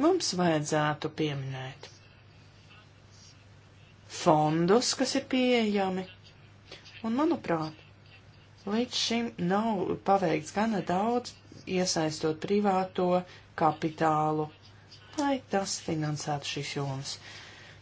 Mums vajadzētu pieminēt fondus, kas ir pieejami, Un, manuprāt, līdz šim nav paveikts gana daudz, iesaistot privāto kapitālu, lai tas finansētu šīs jomas. Uh,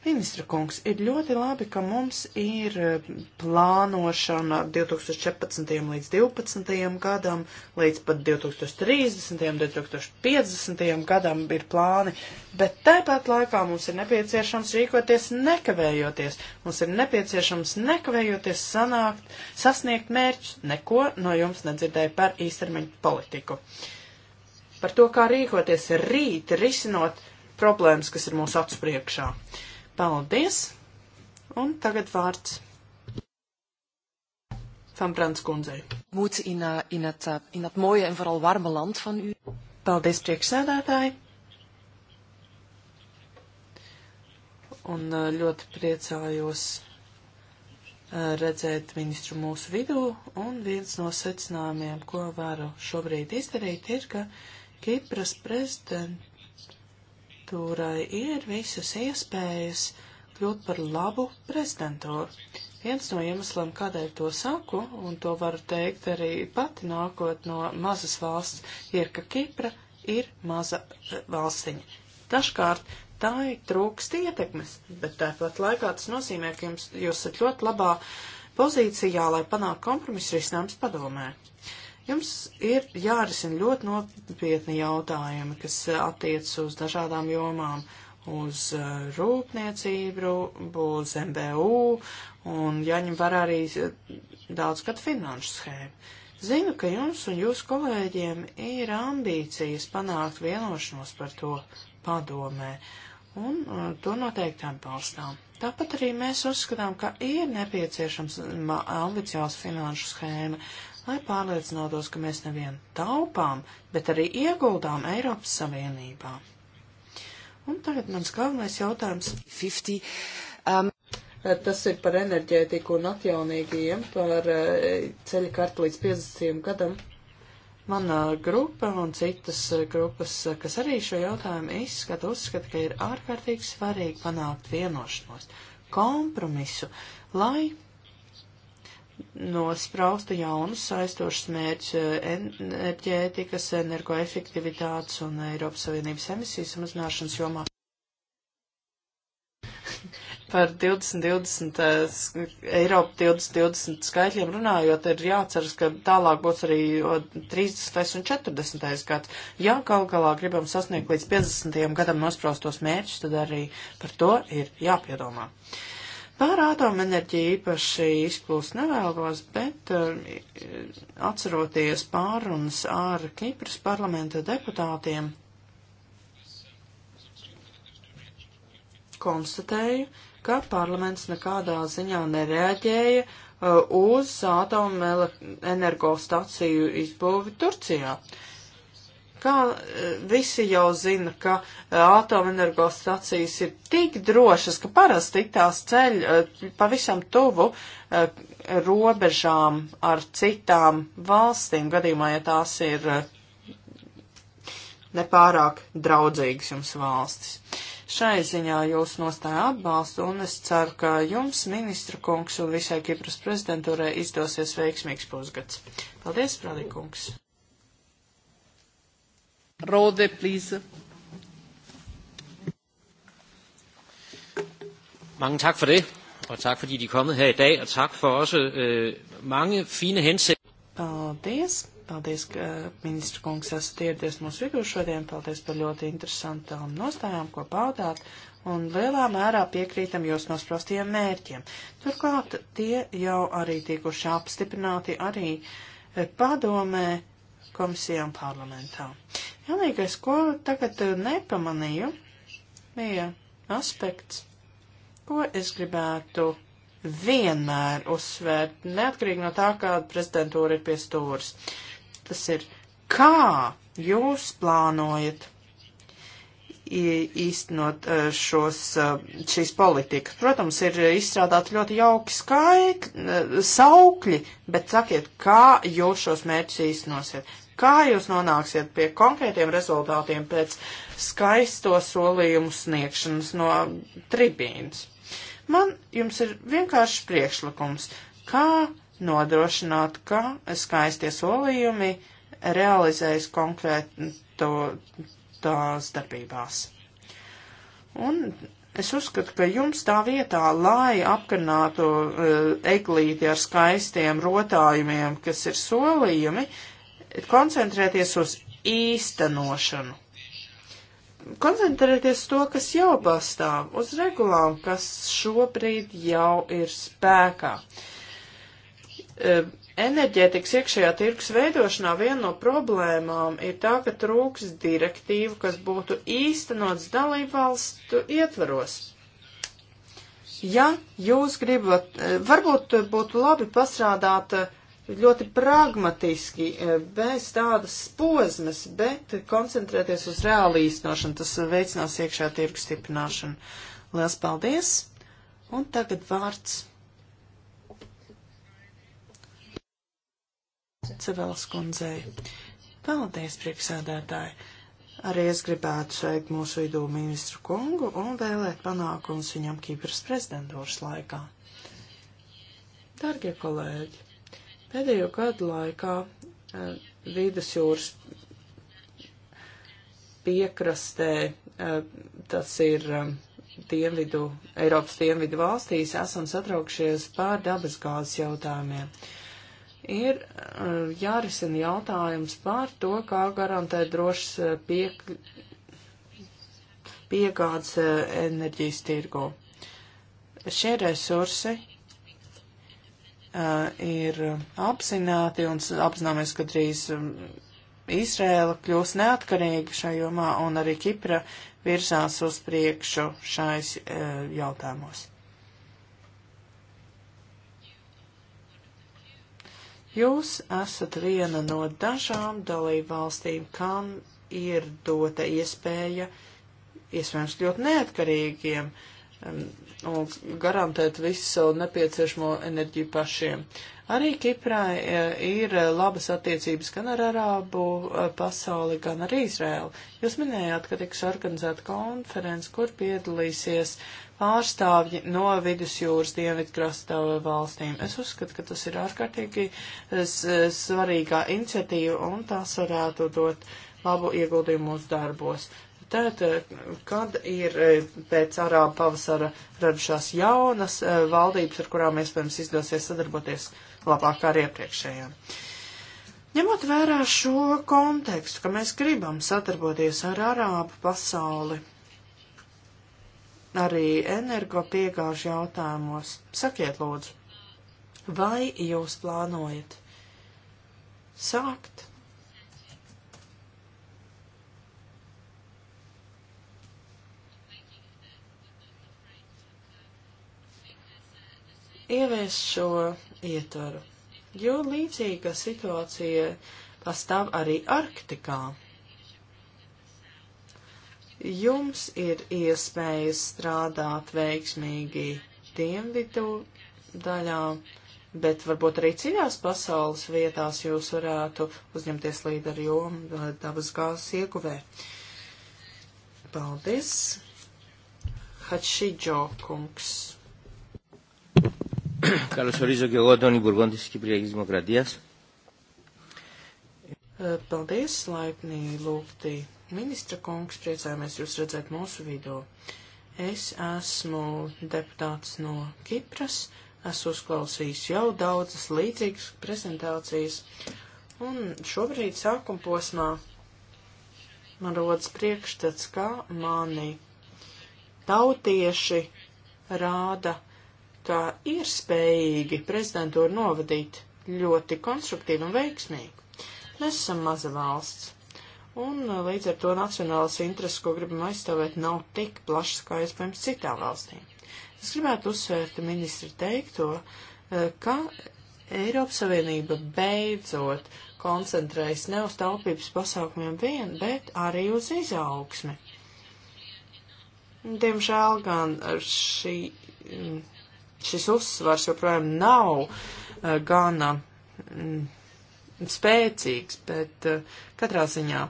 Ministra kungs, ir ļoti labi, ka mums ir eh, plānošana 2014. līdz 2012. gadam, līdz pat 2030. un 2050. gadam ir plāni, bet tāpat laikā mums ir nepieciešams rīkoties nekavējoties. Mums ir nepieciešams nekavējoties sanākt, sasniegt mērķus. Neko no jums nedzirdēju par īstermiņu politiku. Par to, kā rīkoties rīt, risinot problēmas, kas ir mūsu acu priekšā. Uh, Paldies! Un tagad vārds. Van Brands kundzei. Mūts in, eh, in, het, eh, in het mooie en vooral warme land van u. Paldies priekšsēdētāji. Un eh, ļoti priecājos redzēt ministru mūsu vidū, un viens no secinājumiem, ko varu šobrīd izdarīt, ir, ka Kipras prezidents prezidentūrai ir visas iespējas kļūt par labu prezidentūru. Viens no iemesliem, kādēļ to saku, un to varu teikt arī pati nākot no mazas valsts, ir, ka Kipra ir maza eh, valstiņa. Dažkārt tā ir trūkst ietekmes, bet tāpat laikā tas nozīmē, ka jums, jūs esat ļoti labā pozīcijā, lai panāktu kompromisu risinājums padomē. Uh, Jums ir jārisina ļoti nopietni jautājumi, kas attiec uz dažādām jomām uz uh, rūpniecību, uz MBU un jāņem vērā arī uh, daudz kad finanšu schēmu. Zinu, ka jums un jūsu kolēģiem ir ambīcijas panākt vienošanos par to padomē, un uh, to noteikti atbalstām. Tāpat arī mēs uzskatām, ka ir nepieciešams ambiciāls finanšu schēma, lai pārliecinātos, ka mēs nevien taupām, bet arī ieguldām Eiropas Savienībā. Un tagad mans galvenais jautājums. 50, um... Tas ir par enerģētiku un atjaunīgiem, par eh, ceļa kartu līdz 50 gadam. Mana grupa un citas grupas, kas arī šo jautājumu izskata, uzskata, ka ir ārkārtīgi svarīgi panākt vienošanos, kompromisu, lai nospraustu jaunus saistošus mērķus eh, enerģētikas, energoefektivitātes un Eiropas Savienības emisiju samazināšanas jomā. Par 2020, eh, Eiropa 2020 skaitļiem runājot, ir jāceras, ka tālāk būs arī 30. un 40. gads. Ja gal galā gribam sasniegt līdz 50. gadam nospraustos mērķus, tad arī par to ir jāpiedomā. Uh, Par atomenerģiju īpaši izplūst nevēlos, bet eh, atceroties pārunas ar Kipras parlamenta deputātiem, konstatēju, ka parlaments nekādā ziņā nereaģēja eh, uz atomenergostaciju izbūvi Turcijā. Uh, Kā e, visi jau zina, ka e, atomenergostacijas ir tik drošas, ka parasti tās ceļ e, pavisam tuvu robežām ar citām valstīm, gadījumā, ja tās ir nepārāk draudzīgas jums valstis. Šai ziņā jūs nostāja atbalstu, un es ceru, ka jums, ministra kungs un visai Kipras prezidentūrai, izdosies veiksmīgs pusgads. Paldies, Prādī kungs! Rode, please. Mange tak for det, og tak fordi de er kommet her i dag, og tak for også øh, mange fine hensigter. Paldies! Paldies, ka ministra kungs esat ieradies mūsu vidū šodien. Paldies par ļoti interesantām nostājām, ko paudāt, un lielā mērā piekrītam jūs nosprostiem mērķiem. Turklāt tie jau arī tikuši apstiprināti arī eh, padomē komisijā un parlamentā. Vienīgais, ko tagad eh, nepamanīju, bija aspekts, ko es gribētu vienmēr uzsvērt, neatkarīgi no tā, kāda prezidentūra ir pie stūras. Tas ir, kā jūs plānojat īstenot eh, šos, eh, šīs politikas. Protams, ir izstrādāti ļoti jauki skaitļi, saukļi, bet sakiet, kā jūs šos mērķus īstenosiet. Kā jūs nonāksiet pie konkrētiem rezultātiem pēc skaisto solījumu sniegšanas no tribīnas? Man jums ir vienkārši priekšlikums, kā nodrošināt, ka skaistie solījumi realizējas konkrētās darbībās. Un es uzskatu, ka jums tā vietā, lai apkarnātu uh, eglīti ar skaistiem rotājumiem, kas ir solījumi, koncentrēties uz īstenošanu. Koncentrēties to, kas jau pastāv, uz regulām, kas šobrīd jau ir spēkā. E, enerģētikas iekšējā tirgus veidošanā viena no problēmām ir tā, ka trūks direktīvu, kas būtu īstenots dalībvalstu ietvaros. Ja jūs gribat, e, varbūt būtu labi pastrādāt uh, ļoti pragmatiski, eh, bez tādas pozmes, bet koncentrēties uz reāli īstenošanu. Tas veicinās iekšā tirgu stiprināšanu. Lielas paldies! Un tagad vārds. Cevēlas kundzei. Paldies, priekšsēdētāji! Arī es gribētu sveikt mūsu vidū ministru kungu un vēlēt panākums viņam Kīpras prezidentūras laikā. Dargie kolēģi, Pēdējo gadu laikā e, vidusjūras piekrastē, e, tas ir e, dienvidu, Eiropas dienvidu valstīs, esam satraukšies pār dabas gāzes jautājumiem. Ir jārisina jautājums pār to, kā garantēt drošs piek, piegādes enerģijas tirgu. Šie resursi Uh, ir apzināti un apzināmies, ka drīz um, Izrēla kļūs neatkarīga šajā jomā un arī Kipra virzās uz priekšu šais uh, jautājumos. Jūs esat viena no dažām dalību valstīm, kam ir dota iespēja, iespējams, ļoti neatkarīgiem uh, un um, nu, garantēt visu nepieciešamo enerģiju pašiem. Arī Kiprai e, ir labas attiecības gan ar Arābu e, pasauli, gan ar Izrēlu. Jūs minējāt, ka tiks organizēta konference, kur piedalīsies pārstāvji no vidusjūras dienvidkrasta valstīm. Es uzskatu, ka tas ir ārkārtīgi e, svarīgā iniciatīva un tās varētu dot labu ieguldījumu mūsu darbos. Tad, eh, kad ir eh, pēc arāba pavasara radušās jaunas eh, valdības, ar kurām iespējams izdosies sadarboties labāk ar iepriekšējām. Ņemot vērā šo kontekstu, ka mēs gribam sadarboties ar arābu pasauli, arī energopiegāžu jautājumos, sakiet lūdzu, vai jūs plānojat sākt ievies šo ietvaru, jo līdzīga situācija pastāv arī Arktikā. Jums ir iespējas strādāt veiksmīgi dienvidu daļā, bet varbūt arī citās pasaules vietās jūs varētu uzņemties līderu jomu dabas gāzes ieguvē. Paldies! Hačidžo kungs. Καλωσορίζω και εγώ τον Υπουργό της Κυπριακής Δημοκρατίας. Paldies, laipni lūgti. Ministra kungs, priecājamies jūs redzēt mūsu vidū. Es esmu deputāts no Kipras, esmu uzklausījis jau daudzas līdzīgas prezentācijas, un šobrīd sākuma posmā man rodas priekšstats, kā mani tautieši rāda ka ir spējīgi prezidentūru novadīt ļoti konstruktīvi un veiksmīgi. Mēs esam maza valsts, un uh, līdz ar to nacionālas intereses, ko gribam aizstāvēt, nav tik plašas kā iespējams citām valstīm. Es gribētu uzsvērt ministri teikto, uh, ka Eiropas Savienība beidzot koncentrējas ne uz taupības pasākumiem vien, bet arī uz izaugsmi. Diemžēl gan šī šis uzsvars joprojām nav uh, gana mm, spēcīgs, bet uh, katrā ziņā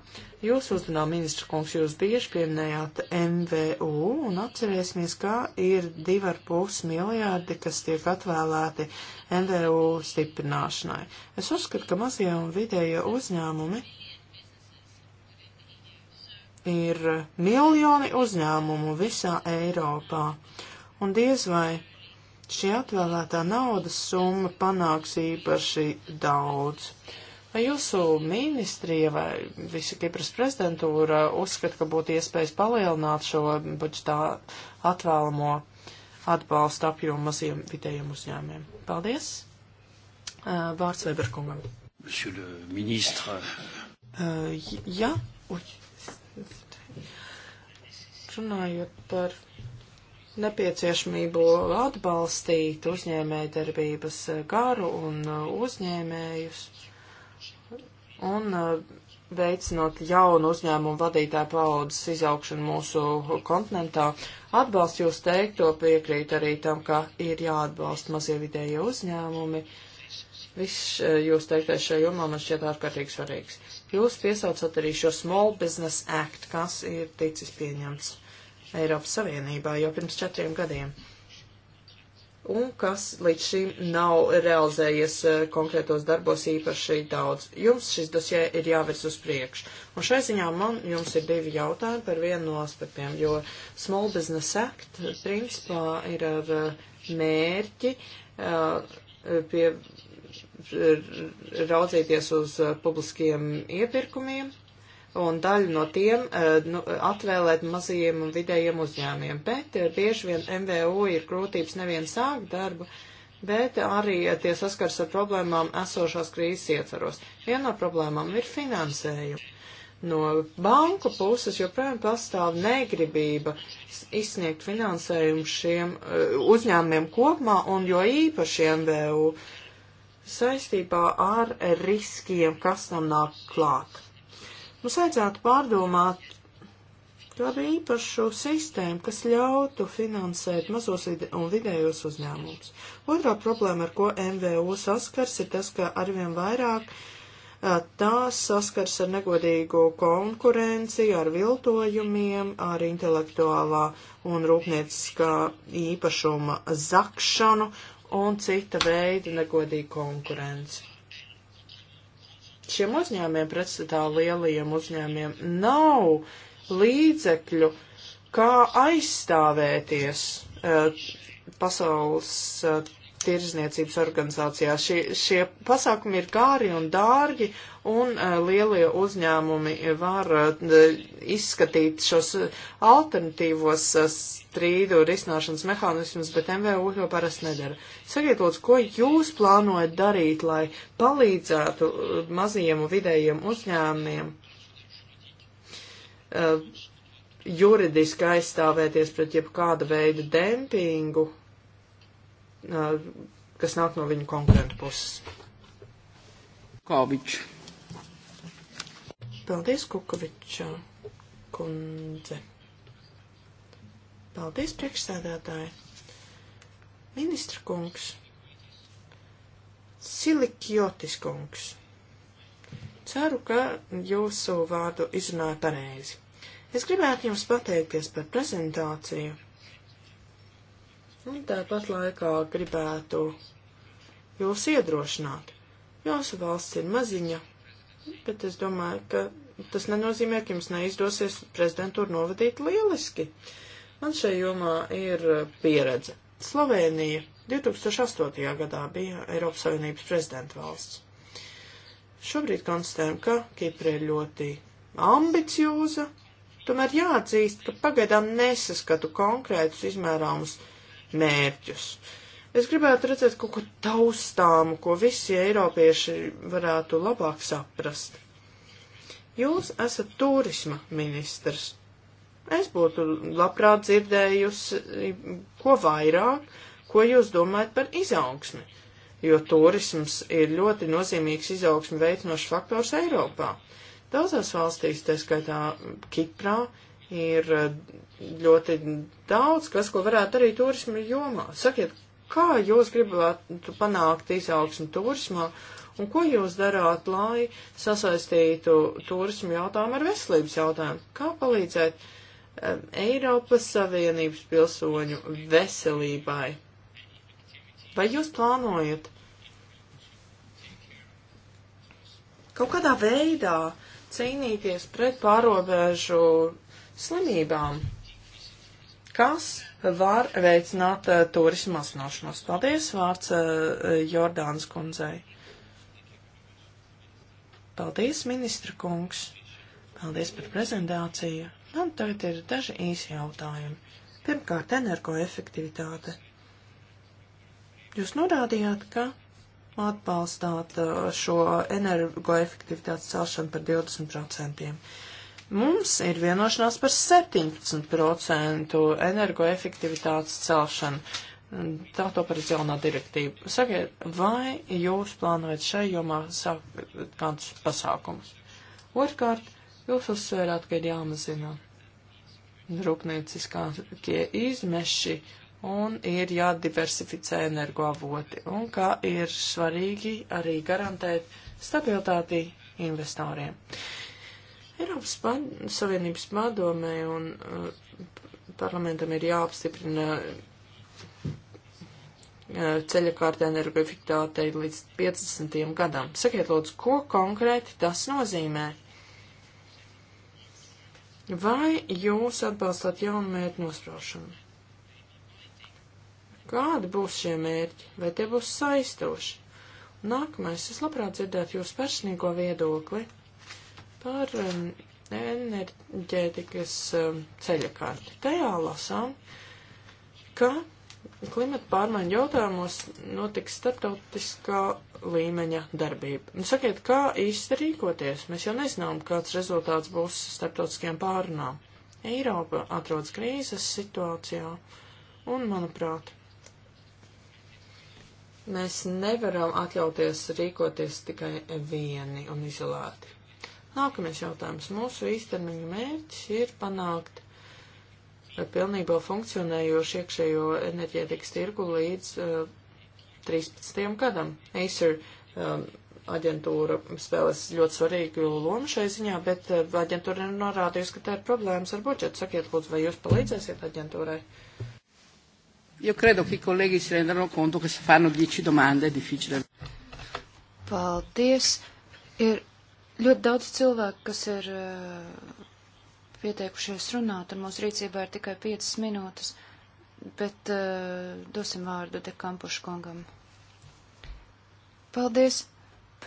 jūs uzrunā ministra kungs, jūs bieži pieminējāt MVU un atcerēsimies, ka ir 2,5 miljārdi, kas tiek atvēlēti MVU stiprināšanai. Es uzskatu, ka mazie un vidējo uzņēmumi ir miljoni uzņēmumu visā Eiropā, un diez vai šī atvēlētā naudas summa panāks īpaši daudz. Vai jūsu ministrija vai visa Kipras prezidentūra uzskata, ka būtu iespējas palielināt šo budžetā atvēlamo atbalstu apjomu maziem vidējiem uzņēmiem? Paldies! Vārds Weberkungam. Jā, uj. runājot par nepieciešamību atbalstīt uzņēmēju darbības garu un uh, uzņēmējus un uh, veicinot jaunu uzņēmumu vadītāju paudzes izaugšanu mūsu kontinentā. Atbalst jūs teikto piekrīt arī tam, ka ir jāatbalsta mazie vidējie uzņēmumi. Viss uh, jūs teiktais šajā jomā man šķiet ārkārtīgi svarīgs. Jūs piesaucat arī šo Small Business Act, kas ir ticis pieņemts Eiropas Savienībā jau pirms četriem gadiem, un kas līdz šim nav realizējies e, konkrētos darbos īpaši daudz. Jums šis dosjē ir jāvirs uz priekšu. Un šai ziņā man jums ir divi jautājumi par vienu no aspektiem, jo Small Business Act e, principā ir ar e, mērķi pie raudzīties uz publiskiem iepirkumiem un daļu no tiem eh, nu, atvēlēt mazajiem un vidējiem uzņēmiem. Bet eh, bieži vien MVU ir grūtības nevien sākt darbu, bet arī eh, tie saskars ar problēmām esošās krīzes ietvaros. Viena no problēmām ir finansējums. No banku puses joprojām pastāv negribība izsniegt finansējumu šiem uzņēmumiem kopumā un jo īpaši MVU saistībā ar riskiem, kas tam nāk klāt. Mums vajadzētu pārdomāt kādu īpašu sistēmu, kas ļautu finansēt mazos un vidējos uzņēmumus. Otrā problēma, ar ko MVU saskars, ir tas, ka arvien vairāk tās saskars ar negodīgu konkurenci, ar viltojumiem, ar intelektuālā un rūpnieciskā īpašuma zakšanu un cita veida negodīgu konkurenci šiem uzņēmiem pretstatā lielajiem uzņēmiem nav līdzekļu, kā aizstāvēties uh, pasaules uh, tirzniecības organizācijā. Šie, šie pasākumi ir kāri un dārgi, un eh, lielie uzņēmumi var eh, izskatīt šos eh, alternatīvos strīdu risināšanas mehānismus, bet MVU to parasti nedara. Sakiet, lūdzu, ko jūs plānojat darīt, lai palīdzētu mazajiem un vidējiem uzņēmumiem juridiski aizstāvēties pret jebkāda veida dempingu, kas nāk no viņu konkurentu puses? Kovičs. Paldies, Kukoviča kundze. Paldies, priekšsēdētāji. Ministra kungs. Silikjotis kungs. Ceru, ka jūsu vārdu izrunāju pareizi. Es gribētu jums pateikties par prezentāciju. Un tāpat laikā gribētu jūs iedrošināt. Jūsu valsts ir maziņa, bet es domāju, ka tas nenozīmē, ka jums neizdosies prezidentūru novadīt lieliski. Man šajā jomā ir uh, pieredze. Slovenija 2008. gadā bija Eiropas Savienības prezidenta valsts. Šobrīd konstatējam, ka Kipra ir ļoti ambicioza, tomēr jāatzīst, ka pagaidām nesaskatu konkrētus izmērāmus mērķus. Uh, Es gribētu redzēt kaut ko taustāmu, ko visi eiropieši varētu labāk saprast. Jūs esat turisma ministrs. Es būtu labprāt dzirdējusi, ko vairāk, ko jūs domājat par izaugsmi, jo turisms ir ļoti nozīmīgs izaugsmi veicinošs faktors Eiropā. Daudzās valstīs, tā skaitā Kiprā, ir eh, ļoti daudz, kas, ko varētu arī turismu jomā. Sakiet, Kā jūs gribētu panākt izaugsmu turismā un ko jūs darāt, lai sasaistītu turismu jautājumu ar veselības jautājumu? Kā palīdzēt um, Eiropas Savienības pilsoņu veselībai? Vai jūs plānojat kaut kādā veidā cīnīties pret pārobežu slimībām? kas var veicināt uh, turismu mazināšanos. Paldies, vārds uh, Jordānas kundzei. Paldies, ministra kungs. Paldies par prezentāciju. Man tagad ir daži īsi jautājumi. Pirmkārt, energoefektivitāte. Jūs norādījāt, ka atbalstāt eh, šo energoefektivitātes celšanu par 20%. Mums ir vienošanās par 17% energoefektivitātes celšanu. Tā to paredz jaunā direktīva. Sakiet, vai jūs plānojat šai jomā sākt kādus pasākumus? Otrkārt, jūs uzsvērāt, ka ir jāmazina rūpnieciskie izmeši un ir jādiversificē energoavoti, un kā ir svarīgi arī garantēt stabilitāti investoriem. Eiropas pad Savienības padomē un uh, parlamentam ir jāapstiprina uh, ceļa kārta energoefektivitātei līdz 50. gadam. Sakiet, lūdzu, ko konkrēti tas nozīmē? Vai jūs atbalstāt jaunu mērķu nospraušanu? Kādi būs šie mērķi? Vai tie būs saistoši? Nākamais, es labprāt dzirdētu jūsu personīgo viedokli par um, enerģētikas um, ceļa karti. Tajā lasām, ka klimata pārmaiņu jautājumos notiks starptautiskā līmeņa darbība. Nu, sakiet, kā īsti rīkoties? Mēs jau nezinām, kāds rezultāts būs starptautiskajām pārunām. Eiropa atrodas krīzes situācijā, un, manuprāt, mēs nevaram atļauties rīkoties tikai vieni un izolēti. Nākamais jautājums. Mūsu īstermiņa mērķis ir panākt pilnībā funkcionējošu iekšējo enerģētikas tirgu līdz uh, eh, 13. gadam. Acer um, aģentūra spēlēs ļoti svarīgu lomu šai ziņā, bet uh, aģentūra ir norādījusi, ka tā ir problēmas ar budžetu. Sakiet, lūdzu, vai jūs palīdzēsiet aģentūrai? Io credo che i colleghi si rendano conto che se fanno dieci domande è difficile. Paldies. Ir Ļoti daudz cilvēku, kas ir eh, pieteikušies runāt, un mūsu rīcībā ir tikai 5 minūtes, bet eh, dosim vārdu Dekampušu kungam. Paldies,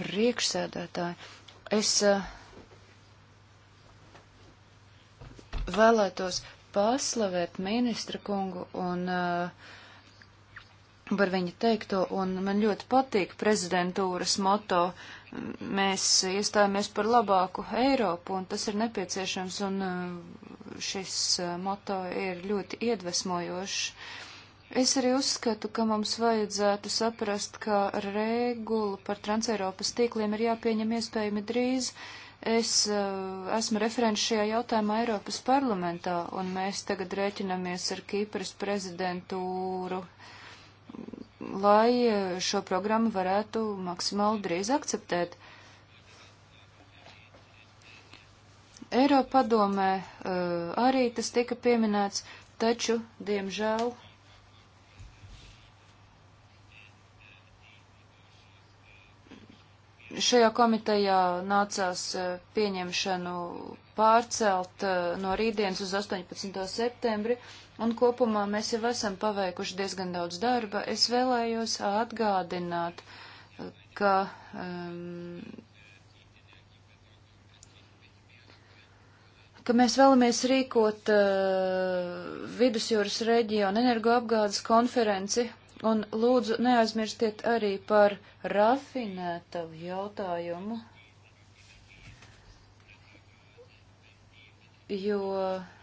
priekšsēdētāji. Es eh, vēlētos paslavēt ministra kungu un uh, par viņa teikto, un man ļoti patīk prezidentūras moto mēs iestājāmies par labāku Eiropu, un tas ir nepieciešams, un uh, šis uh, moto ir ļoti iedvesmojošs. Es arī uzskatu, ka mums vajadzētu saprast, ka regula par transeiropas tīkliem ir jāpieņem iespējami drīz. Es uh, esmu referents šajā jautājumā Eiropas parlamentā, un mēs tagad rēķinamies ar Kīpras prezidentūru. Uh, lai e, šo programmu varētu maksimāli drīz akceptēt. Eiropa padomē e, arī tas tika pieminēts, taču, diemžēl, šajā komitejā nācās e, pieņemšanu pārcelt no rītdienas uz 18. septembri, un kopumā mēs jau esam paveikuši diezgan daudz darba. Es vēlējos atgādināt, ka. Um, ka mēs vēlamies rīkot uh, vidusjūras reģionu energoapgādes konferenci, un lūdzu neaizmirstiet arī par rafinētavu jautājumu, jo uh,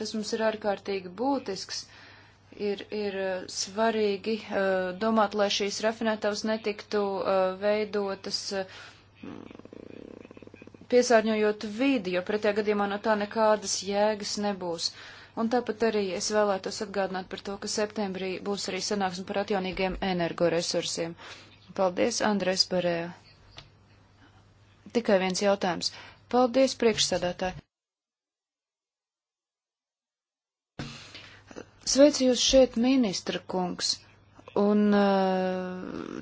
tas mums ir ārkārtīgi būtisks. Ir, ir eh, svarīgi eh, domāt, lai šīs rafinētavas netiktu eh, veidotas mm, piesārņojot vidi, jo pretējā gadījumā no tā nekādas jēgas nebūs. Un tāpat arī es vēlētos atgādināt par to, ka septembrī būs arī sanāksme par atjaunīgiem energoresursiem. Paldies, Andres Barēja. Tikai viens jautājums. Paldies, priekšsādātāji. Sveicu jūs šeit, ministra kungs. Un eh,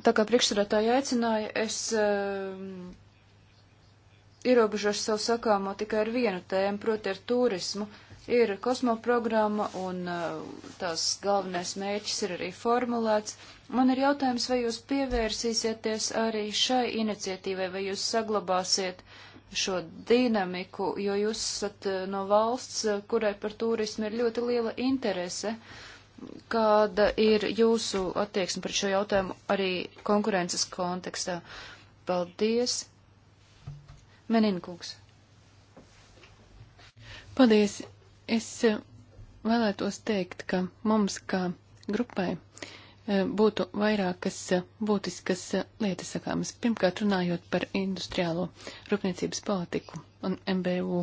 tā kā priekšsēdētāja aicināja, es eh, ierobežošu savu sakāmo tikai ar vienu tēmu, proti ar turismu. Ir kosmoprogramma un eh, tās galvenais mēķis ir arī formulēts. Man ir jautājums, vai jūs pievērsīsieties arī šai iniciatīvai, vai jūs saglabāsiet uh, šo dinamiku, jo jūs esat eh, no valsts, eh, kurai par turismu ir ļoti liela interese. Kāda ir jūsu attieksme par šo jautājumu arī konkurences kontekstā? Paldies! Meninkungs. Paldies! Es eh, vēlētos teikt, ka mums kā grupai Eh, būtu vairākas eh, būtiskas eh, lietas sakāmas. Pirmkārt, runājot par industriālo rūpniecības politiku un MBU.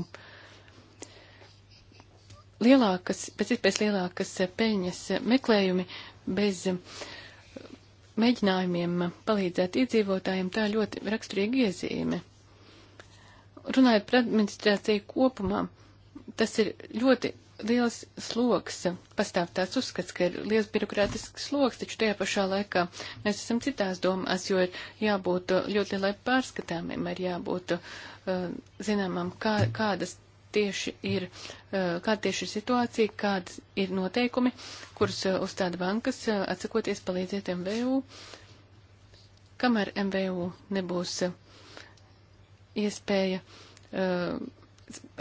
Lielākas, pēc iespējas lielākas peļņas meklējumi bez mēģinājumiem palīdzēt iedzīvotājiem, tā ļoti raksturīga iezīme. Runājot par administrāciju kopumā, tas ir ļoti liels sloks. Pastāv tāds uzskats, ka ir liels birokrātisks sloks, taču tajā pašā laikā mēs esam citās domās, jo ir jābūt ļoti lielai pārskatāmiem, ir jābūt uh, zināmam, kā, kādas tieši ir, uh, kāda tieši ir situācija, kādas ir noteikumi, kurus uh, eh, uzstāda bankas, atsakoties palīdziet MVU. Kamēr MVU nebūs iespēja uh,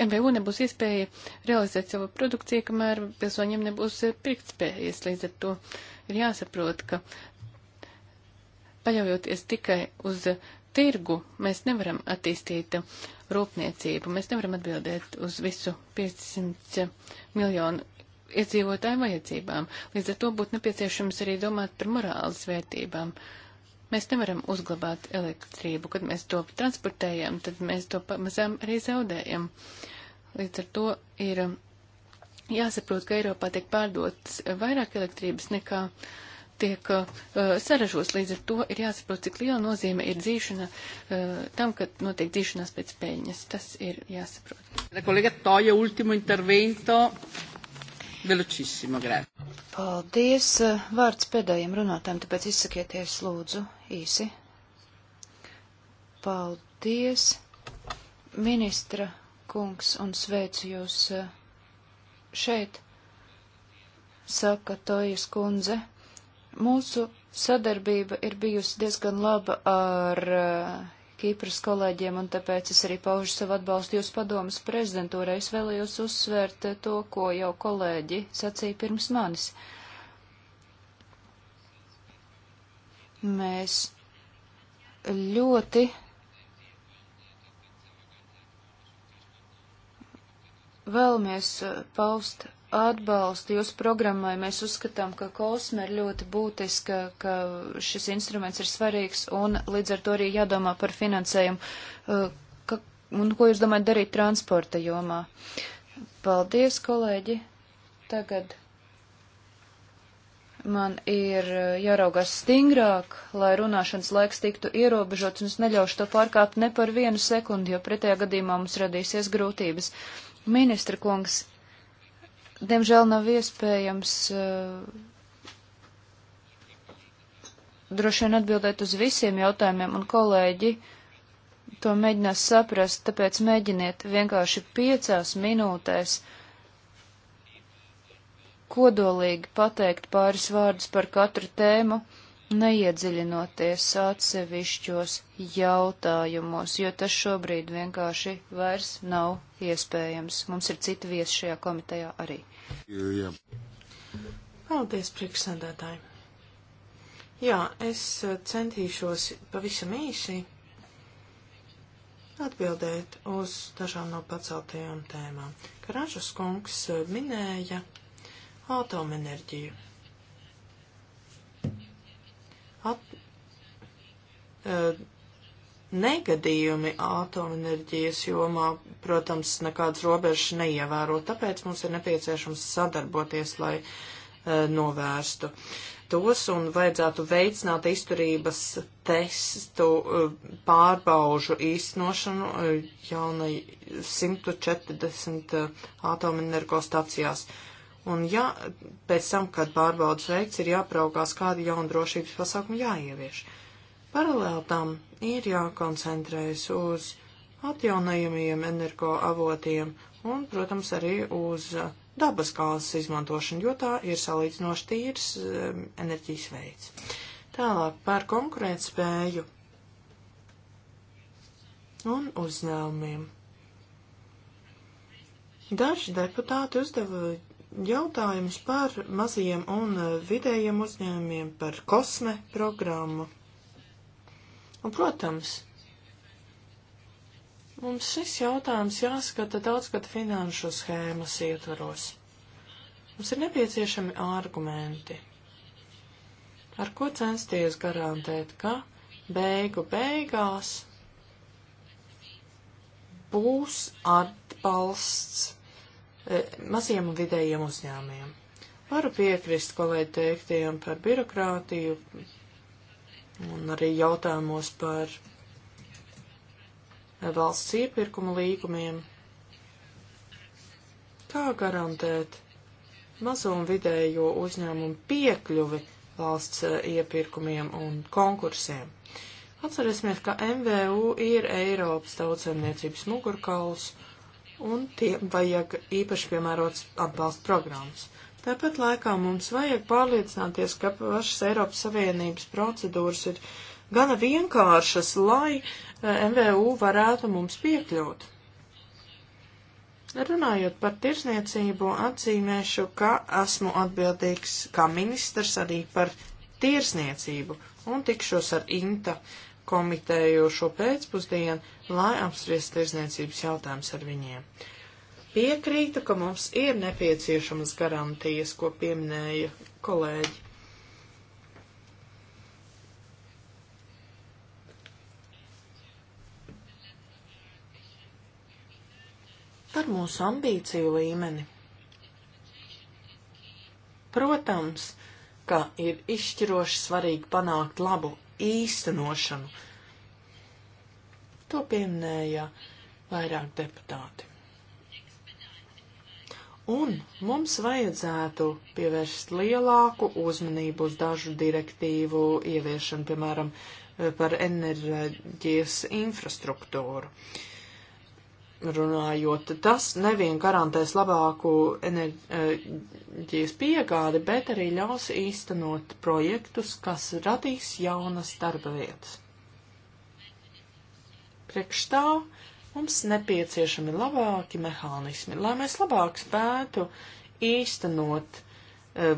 MVU nebūs iespēja realizēt savu produkciju, kamēr pilsoņiem nebūs eh, pirktspējas. Līdz ar to ir jāsaprot, ka paļaujoties tikai uz tirgu, mēs nevaram attīstīt rūpniecību, mēs nevaram atbildēt uz visu 500 miljonu iedzīvotāju vajadzībām. Līdz ar to būtu nepieciešams arī domāt par morāles vērtībām. Uh, Mēs nevaram uzglabāt elektrību. Kad mēs to transportējam, tad mēs to pamazām arī zaudējam. Līdz ar to ir jāsaprot, ka Eiropā tiek pārdotas vairāk elektrības nekā tiek uh, saražos. Līdz ar to ir jāsaprot, cik liela nozīme ir dzīšana uh, tam, ka notiek dzīšanās pēc peļņas. Tas ir jāsaprot. Kolēģa Toja, ultimo intervento velocissimo, grazie. Paldies. Vārds pēdējiem runātājiem, tāpēc izsakieties lūdzu īsi. Paldies, ministra kungs, un sveicu jūs eh, šeit, saka Tojas kundze. Mūsu sadarbība ir bijusi diezgan laba ar uh, Kīpras kolēģiem, un tāpēc es arī paužu savu atbalstu jūsu padomas prezidentūrai. Es vēlējos uzsvērt eh, to, ko jau kolēģi sacīja pirms manis. Mēs ļoti vēlamies eh, paust atbalstu jūsu programmai. Mēs uzskatām, ka kosme ir ļoti būtiska, ka šis instruments ir svarīgs un līdz ar to arī jādomā par finansējumu. Uh, ka, un ko jūs domājat darīt transporta jomā? Paldies, kolēģi. Tagad man ir uh, jāraugās stingrāk, lai runāšanas laiks tiktu ierobežots un es neļaušu to pārkāpt ne par vienu sekundi, jo pretējā gadījumā mums radīsies grūtības. Ministra kungs, diemžēl nav iespējams uh, droši vien atbildēt uz visiem jautājumiem, un kolēģi to mēģinās saprast, tāpēc mēģiniet vienkārši piecās minūtēs kodolīgi pateikt pāris vārdus par katru tēmu, neiedziļinoties atsevišķos jautājumos, jo tas šobrīd vienkārši vairs nav iespējams. Mums ir citi viesi šajā komitejā arī. Jā. Paldies, priekšsādātāji. Jā, es eh, centīšos pavisam īsi atbildēt uz dažām no paceltajām tēmām. Karažas kungs eh, minēja atomenerģiju. At, uh, negadījumi atomenerģijas jomā, protams, nekādas robežas neievēro, tāpēc mums ir nepieciešams sadarboties, lai uh, novērstu tos un vajadzētu veicināt izturības testu uh, pārbaužu īstenošanu uh, jaunai 140 atomenergostacijās. Un ja pēc tam, kad pārbaudas veikts, ir jāpraugās, kādi jauni drošības pasākumi jāievieš. Paralēli tam ir jākoncentrējas uz atjaunajumiem energoavotiem un, protams, arī uz dabas kāzas izmantošanu, jo tā ir salīdzinoši tīrs um, enerģijas veids. Tālāk par konkurētspēju un uzņēmumiem. Daži deputāti uzdeva jautājumus par mazajiem un uh, vidējiem uzņēmumiem, par kosme programmu Un, protams, mums šis jautājums jāskata daudzgad finanšu schēmas ietvaros. Mums ir nepieciešami argumenti, ar ko censties garantēt, ka beigu beigās būs atbalsts e, maziem un vidējiem uzņēmiem. Varu piekrist kolēģi teiktiem par birokrātiju, un arī jautājumos par valsts iepirkuma līgumiem. Kā garantēt mazo un vidējo uzņēmumu piekļuvi valsts eh, iepirkumiem un konkursiem? Atcerēsimies, ka MVU ir Eiropas tautsēmniecības mugurkauls un tiem vajag īpaši piemērots atbalsta programmas. Tāpat laikā mums vajag pārliecināties, ka pašas Eiropas Savienības procedūras ir gana vienkāršas, lai eh, MVU varētu mums piekļūt. Runājot par tirsniecību, atzīmēšu, ka esmu atbildīgs kā ministrs arī par tirsniecību un tikšos ar INTA komiteju šo pēcpusdienu, lai apspriest tirsniecības jautājums ar viņiem. Piekrītu, ka mums ir nepieciešamas garantijas, ko pieminēja kolēģi. Par mūsu ambīciju līmeni. Protams, ka ir izšķiroši svarīgi panākt labu īstenošanu. To pieminēja vairāk deputāti. Un mums vajadzētu pievērst lielāku uzmanību uz dažu direktīvu ieviešanu, piemēram, par enerģijas infrastruktūru. Runājot, tas nevien garantēs labāku enerģijas piegādi, bet arī ļaus īstenot projektus, kas radīs jaunas darba vietas. Priekš tā Mums nepieciešami labāki mehānismi, lai mēs labāk spētu īstenot e,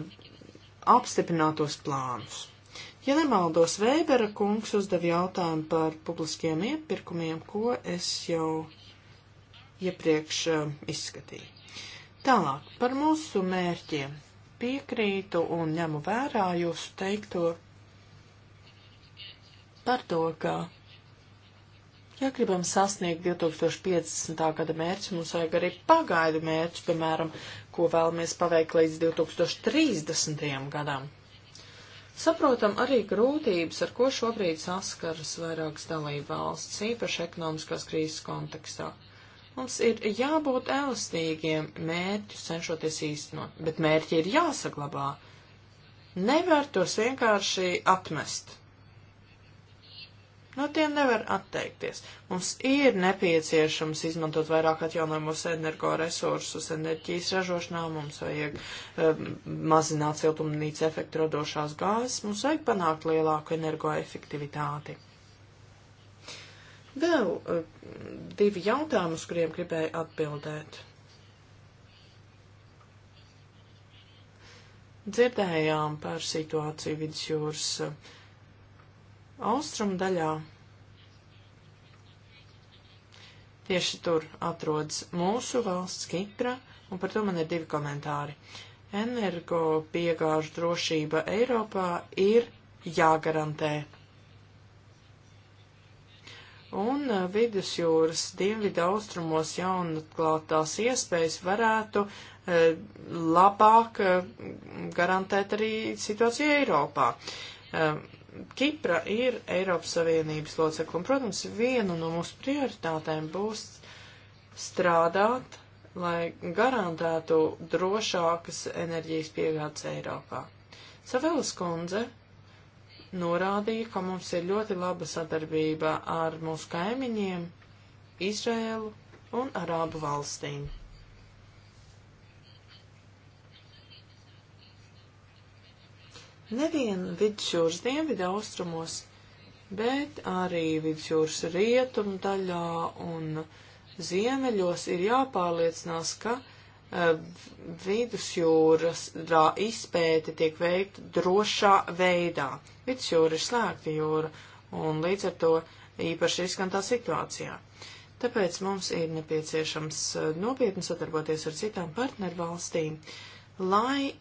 apstiprinātos plānus. Ja nemaldos, Vēbera kungs uzdev jautājumu par publiskiem iepirkumiem, ko es jau iepriekš e, izskatīju. Tālāk par mūsu mērķiem. Piekrītu un ņemu vērā jūsu teikto par to, ka Ja gribam sasniegt 2050. gada mērķus, mums vajag arī pagaidu mērķus, piemēram, ko vēlamies paveikt līdz 2030. gadam. Saprotam arī grūtības, ar ko šobrīd saskaras vairākas dalība valsts, īpaši ekonomiskās krīzes kontekstā. Mums ir jābūt elastīgiem mērķu cenšoties īstenot, bet mērķi ir jāsaglabā. Nevar tos vienkārši atmest. No tiem nevar atteikties. Mums ir nepieciešams izmantot vairāk atjaunojamos energoresursus, enerģijas ražošanā, mums vajag um, mazināt siltumnīca efektu radošās gāzes, mums vajag panākt lielāku energoefektivitāti. Vēl uh, divi jautājumi, uz kuriem gribēju atbildēt. Dzirdējām par situāciju vidusjūras. Uh, Austrum daļā tieši tur atrodas mūsu valsts Kipra, un par to man ir divi komentāri. Energo piegāžu drošība Eiropā ir jāgarantē. Un uh, vidusjūras dienvidu austrumos jaunatklātās iespējas varētu e, labāk e, garantēt arī situāciju Eiropā. E, Kipra ir Eiropas Savienības locekla, un, protams, viena no mūsu prioritātēm būs strādāt, lai garantētu drošākas enerģijas piegādes Eiropā. Savēlas kundze norādīja, ka mums ir ļoti laba sadarbība ar mūsu kaimiņiem, Izrēlu un Arābu valstīm. nevien vidusjūras dienvidu austrumos, bet arī vidusjūras rietumu daļā un ziemeļos ir jāpārliecinās, ka uh, vidusjūras izpēte tiek veikta drošā veidā. Vidusjūra ir slēgta jūra un līdz ar to īpaši riskantā situācijā. Tāpēc mums ir nepieciešams eh, nopietni sadarboties ar citām partnervalstīm, lai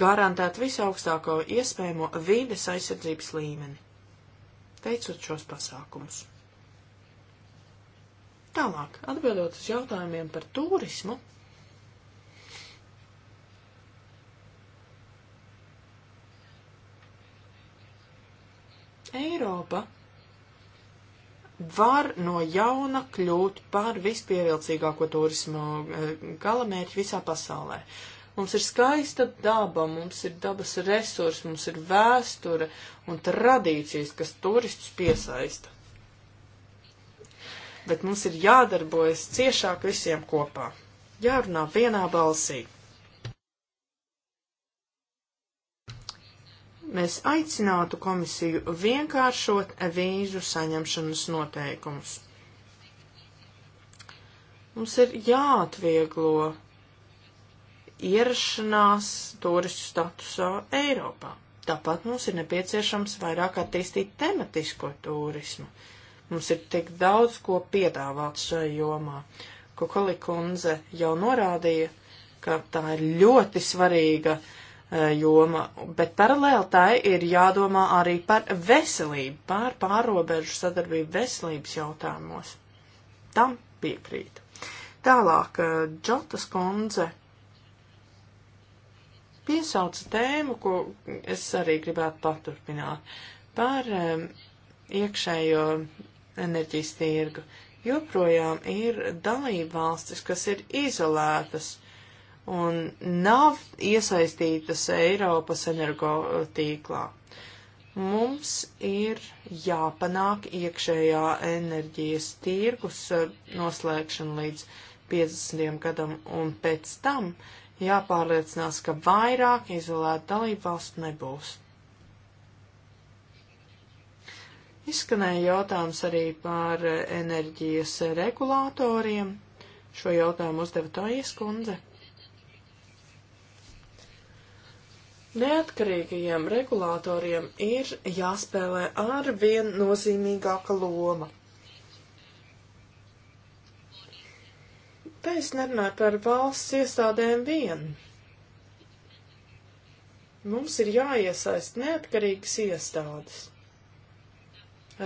garantēt visaugstāko iespējamo vīdes aizsardzības līmeni, veicot šos pasākumus. Tālāk, atbildot uz jautājumiem par turismu, Eiropa var no jauna kļūt par vispievilcīgāko turismu eh, galamērķi visā pasaulē. Uh, Mums ir skaista daba, mums ir dabas resursi, mums ir vēsture un tradīcijas, kas turistus piesaista. Bet mums ir jādarbojas ciešāk visiem kopā, jārunā vienā balsī. mēs aicinātu komisiju vienkāršot vīzu saņemšanas noteikumus. Mums ir jāatvieglo ierašanās turistu statusā Eiropā. Tāpat mums ir nepieciešams vairāk attīstīt tematisko turismu. Mums ir tik daudz ko piedāvāt šai jomā. Kokoli kundze jau norādīja, ka tā ir ļoti svarīga e, joma, bet paralēli tai ir jādomā arī par veselību, pār pārobežu sadarbību veselības jautājumos. Tam piekrītu. Tālāk, e, Džotas kundze piesauca tēmu, ko es arī gribētu paturpināt par um, iekšējo enerģijas tirgu. Joprojām ir dalība valstis, kas ir izolētas un nav iesaistītas Eiropas energotīklā. Eh, Mums ir jāpanāk iekšējā enerģijas tirgus eh, noslēgšana līdz 50. gadam un pēc tam uh, jāpārliecinās, ka vairāk izolētu dalību valstu nebūs. Izskanēja jautājums arī par enerģijas regulātoriem. Šo jautājumu uzdeva Tājas kundze. Neatkarīgajiem regulātoriem ir jāspēlē ar vien nozīmīgāka loma. Te es nerunāju par valsts iestādēm vien. Mums ir jāiesaist neatkarīgas iestādes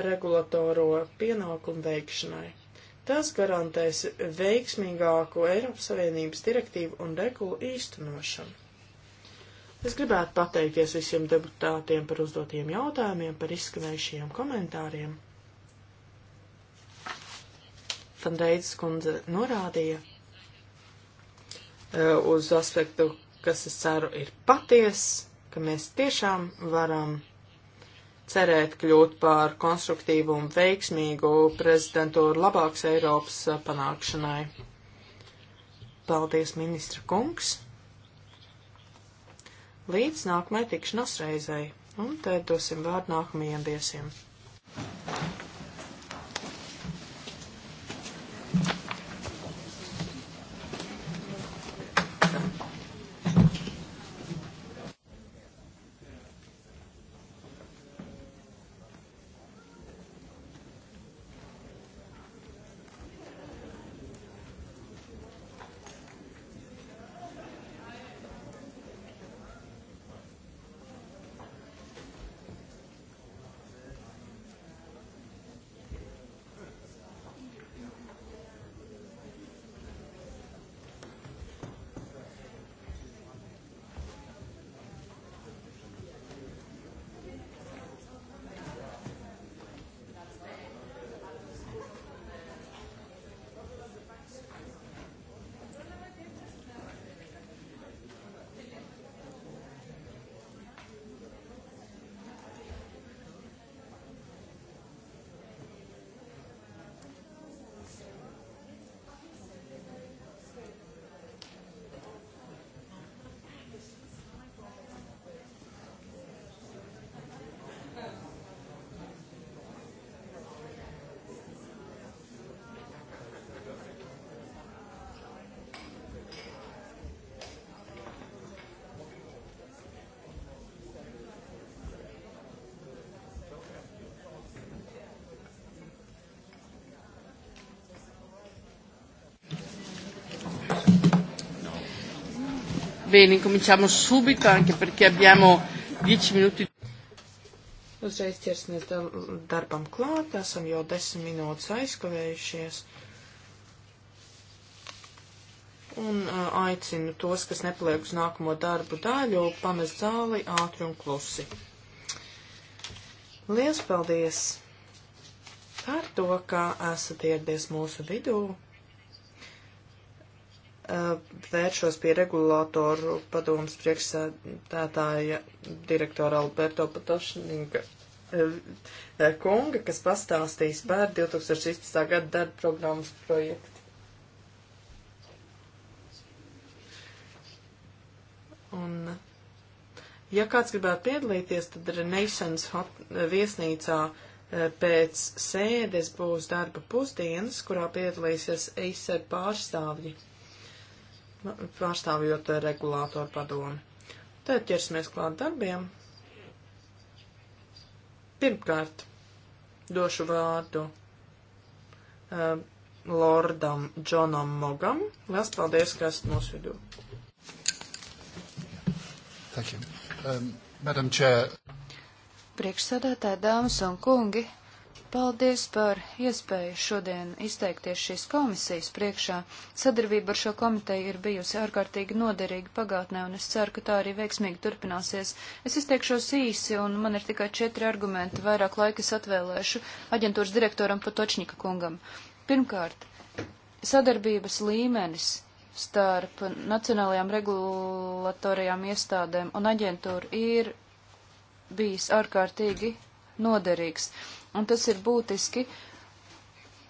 regulatoro pienākumu veikšanai. Tas garantēs veiksmīgāku Eiropas Savienības direktīvu un regulu īstenošanu. Es gribētu pateikties visiem deputātiem par uzdotiem jautājumiem, par izskanējušajiem komentāriem. Fandreidas kundze norādīja e, uz aspektu, kas, es ceru, ir paties, ka mēs tiešām varam cerēt kļūt par konstruktīvu un veiksmīgu prezidentūru labāks Eiropas panākšanai. Paldies, ministra kungs! Līdz nākamajai tikšanās reizei, un tad dosim vārdu nākamajiem viesiem. Thank you. Bene, incominciamo subito anche perché abbiamo 10 minuti. Uzreiz ķersimies darbam klāt, esam jau 10 minūtes aizkavējušies. Un uh, aicinu tos, kas nepaliek uz nākamo darbu daļu, pamest zāli ātri un klusi. Lielas paldies par to, ka esat ieradies mūsu vidū vēršos pie regulātoru padomas priekšsēdētāja direktora Alberto Patošninga e, e, kunga, kas pastāstīs par 2016. gada darba programmas projektu. Un, ja kāds gribētu piedalīties, tad Renaissance hot, e, viesnīcā pēc sēdes būs darba pusdienas, kurā piedalīsies ACER pārstāvji pārstāvjot regulātoru padomu. Tad ķersimies klāt darbiem. Pirmkārt, došu vārdu uh, Lordam Džonam Mogam. Lielas paldies, ka esat mūsu vidū. Thank you. Um, Madam Chair. Priekšsēdētāji, dāmas un kungi, Paldies par iespēju šodien izteikties šīs komisijas priekšā. Sadarbība ar šo komiteju ir bijusi ārkārtīgi noderīga pagātnē, un es ceru, ka tā arī veiksmīgi turpināsies. Es izteikšos īsi, un man ir tikai četri argumenti, vairāk laika es atvēlēšu aģentūras direktoram Patočņika kungam. Pirmkārt, sadarbības līmenis starp nacionālajām regulatorijām iestādēm un aģentūru ir bijis ārkārtīgi noderīgs un tas ir būtiski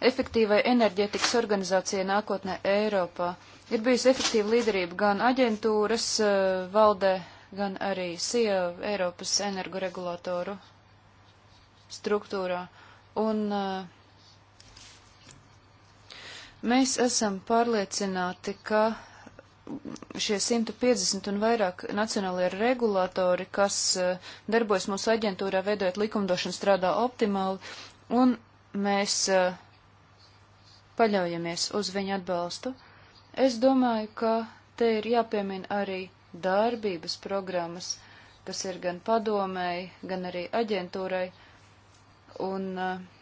efektīvai enerģētikas organizācijai nākotnē Eiropā. Ir bijusi efektīva līderība gan aģentūras eh, valdē, gan arī SIA Eiropas energoregulatoru struktūrā. Un eh, mēs esam pārliecināti, ka šie 150 un vairāk nacionālie regulātori, kas eh, darbojas mūsu aģentūrā, veidojot likumdošanu, strādā optimāli, un mēs eh, paļaujamies uz viņu atbalstu. Es domāju, ka te ir jāpiemina arī darbības programmas, kas ir gan padomēji, gan arī aģentūrai, un uh,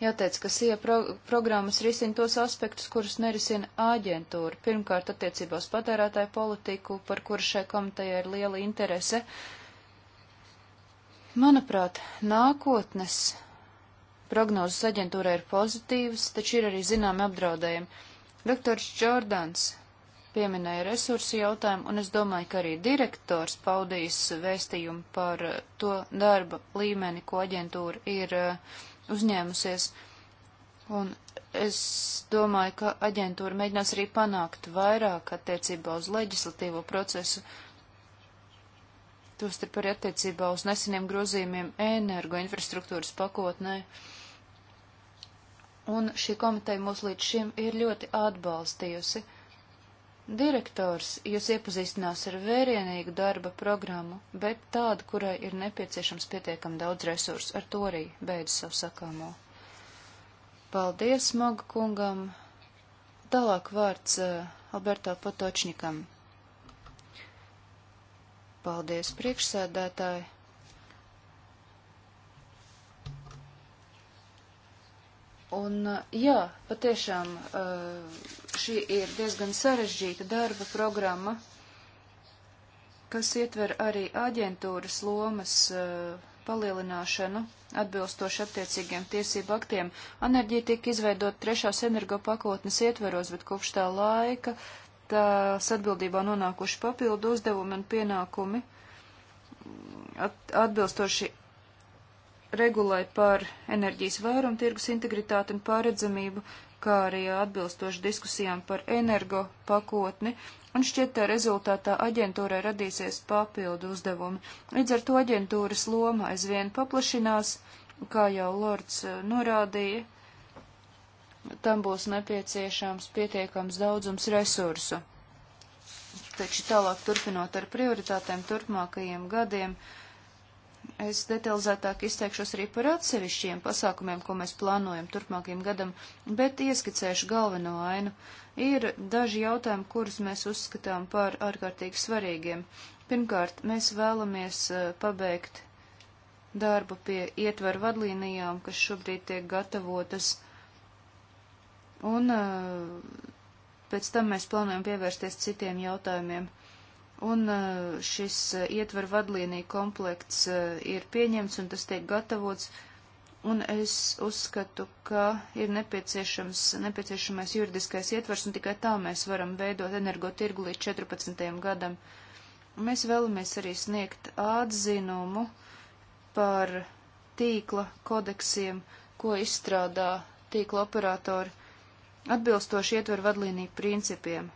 Jāteic, ka SIA pro programmas risina tos aspektus, kurus nerisina āģentūra. Pirmkārt, attiecībā uz patērētāju politiku, par kuru šai komitejai ir liela interese. Manuprāt, nākotnes prognozes aģentūrai ir pozitīvas, taču ir arī zināmi apdraudējumi. Doktors Jordans pieminēja resursu jautājumu, un es domāju, ka arī direktors paudīs vēstījumu par to darba līmeni, ko aģentūra ir uh, uzņēmusies. Un es domāju, ka aģentūra mēģinās arī panākt vairāk attiecībā uz leģislatīvo procesu, tostarp arī attiecībā uz neseniem grozījumiem energoinfrastruktūras pakotnē. Un šī komiteja mūs līdz šim ir ļoti atbalstījusi. Direktors jūs iepazīstinās ar vērienīgu darba programmu, bet tādu, kurai ir nepieciešams pietiekami daudz resursu. Ar to arī beidz savu sakāmo. Paldies, Moga kungam. Tālāk vārds uh, Alberto Potočnikam. Paldies, priekšsēdētāji. Un uh, jā, patiešām uh, šī ir diezgan sarežģīta darba programma, kas ietver arī aģentūras lomas uh, palielināšanu atbilstoši attiecīgiem tiesību aktiem. Enerģija tika izveidot trešās energopakotnes ietveros, bet kopš tā laika tās atbildībā nonākuši papildu uzdevumi un pienākumi at, atbilstoši regulai par enerģijas vairumu, tirgus integritāti un pārredzamību, kā arī atbilstoši diskusijām par energo pakotni, un šķiet tā rezultātā aģentūrai radīsies papildu uzdevumi. Līdz ar to aģentūras loma aizvien paplašinās, kā jau Lords eh, norādīja, tam būs nepieciešams pietiekams daudzums resursu. Taču tālāk turpinot ar prioritātēm turpmākajiem gadiem, uh, Es detalizētāk izteikšos arī par atsevišķiem pasākumiem, ko mēs plānojam turpmākajam gadam, bet ieskicēšu galveno ainu. Ir daži jautājumi, kurus mēs uzskatām par ārkārtīgi svarīgiem. Pirmkārt, mēs vēlamies eh, pabeigt darbu pie ietveru vadlīnijām, kas šobrīd tiek gatavotas. Un eh, pēc tam mēs plānojam pievērsties citiem jautājumiem. Un eh, šis eh, ietver vadlīniju komplekts eh, ir pieņemts un tas tiek gatavots. Un es uzskatu, ka ir nepieciešams, nepieciešamais juridiskais ietvers, un tikai tā mēs varam veidot energotirgu līdz 14. gadam. Mēs vēlamies arī sniegt atzinumu par tīkla kodeksiem, ko izstrādā tīkla operatori, atbilstoši ietver vadlīniju principiem.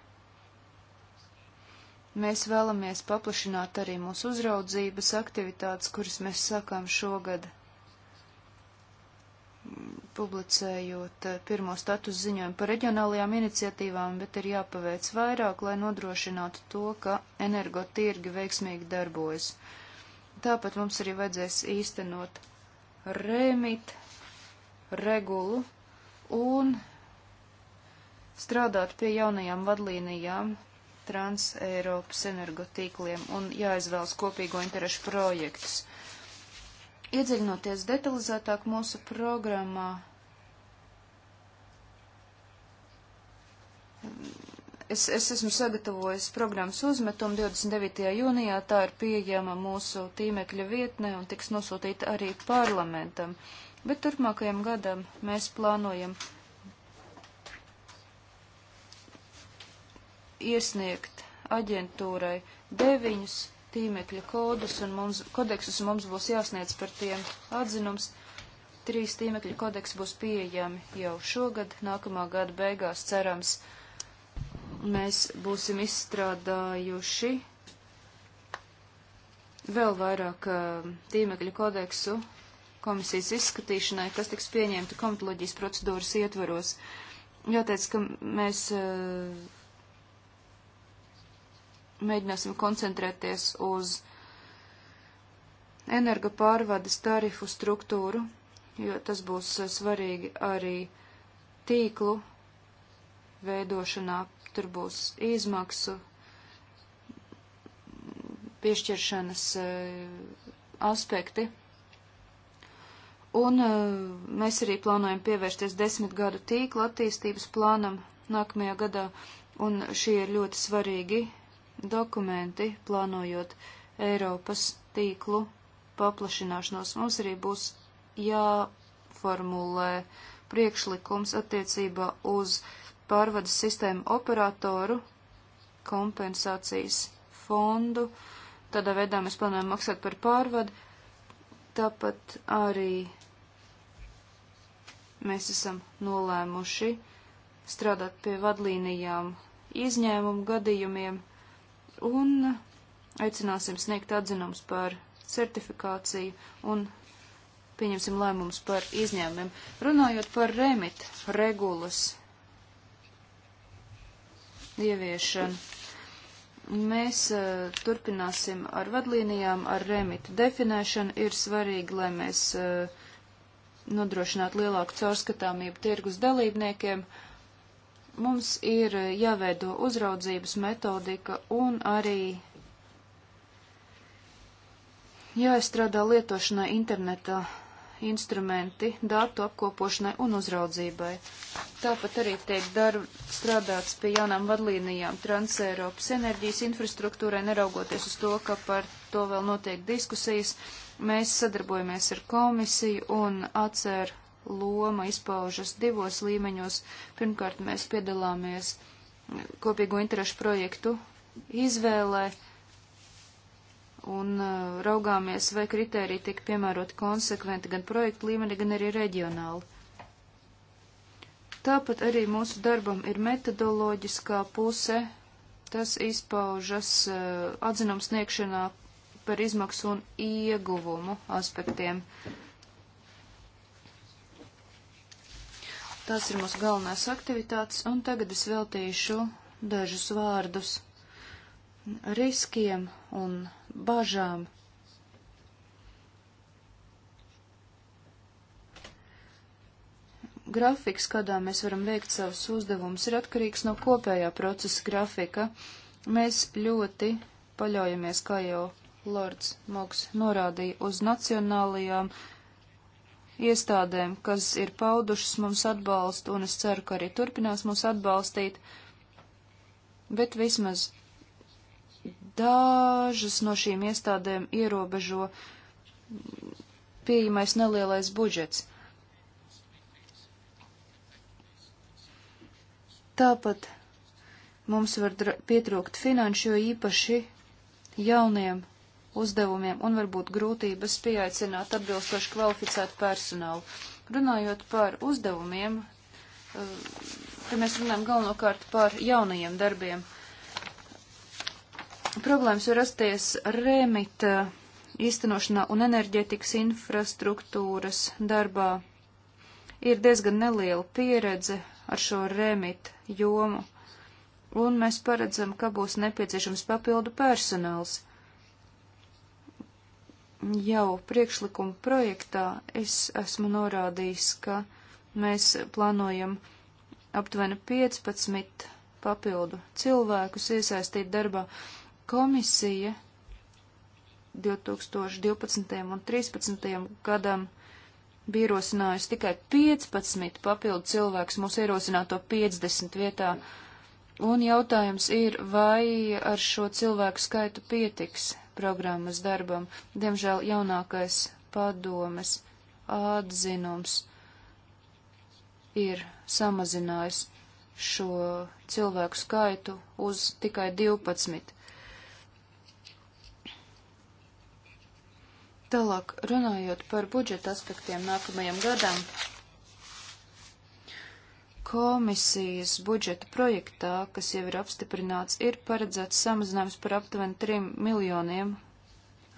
Mēs vēlamies paplašināt arī mūsu uzraudzības aktivitātes, kuras mēs sākām šogad, publicējot eh, pirmo status ziņojumu par reģionālajām iniciatīvām, bet ir jāpaveic vairāk, lai nodrošinātu to, ka energotirgi veiksmīgi darbojas. Tāpat mums arī vajadzēs īstenot remit regulu un strādāt pie jaunajām vadlīnijām Trans-Eiropas energotīkliem un jāizvēlas kopīgo interešu projektus. Iedziļinoties detalizētāk mūsu programmā, es, es esmu sagatavojis programmas uzmetumu 29. jūnijā, tā ir pieejama mūsu tīmekļa vietnē un tiks nosūtīta arī parlamentam, bet turpmākajam gadam mēs plānojam iesniegt aģentūrai deviņus tīmekļa kodus un mums, kodeksus, un mums būs jāsniedz par tiem atzinums. Trīs tīmekļa kodeksi būs pieejami jau šogad, nākamā gada beigās cerams. Mēs būsim izstrādājuši vēl vairāk tīmekļa kodeksu komisijas izskatīšanai, kas tiks pieņemta komitoloģijas procedūras ietvaros. Jāteic, ka mēs uh, mēģināsim koncentrēties uz energopārvades tarifu struktūru, jo tas būs eh, svarīgi arī tīklu veidošanā. Tur būs izmaksu piešķiršanas eh, aspekti. Un eh, mēs arī plānojam pievērsties desmit gadu tīkla attīstības plānam nākamajā gadā, un šie ir ļoti svarīgi dokumenti, plānojot Eiropas tīklu paplašināšanos. Mums arī būs jāformulē priekšlikums attiecībā uz pārvades sistēmu operatoru kompensācijas fondu. Tādā veidā mēs plānojam maksāt par pārvadu. Tāpat arī mēs esam nolēmuši strādāt pie vadlīnijām izņēmumu gadījumiem un aicināsim sniegt atzinums par certifikāciju un pieņemsim lēmumus par izņēmumiem. Runājot par remit regulas ieviešanu, mēs uh, turpināsim ar vadlīnijām, ar remit definēšanu. Ir svarīgi, lai mēs uh, nodrošinātu lielāku caurskatāmību tirgus dalībniekiem. Uh, mums ir jāveido uzraudzības metodika un arī jāizstrādā lietošanai interneta instrumenti datu apkopošanai un uzraudzībai. Tāpat arī tiek dar, strādāts pie jaunām vadlīnijām Transeiropas enerģijas infrastruktūrai, neraugoties uz to, ka par to vēl notiek diskusijas. Mēs sadarbojamies ar komisiju un atceru loma izpaužas divos līmeņos. Pirmkārt, mēs piedalāmies kopīgo interešu projektu izvēlē un uh, raugāmies, vai kritēriji tiek piemēroti konsekventi gan projektu līmenī, gan arī reģionāli. Tāpat arī mūsu darbam ir metodoloģiskā puse, tas izpaužas uh, atzinums sniegšanā par izmaksu un ieguvumu aspektiem. Uh, Tās ir mūsu galvenās aktivitātes, un tagad es veltīšu dažus vārdus riskiem un bažām. Grafiks, kādā mēs varam veikt savus uzdevumus, ir atkarīgs no kopējā procesa grafika. Mēs ļoti paļaujamies, kā jau Lords Moks norādīja, uz nacionālajām uh, iestādēm, kas ir paudušas mums atbalstu, un es ceru, ka arī turpinās mūs atbalstīt, bet vismaz dažas no šīm iestādēm ierobežo pieejamais nelielais budžets. Tāpat mums var pietrūkt finanšu, jo īpaši jauniem uzdevumiem un varbūt grūtības pieaicināt atbilstoši kvalificētu personālu. Runājot par uzdevumiem, eh, te mēs runājam galvenokārt par jaunajiem darbiem. Problēmas var rasties remita eh, īstenošanā un enerģetikas infrastruktūras darbā. Ir diezgan neliela pieredze ar šo remit jomu, un mēs paredzam, ka būs nepieciešams papildu personāls. Jau priekšlikuma projektā es esmu norādījis, ka mēs plānojam aptuveni 15 papildu cilvēkus iesaistīt darbā. Komisija 2012. un 2013. gadam bija ierosinājusi tikai 15 papildu cilvēkus mūsu ierosināto 50 vietā, un jautājums ir, vai ar šo cilvēku skaitu pietiks programmas darbam. Diemžēl jaunākais padomes atzinums ir samazinājis šo cilvēku skaitu uz tikai 12. Tālāk runājot par budžeta aspektiem nākamajam gadam, Komisijas budžeta projektā, kas jau ir apstiprināts, ir paredzēts samazinājums par aptuveni 3 miljoniem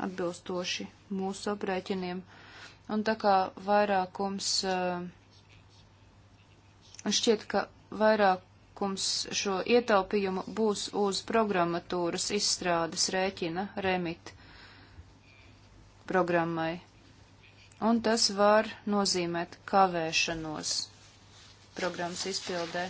atbilstoši mūsu aprēķiniem. Un tā kā vairākums, un eh, šķiet, ka vairākums šo ietaupījumu būs uz programmatūras izstrādes rēķina remit programmai. Un tas var nozīmēt kavēšanos programmas izpildē.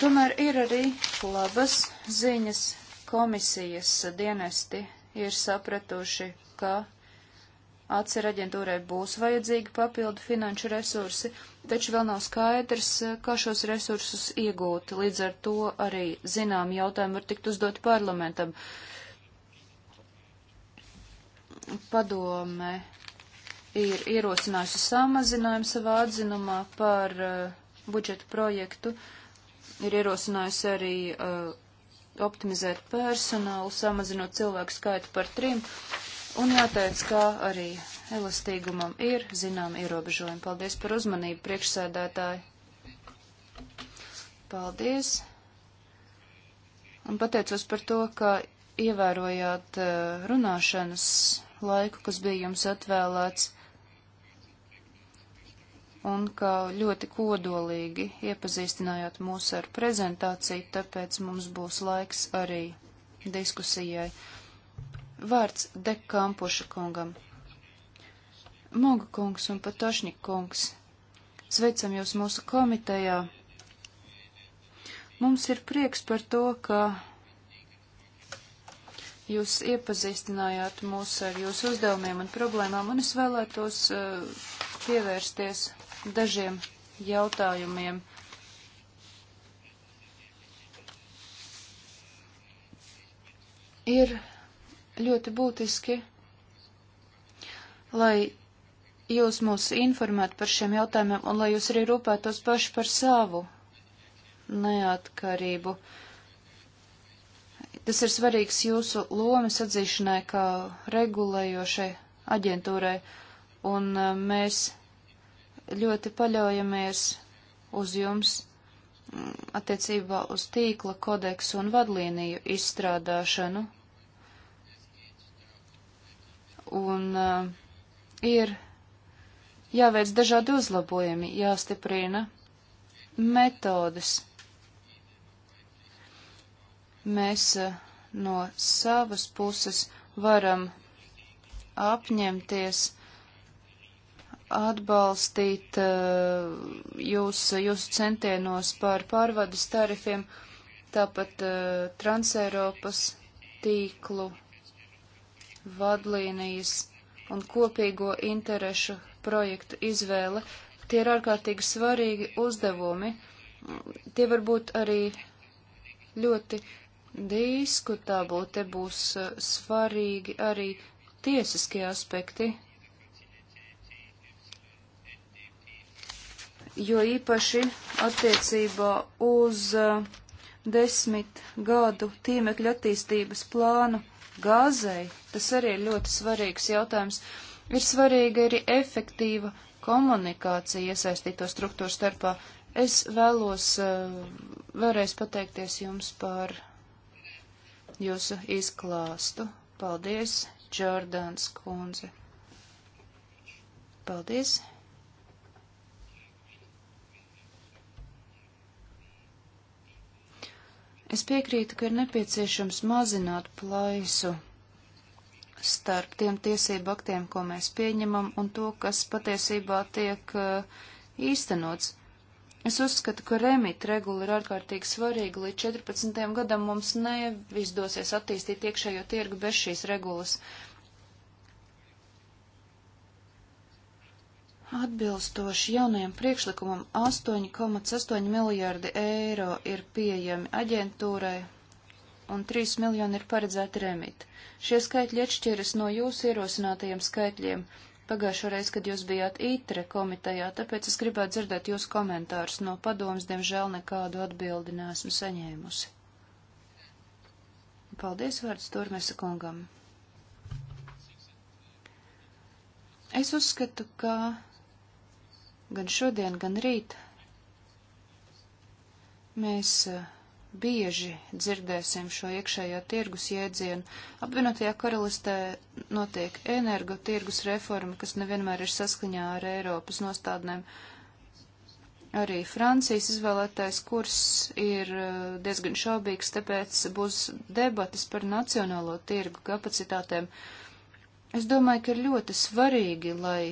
Tomēr ir arī labas ziņas. Komisijas dienesti ir sapratuši, ka atcer aģentūrai būs vajadzīgi papildu finanšu resursi, taču vēl nav skaidrs, kā šos resursus iegūt. Līdz ar to arī zinām jautājumu var tikt uzdot parlamentam. Padome ir ierosinājusi samazinājumu savā atzinumā par uh, budžetu projektu, ir ierosinājusi arī uh, optimizēt personālu, samazinot cilvēku skaitu par trim, un jāteic, kā arī elastīgumam ir zinām ierobežojumi. Paldies par uzmanību, priekšsēdētāji. Paldies. Un pateicos par to, ka ievērojāt uh, runāšanas laiku, kas bija jums atvēlēts un ka ļoti kodolīgi iepazīstinājāt mūs ar prezentāciju, tāpēc mums būs laiks arī diskusijai. Vārds Dekampuša kungam. Moga kungs un Patošņik kungs, sveicam jūs mūsu komitejā. Mums ir prieks par to, ka jūs iepazīstinājāt mūs ar jūsu uzdevumiem un problēmām, un es vēlētos uh, pievērsties dažiem jautājumiem. Ir ļoti būtiski, lai jūs mūs informētu par šiem jautājumiem un lai jūs arī rūpētos paši par savu neatkarību. Tas ir svarīgs jūsu lomas atzīšanai kā regulējošai aģentūrai, un eh, mēs ļoti paļaujamies uz jums mm, attiecībā uz tīkla kodeksu un vadlīniju izstrādāšanu. Un uh, ir jāveic dažādi uzlabojumi, jāstiprina metodas. Mēs uh, no savas puses varam apņemties atbalstīt eh, jūs, jūsu centienos par pārvades tarifiem, tāpat eh, Transeiropas tīklu vadlīnijas un kopīgo interešu projektu izvēle. Tie ir ārkārtīgi svarīgi uzdevumi. Tie var būt arī ļoti diskutabli. Te būs eh, svarīgi arī tiesiskie aspekti, jo īpaši attiecībā uz eh, desmit gadu tīmekļa attīstības plānu gāzei, tas arī ir ļoti svarīgs jautājums, ir svarīga arī efektīva komunikācija iesaistīto struktūru starpā. Es vēlos eh, vēlreiz pateikties jums par jūsu izklāstu. Paldies, Džordāns Kunze. Paldies! Es piekrītu, ka ir nepieciešams mazināt plaisu starp tiem tiesību aktiem, ko mēs pieņemam, un to, kas patiesībā tiek uh, īstenots. Es uzskatu, ka remit regula ir ārkārtīgi svarīga. Līdz 14. gadam mums neizdosies attīstīt iekšējo tirgu bez šīs regulas. Uh, Atbilstoši jaunajam priekšlikumam 8,8 miljārdi eiro ir pieejami aģentūrai un 3 miljoni ir paredzēti remit. Šie skaitļi atšķiras no jūsu ierosinātajiem skaitļiem pagājušo reizi, kad jūs bijāt ITRE komitejā, tāpēc es gribētu dzirdēt jūsu komentārus no padomas, diemžēl nekādu atbildi neesmu saņēmusi. Paldies vārds Tormesa kungam. Es uzskatu, ka gan šodien, gan rīt mēs eh, bieži dzirdēsim šo iekšējā tirgus jēdzienu. Apvienotajā karalistē notiek energo tirgus reforma, kas nevienmēr ir saskaņā ar Eiropas nostādnēm. Arī Francijas izvēlētais kurs ir eh, diezgan šaubīgs, tāpēc būs debatas par nacionālo tirgu kapacitātēm. Es domāju, ka ir ļoti svarīgi, lai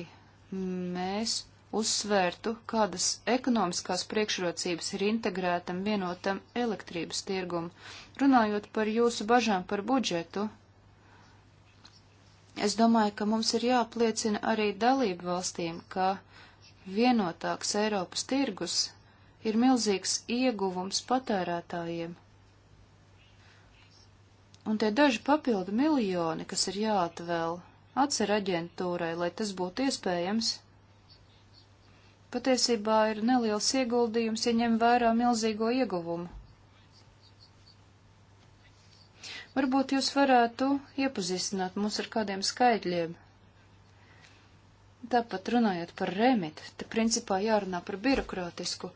mēs uzsvērtu, kādas ekonomiskās priekšrocības ir integrētam vienotam elektrības tirgum. Runājot par jūsu bažām par budžetu, es domāju, ka mums ir jāpliecina arī dalību valstīm, ka vienotāks Eiropas tirgus ir milzīgs ieguvums patērētājiem. Un tie daži papildu miljoni, kas ir jāatvēl atcer aģentūrai, lai tas būtu iespējams, patiesībā ir neliels ieguldījums, ja ņem vērā milzīgo ieguvumu. Varbūt jūs varētu iepazīstināt mūs ar kādiem skaitļiem. Tāpat runājot par remitu, te principā jārunā par birokrātisku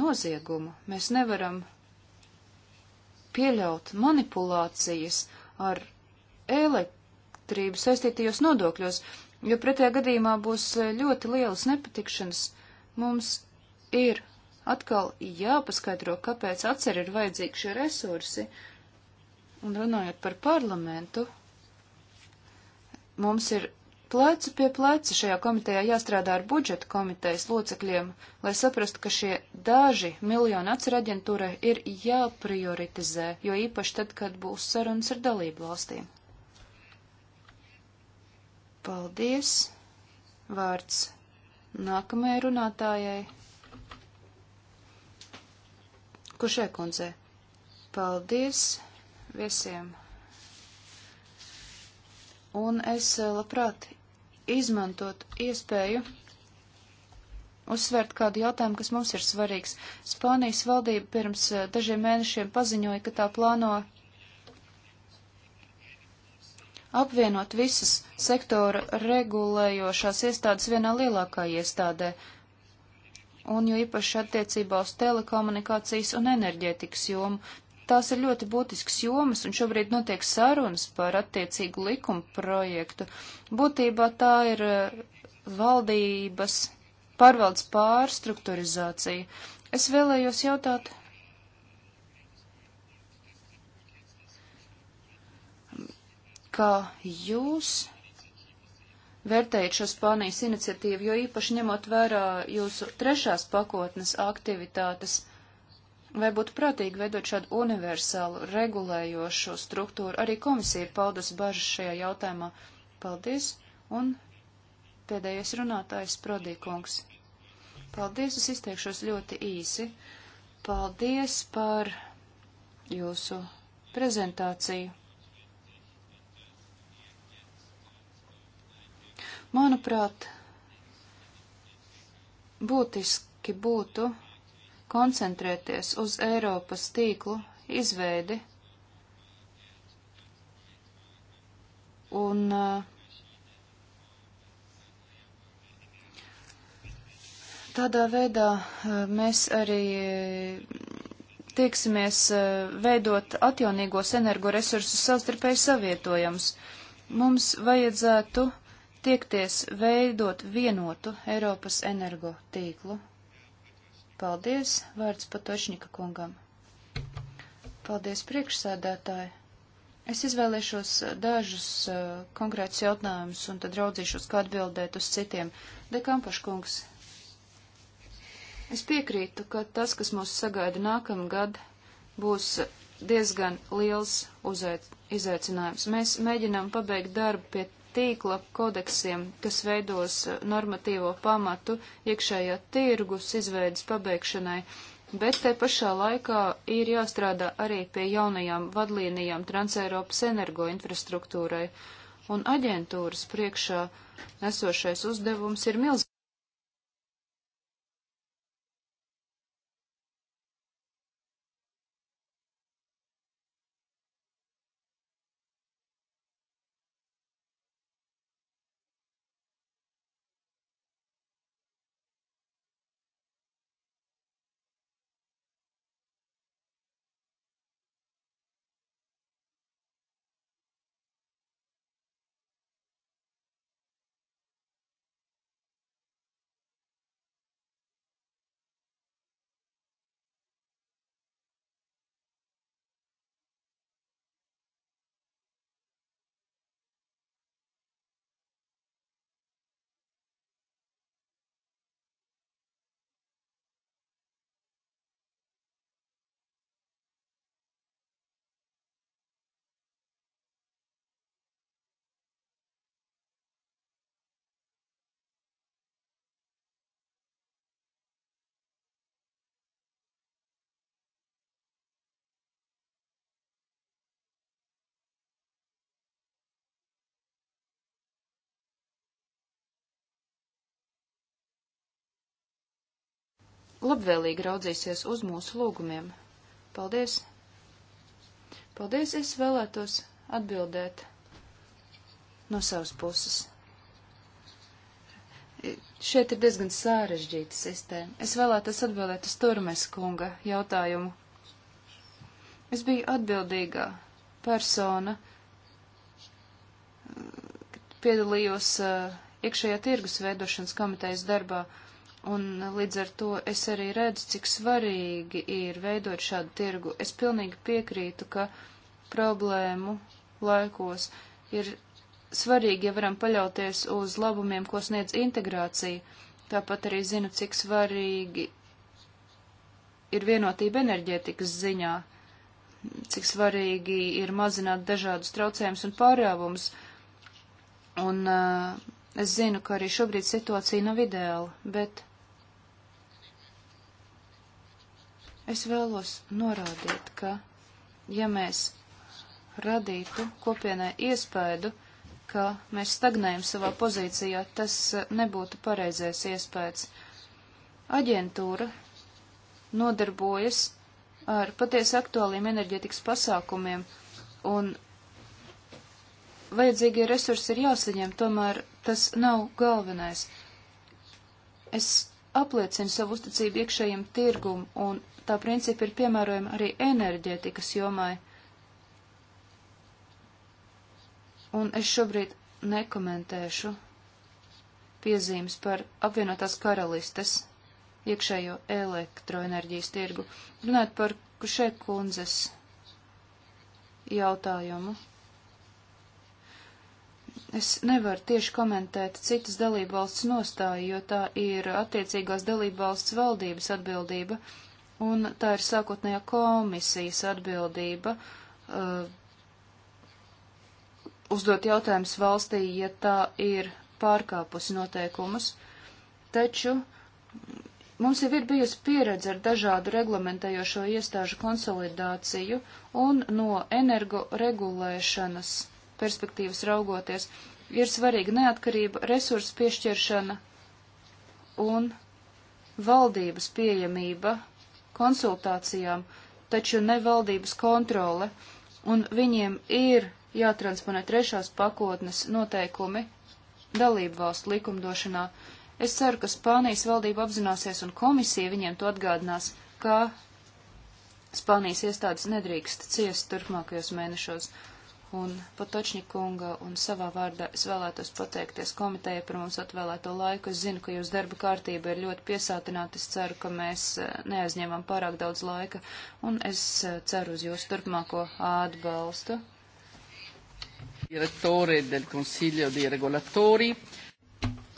noziegumu. Mēs nevaram pieļaut manipulācijas ar elektrību saistītajos nodokļos, jo pretējā gadījumā būs ļoti lielas nepatikšanas Mums ir atkal jāpaskaidro, kāpēc atcer ir vajadzīgi šie resursi. Un runājot par parlamentu, mums ir plecu pie pleca šajā komitejā jāstrādā ar budžeta komitejas locekļiem, lai saprastu, ka šie daži miljoni atcer aģentūrai ir jāprioritizē, jo īpaši tad, kad būs sarunas ar dalību valstīm. Paldies! Vārds Nākamajai runātājai. Kušai kundzei. Paldies visiem. Un es eh, labprāt izmantot iespēju uzsvērt kādu jautājumu, kas mums ir svarīgs. Spānijas valdība pirms eh, dažiem mēnešiem paziņoja, ka tā plāno apvienot visas sektora regulējošās iestādes vienā lielākā iestādē, un jo īpaši attiecībā uz telekomunikācijas un enerģētikas jomu. Tās ir ļoti būtisks jomas, un šobrīd notiek sarunas par attiecīgu likumu projektu. Būtībā tā ir eh, valdības pārvaldes pārstrukturizācija. Es vēlējos jautāt, ka jūs vērtējat šo Spānijas iniciatīvu, jo īpaši ņemot vērā jūsu trešās pakotnes aktivitātes, vai būtu prātīgi veidot šādu universālu regulējošo struktūru? Arī komisija ir paudusi bažas šajā jautājumā. Paldies! Un pēdējais runātājs Prodīkungs. Paldies, es izteikšos ļoti īsi. Paldies par jūsu prezentāciju. Manuprāt, būtiski būtu koncentrēties uz Eiropas tīklu izveidi un eh, tādā veidā eh, mēs arī tieksimies eh, veidot atjaunīgos energoresursus savstarpēji savietojams. Mums vajadzētu tiekties veidot vienotu Eiropas energo tīklu. Paldies, vārds Patočņika kungam. Paldies, priekšsēdētāji. Es izvēlēšos dažus uh, konkrētus jautājumus un tad raudzīšos, kā atbildēt uz citiem. Dekampaškungs, es piekrītu, ka tas, kas mūs sagaida nākamgad, būs diezgan liels uzaicinājums. Mēs mēģinām pabeigt darbu pie tīkla kodeksiem, kas veidos eh, normatīvo pamatu iekšējā tirgus izveidas pabeigšanai, bet te pašā laikā ir jāstrādā arī pie jaunajām vadlīnijām Transeiropas energoinfrastruktūrai, un aģentūras priekšā esošais uzdevums ir milzīgs. labvēlīgi raudzīsies uz mūsu lūgumiem. Paldies! Paldies, es vēlētos atbildēt no savas puses. Šeit ir diezgan sārežģīta sistēma. Es vēlētos atbildēt uz Turmes kunga jautājumu. Es biju atbildīgā persona, piedalījos uh, iekšējā tirgus veidošanas komitejas darbā, uh, Un līdz ar to es arī redzu, cik svarīgi ir veidot šādu tirgu. Es pilnīgi piekrītu, ka problēmu laikos ir svarīgi, ja varam paļauties uz labumiem, ko sniedz integrācija. Tāpat arī zinu, cik svarīgi ir vienotība enerģētikas ziņā, cik svarīgi ir mazināt dažādus traucējumus un pārāvumus. Un uh, es zinu, ka arī šobrīd situācija nav ideāla, bet Es vēlos norādīt, ka ja mēs radītu kopienai iespēju, ka mēs stagnējam savā pozīcijā, tas eh, nebūtu pareizais iespējas. Aģentūra nodarbojas ar patiesi aktuāliem enerģetikas pasākumiem, un vajadzīgie resursi ir jāsaņem, tomēr tas nav galvenais. Es apliecinu savu uzticību iekšējiem tirgumu un minētā principa ir piemērojama arī enerģētikas jomai. Un es šobrīd nekomentēšu piezīmes par apvienotās karalistes iekšējo elektroenerģijas tirgu. Runāt par šeit kundzes jautājumu. Es nevaru tieši komentēt citas dalībvalsts nostāju, jo tā ir attiecīgās dalībvalsts valdības atbildība. Uh, un tā ir sākotnējā komisijas atbildība uh, uzdot jautājumus valstī, ja tā ir pārkāpusi noteikumus. Taču mums jau ir bijusi pieredze ar dažādu reglamentējošo iestāžu konsolidāciju un no energoregulēšanas perspektīvas raugoties ir svarīga neatkarība, resursu piešķiršana un valdības pieejamība konsultācijām, taču ne valdības kontrole, un viņiem ir jātransponē trešās pakotnes noteikumi dalību valstu likumdošanā. Es ceru, ka Spānijas valdība apzināsies un komisija viņiem to atgādinās, kā Spānijas iestādes nedrīkst ciest turpmākajos mēnešos un Patočņikunga, un savā vārdā es vēlētos pateikties komiteja par mums atvēlēto laiku. Es zinu, ka jūs darba kārtība ir ļoti piesātināta. Es ceru, ka mēs eh, neaizņemam pārāk daudz laika, un es eh, ceru uz jūsu turpmāko atbalstu. Direttore del Consiglio dei Regolatori.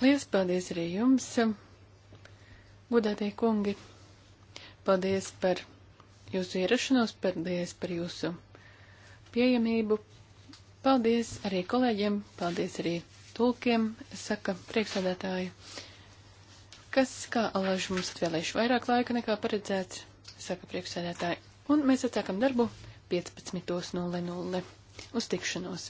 Lielas paldies arī jums, godātie kungi. Paldies par jūsu ierašanos, paldies par jūsu pieejamību, Paldies arī kolēģiem, paldies arī tulkiem, saka priekšsādātāji, kas kā alaži mums atvēlējuši vairāk laika nekā paredzēts, saka priekšsādātāji. Un mēs atsākam darbu 15.00 uz tikšanos.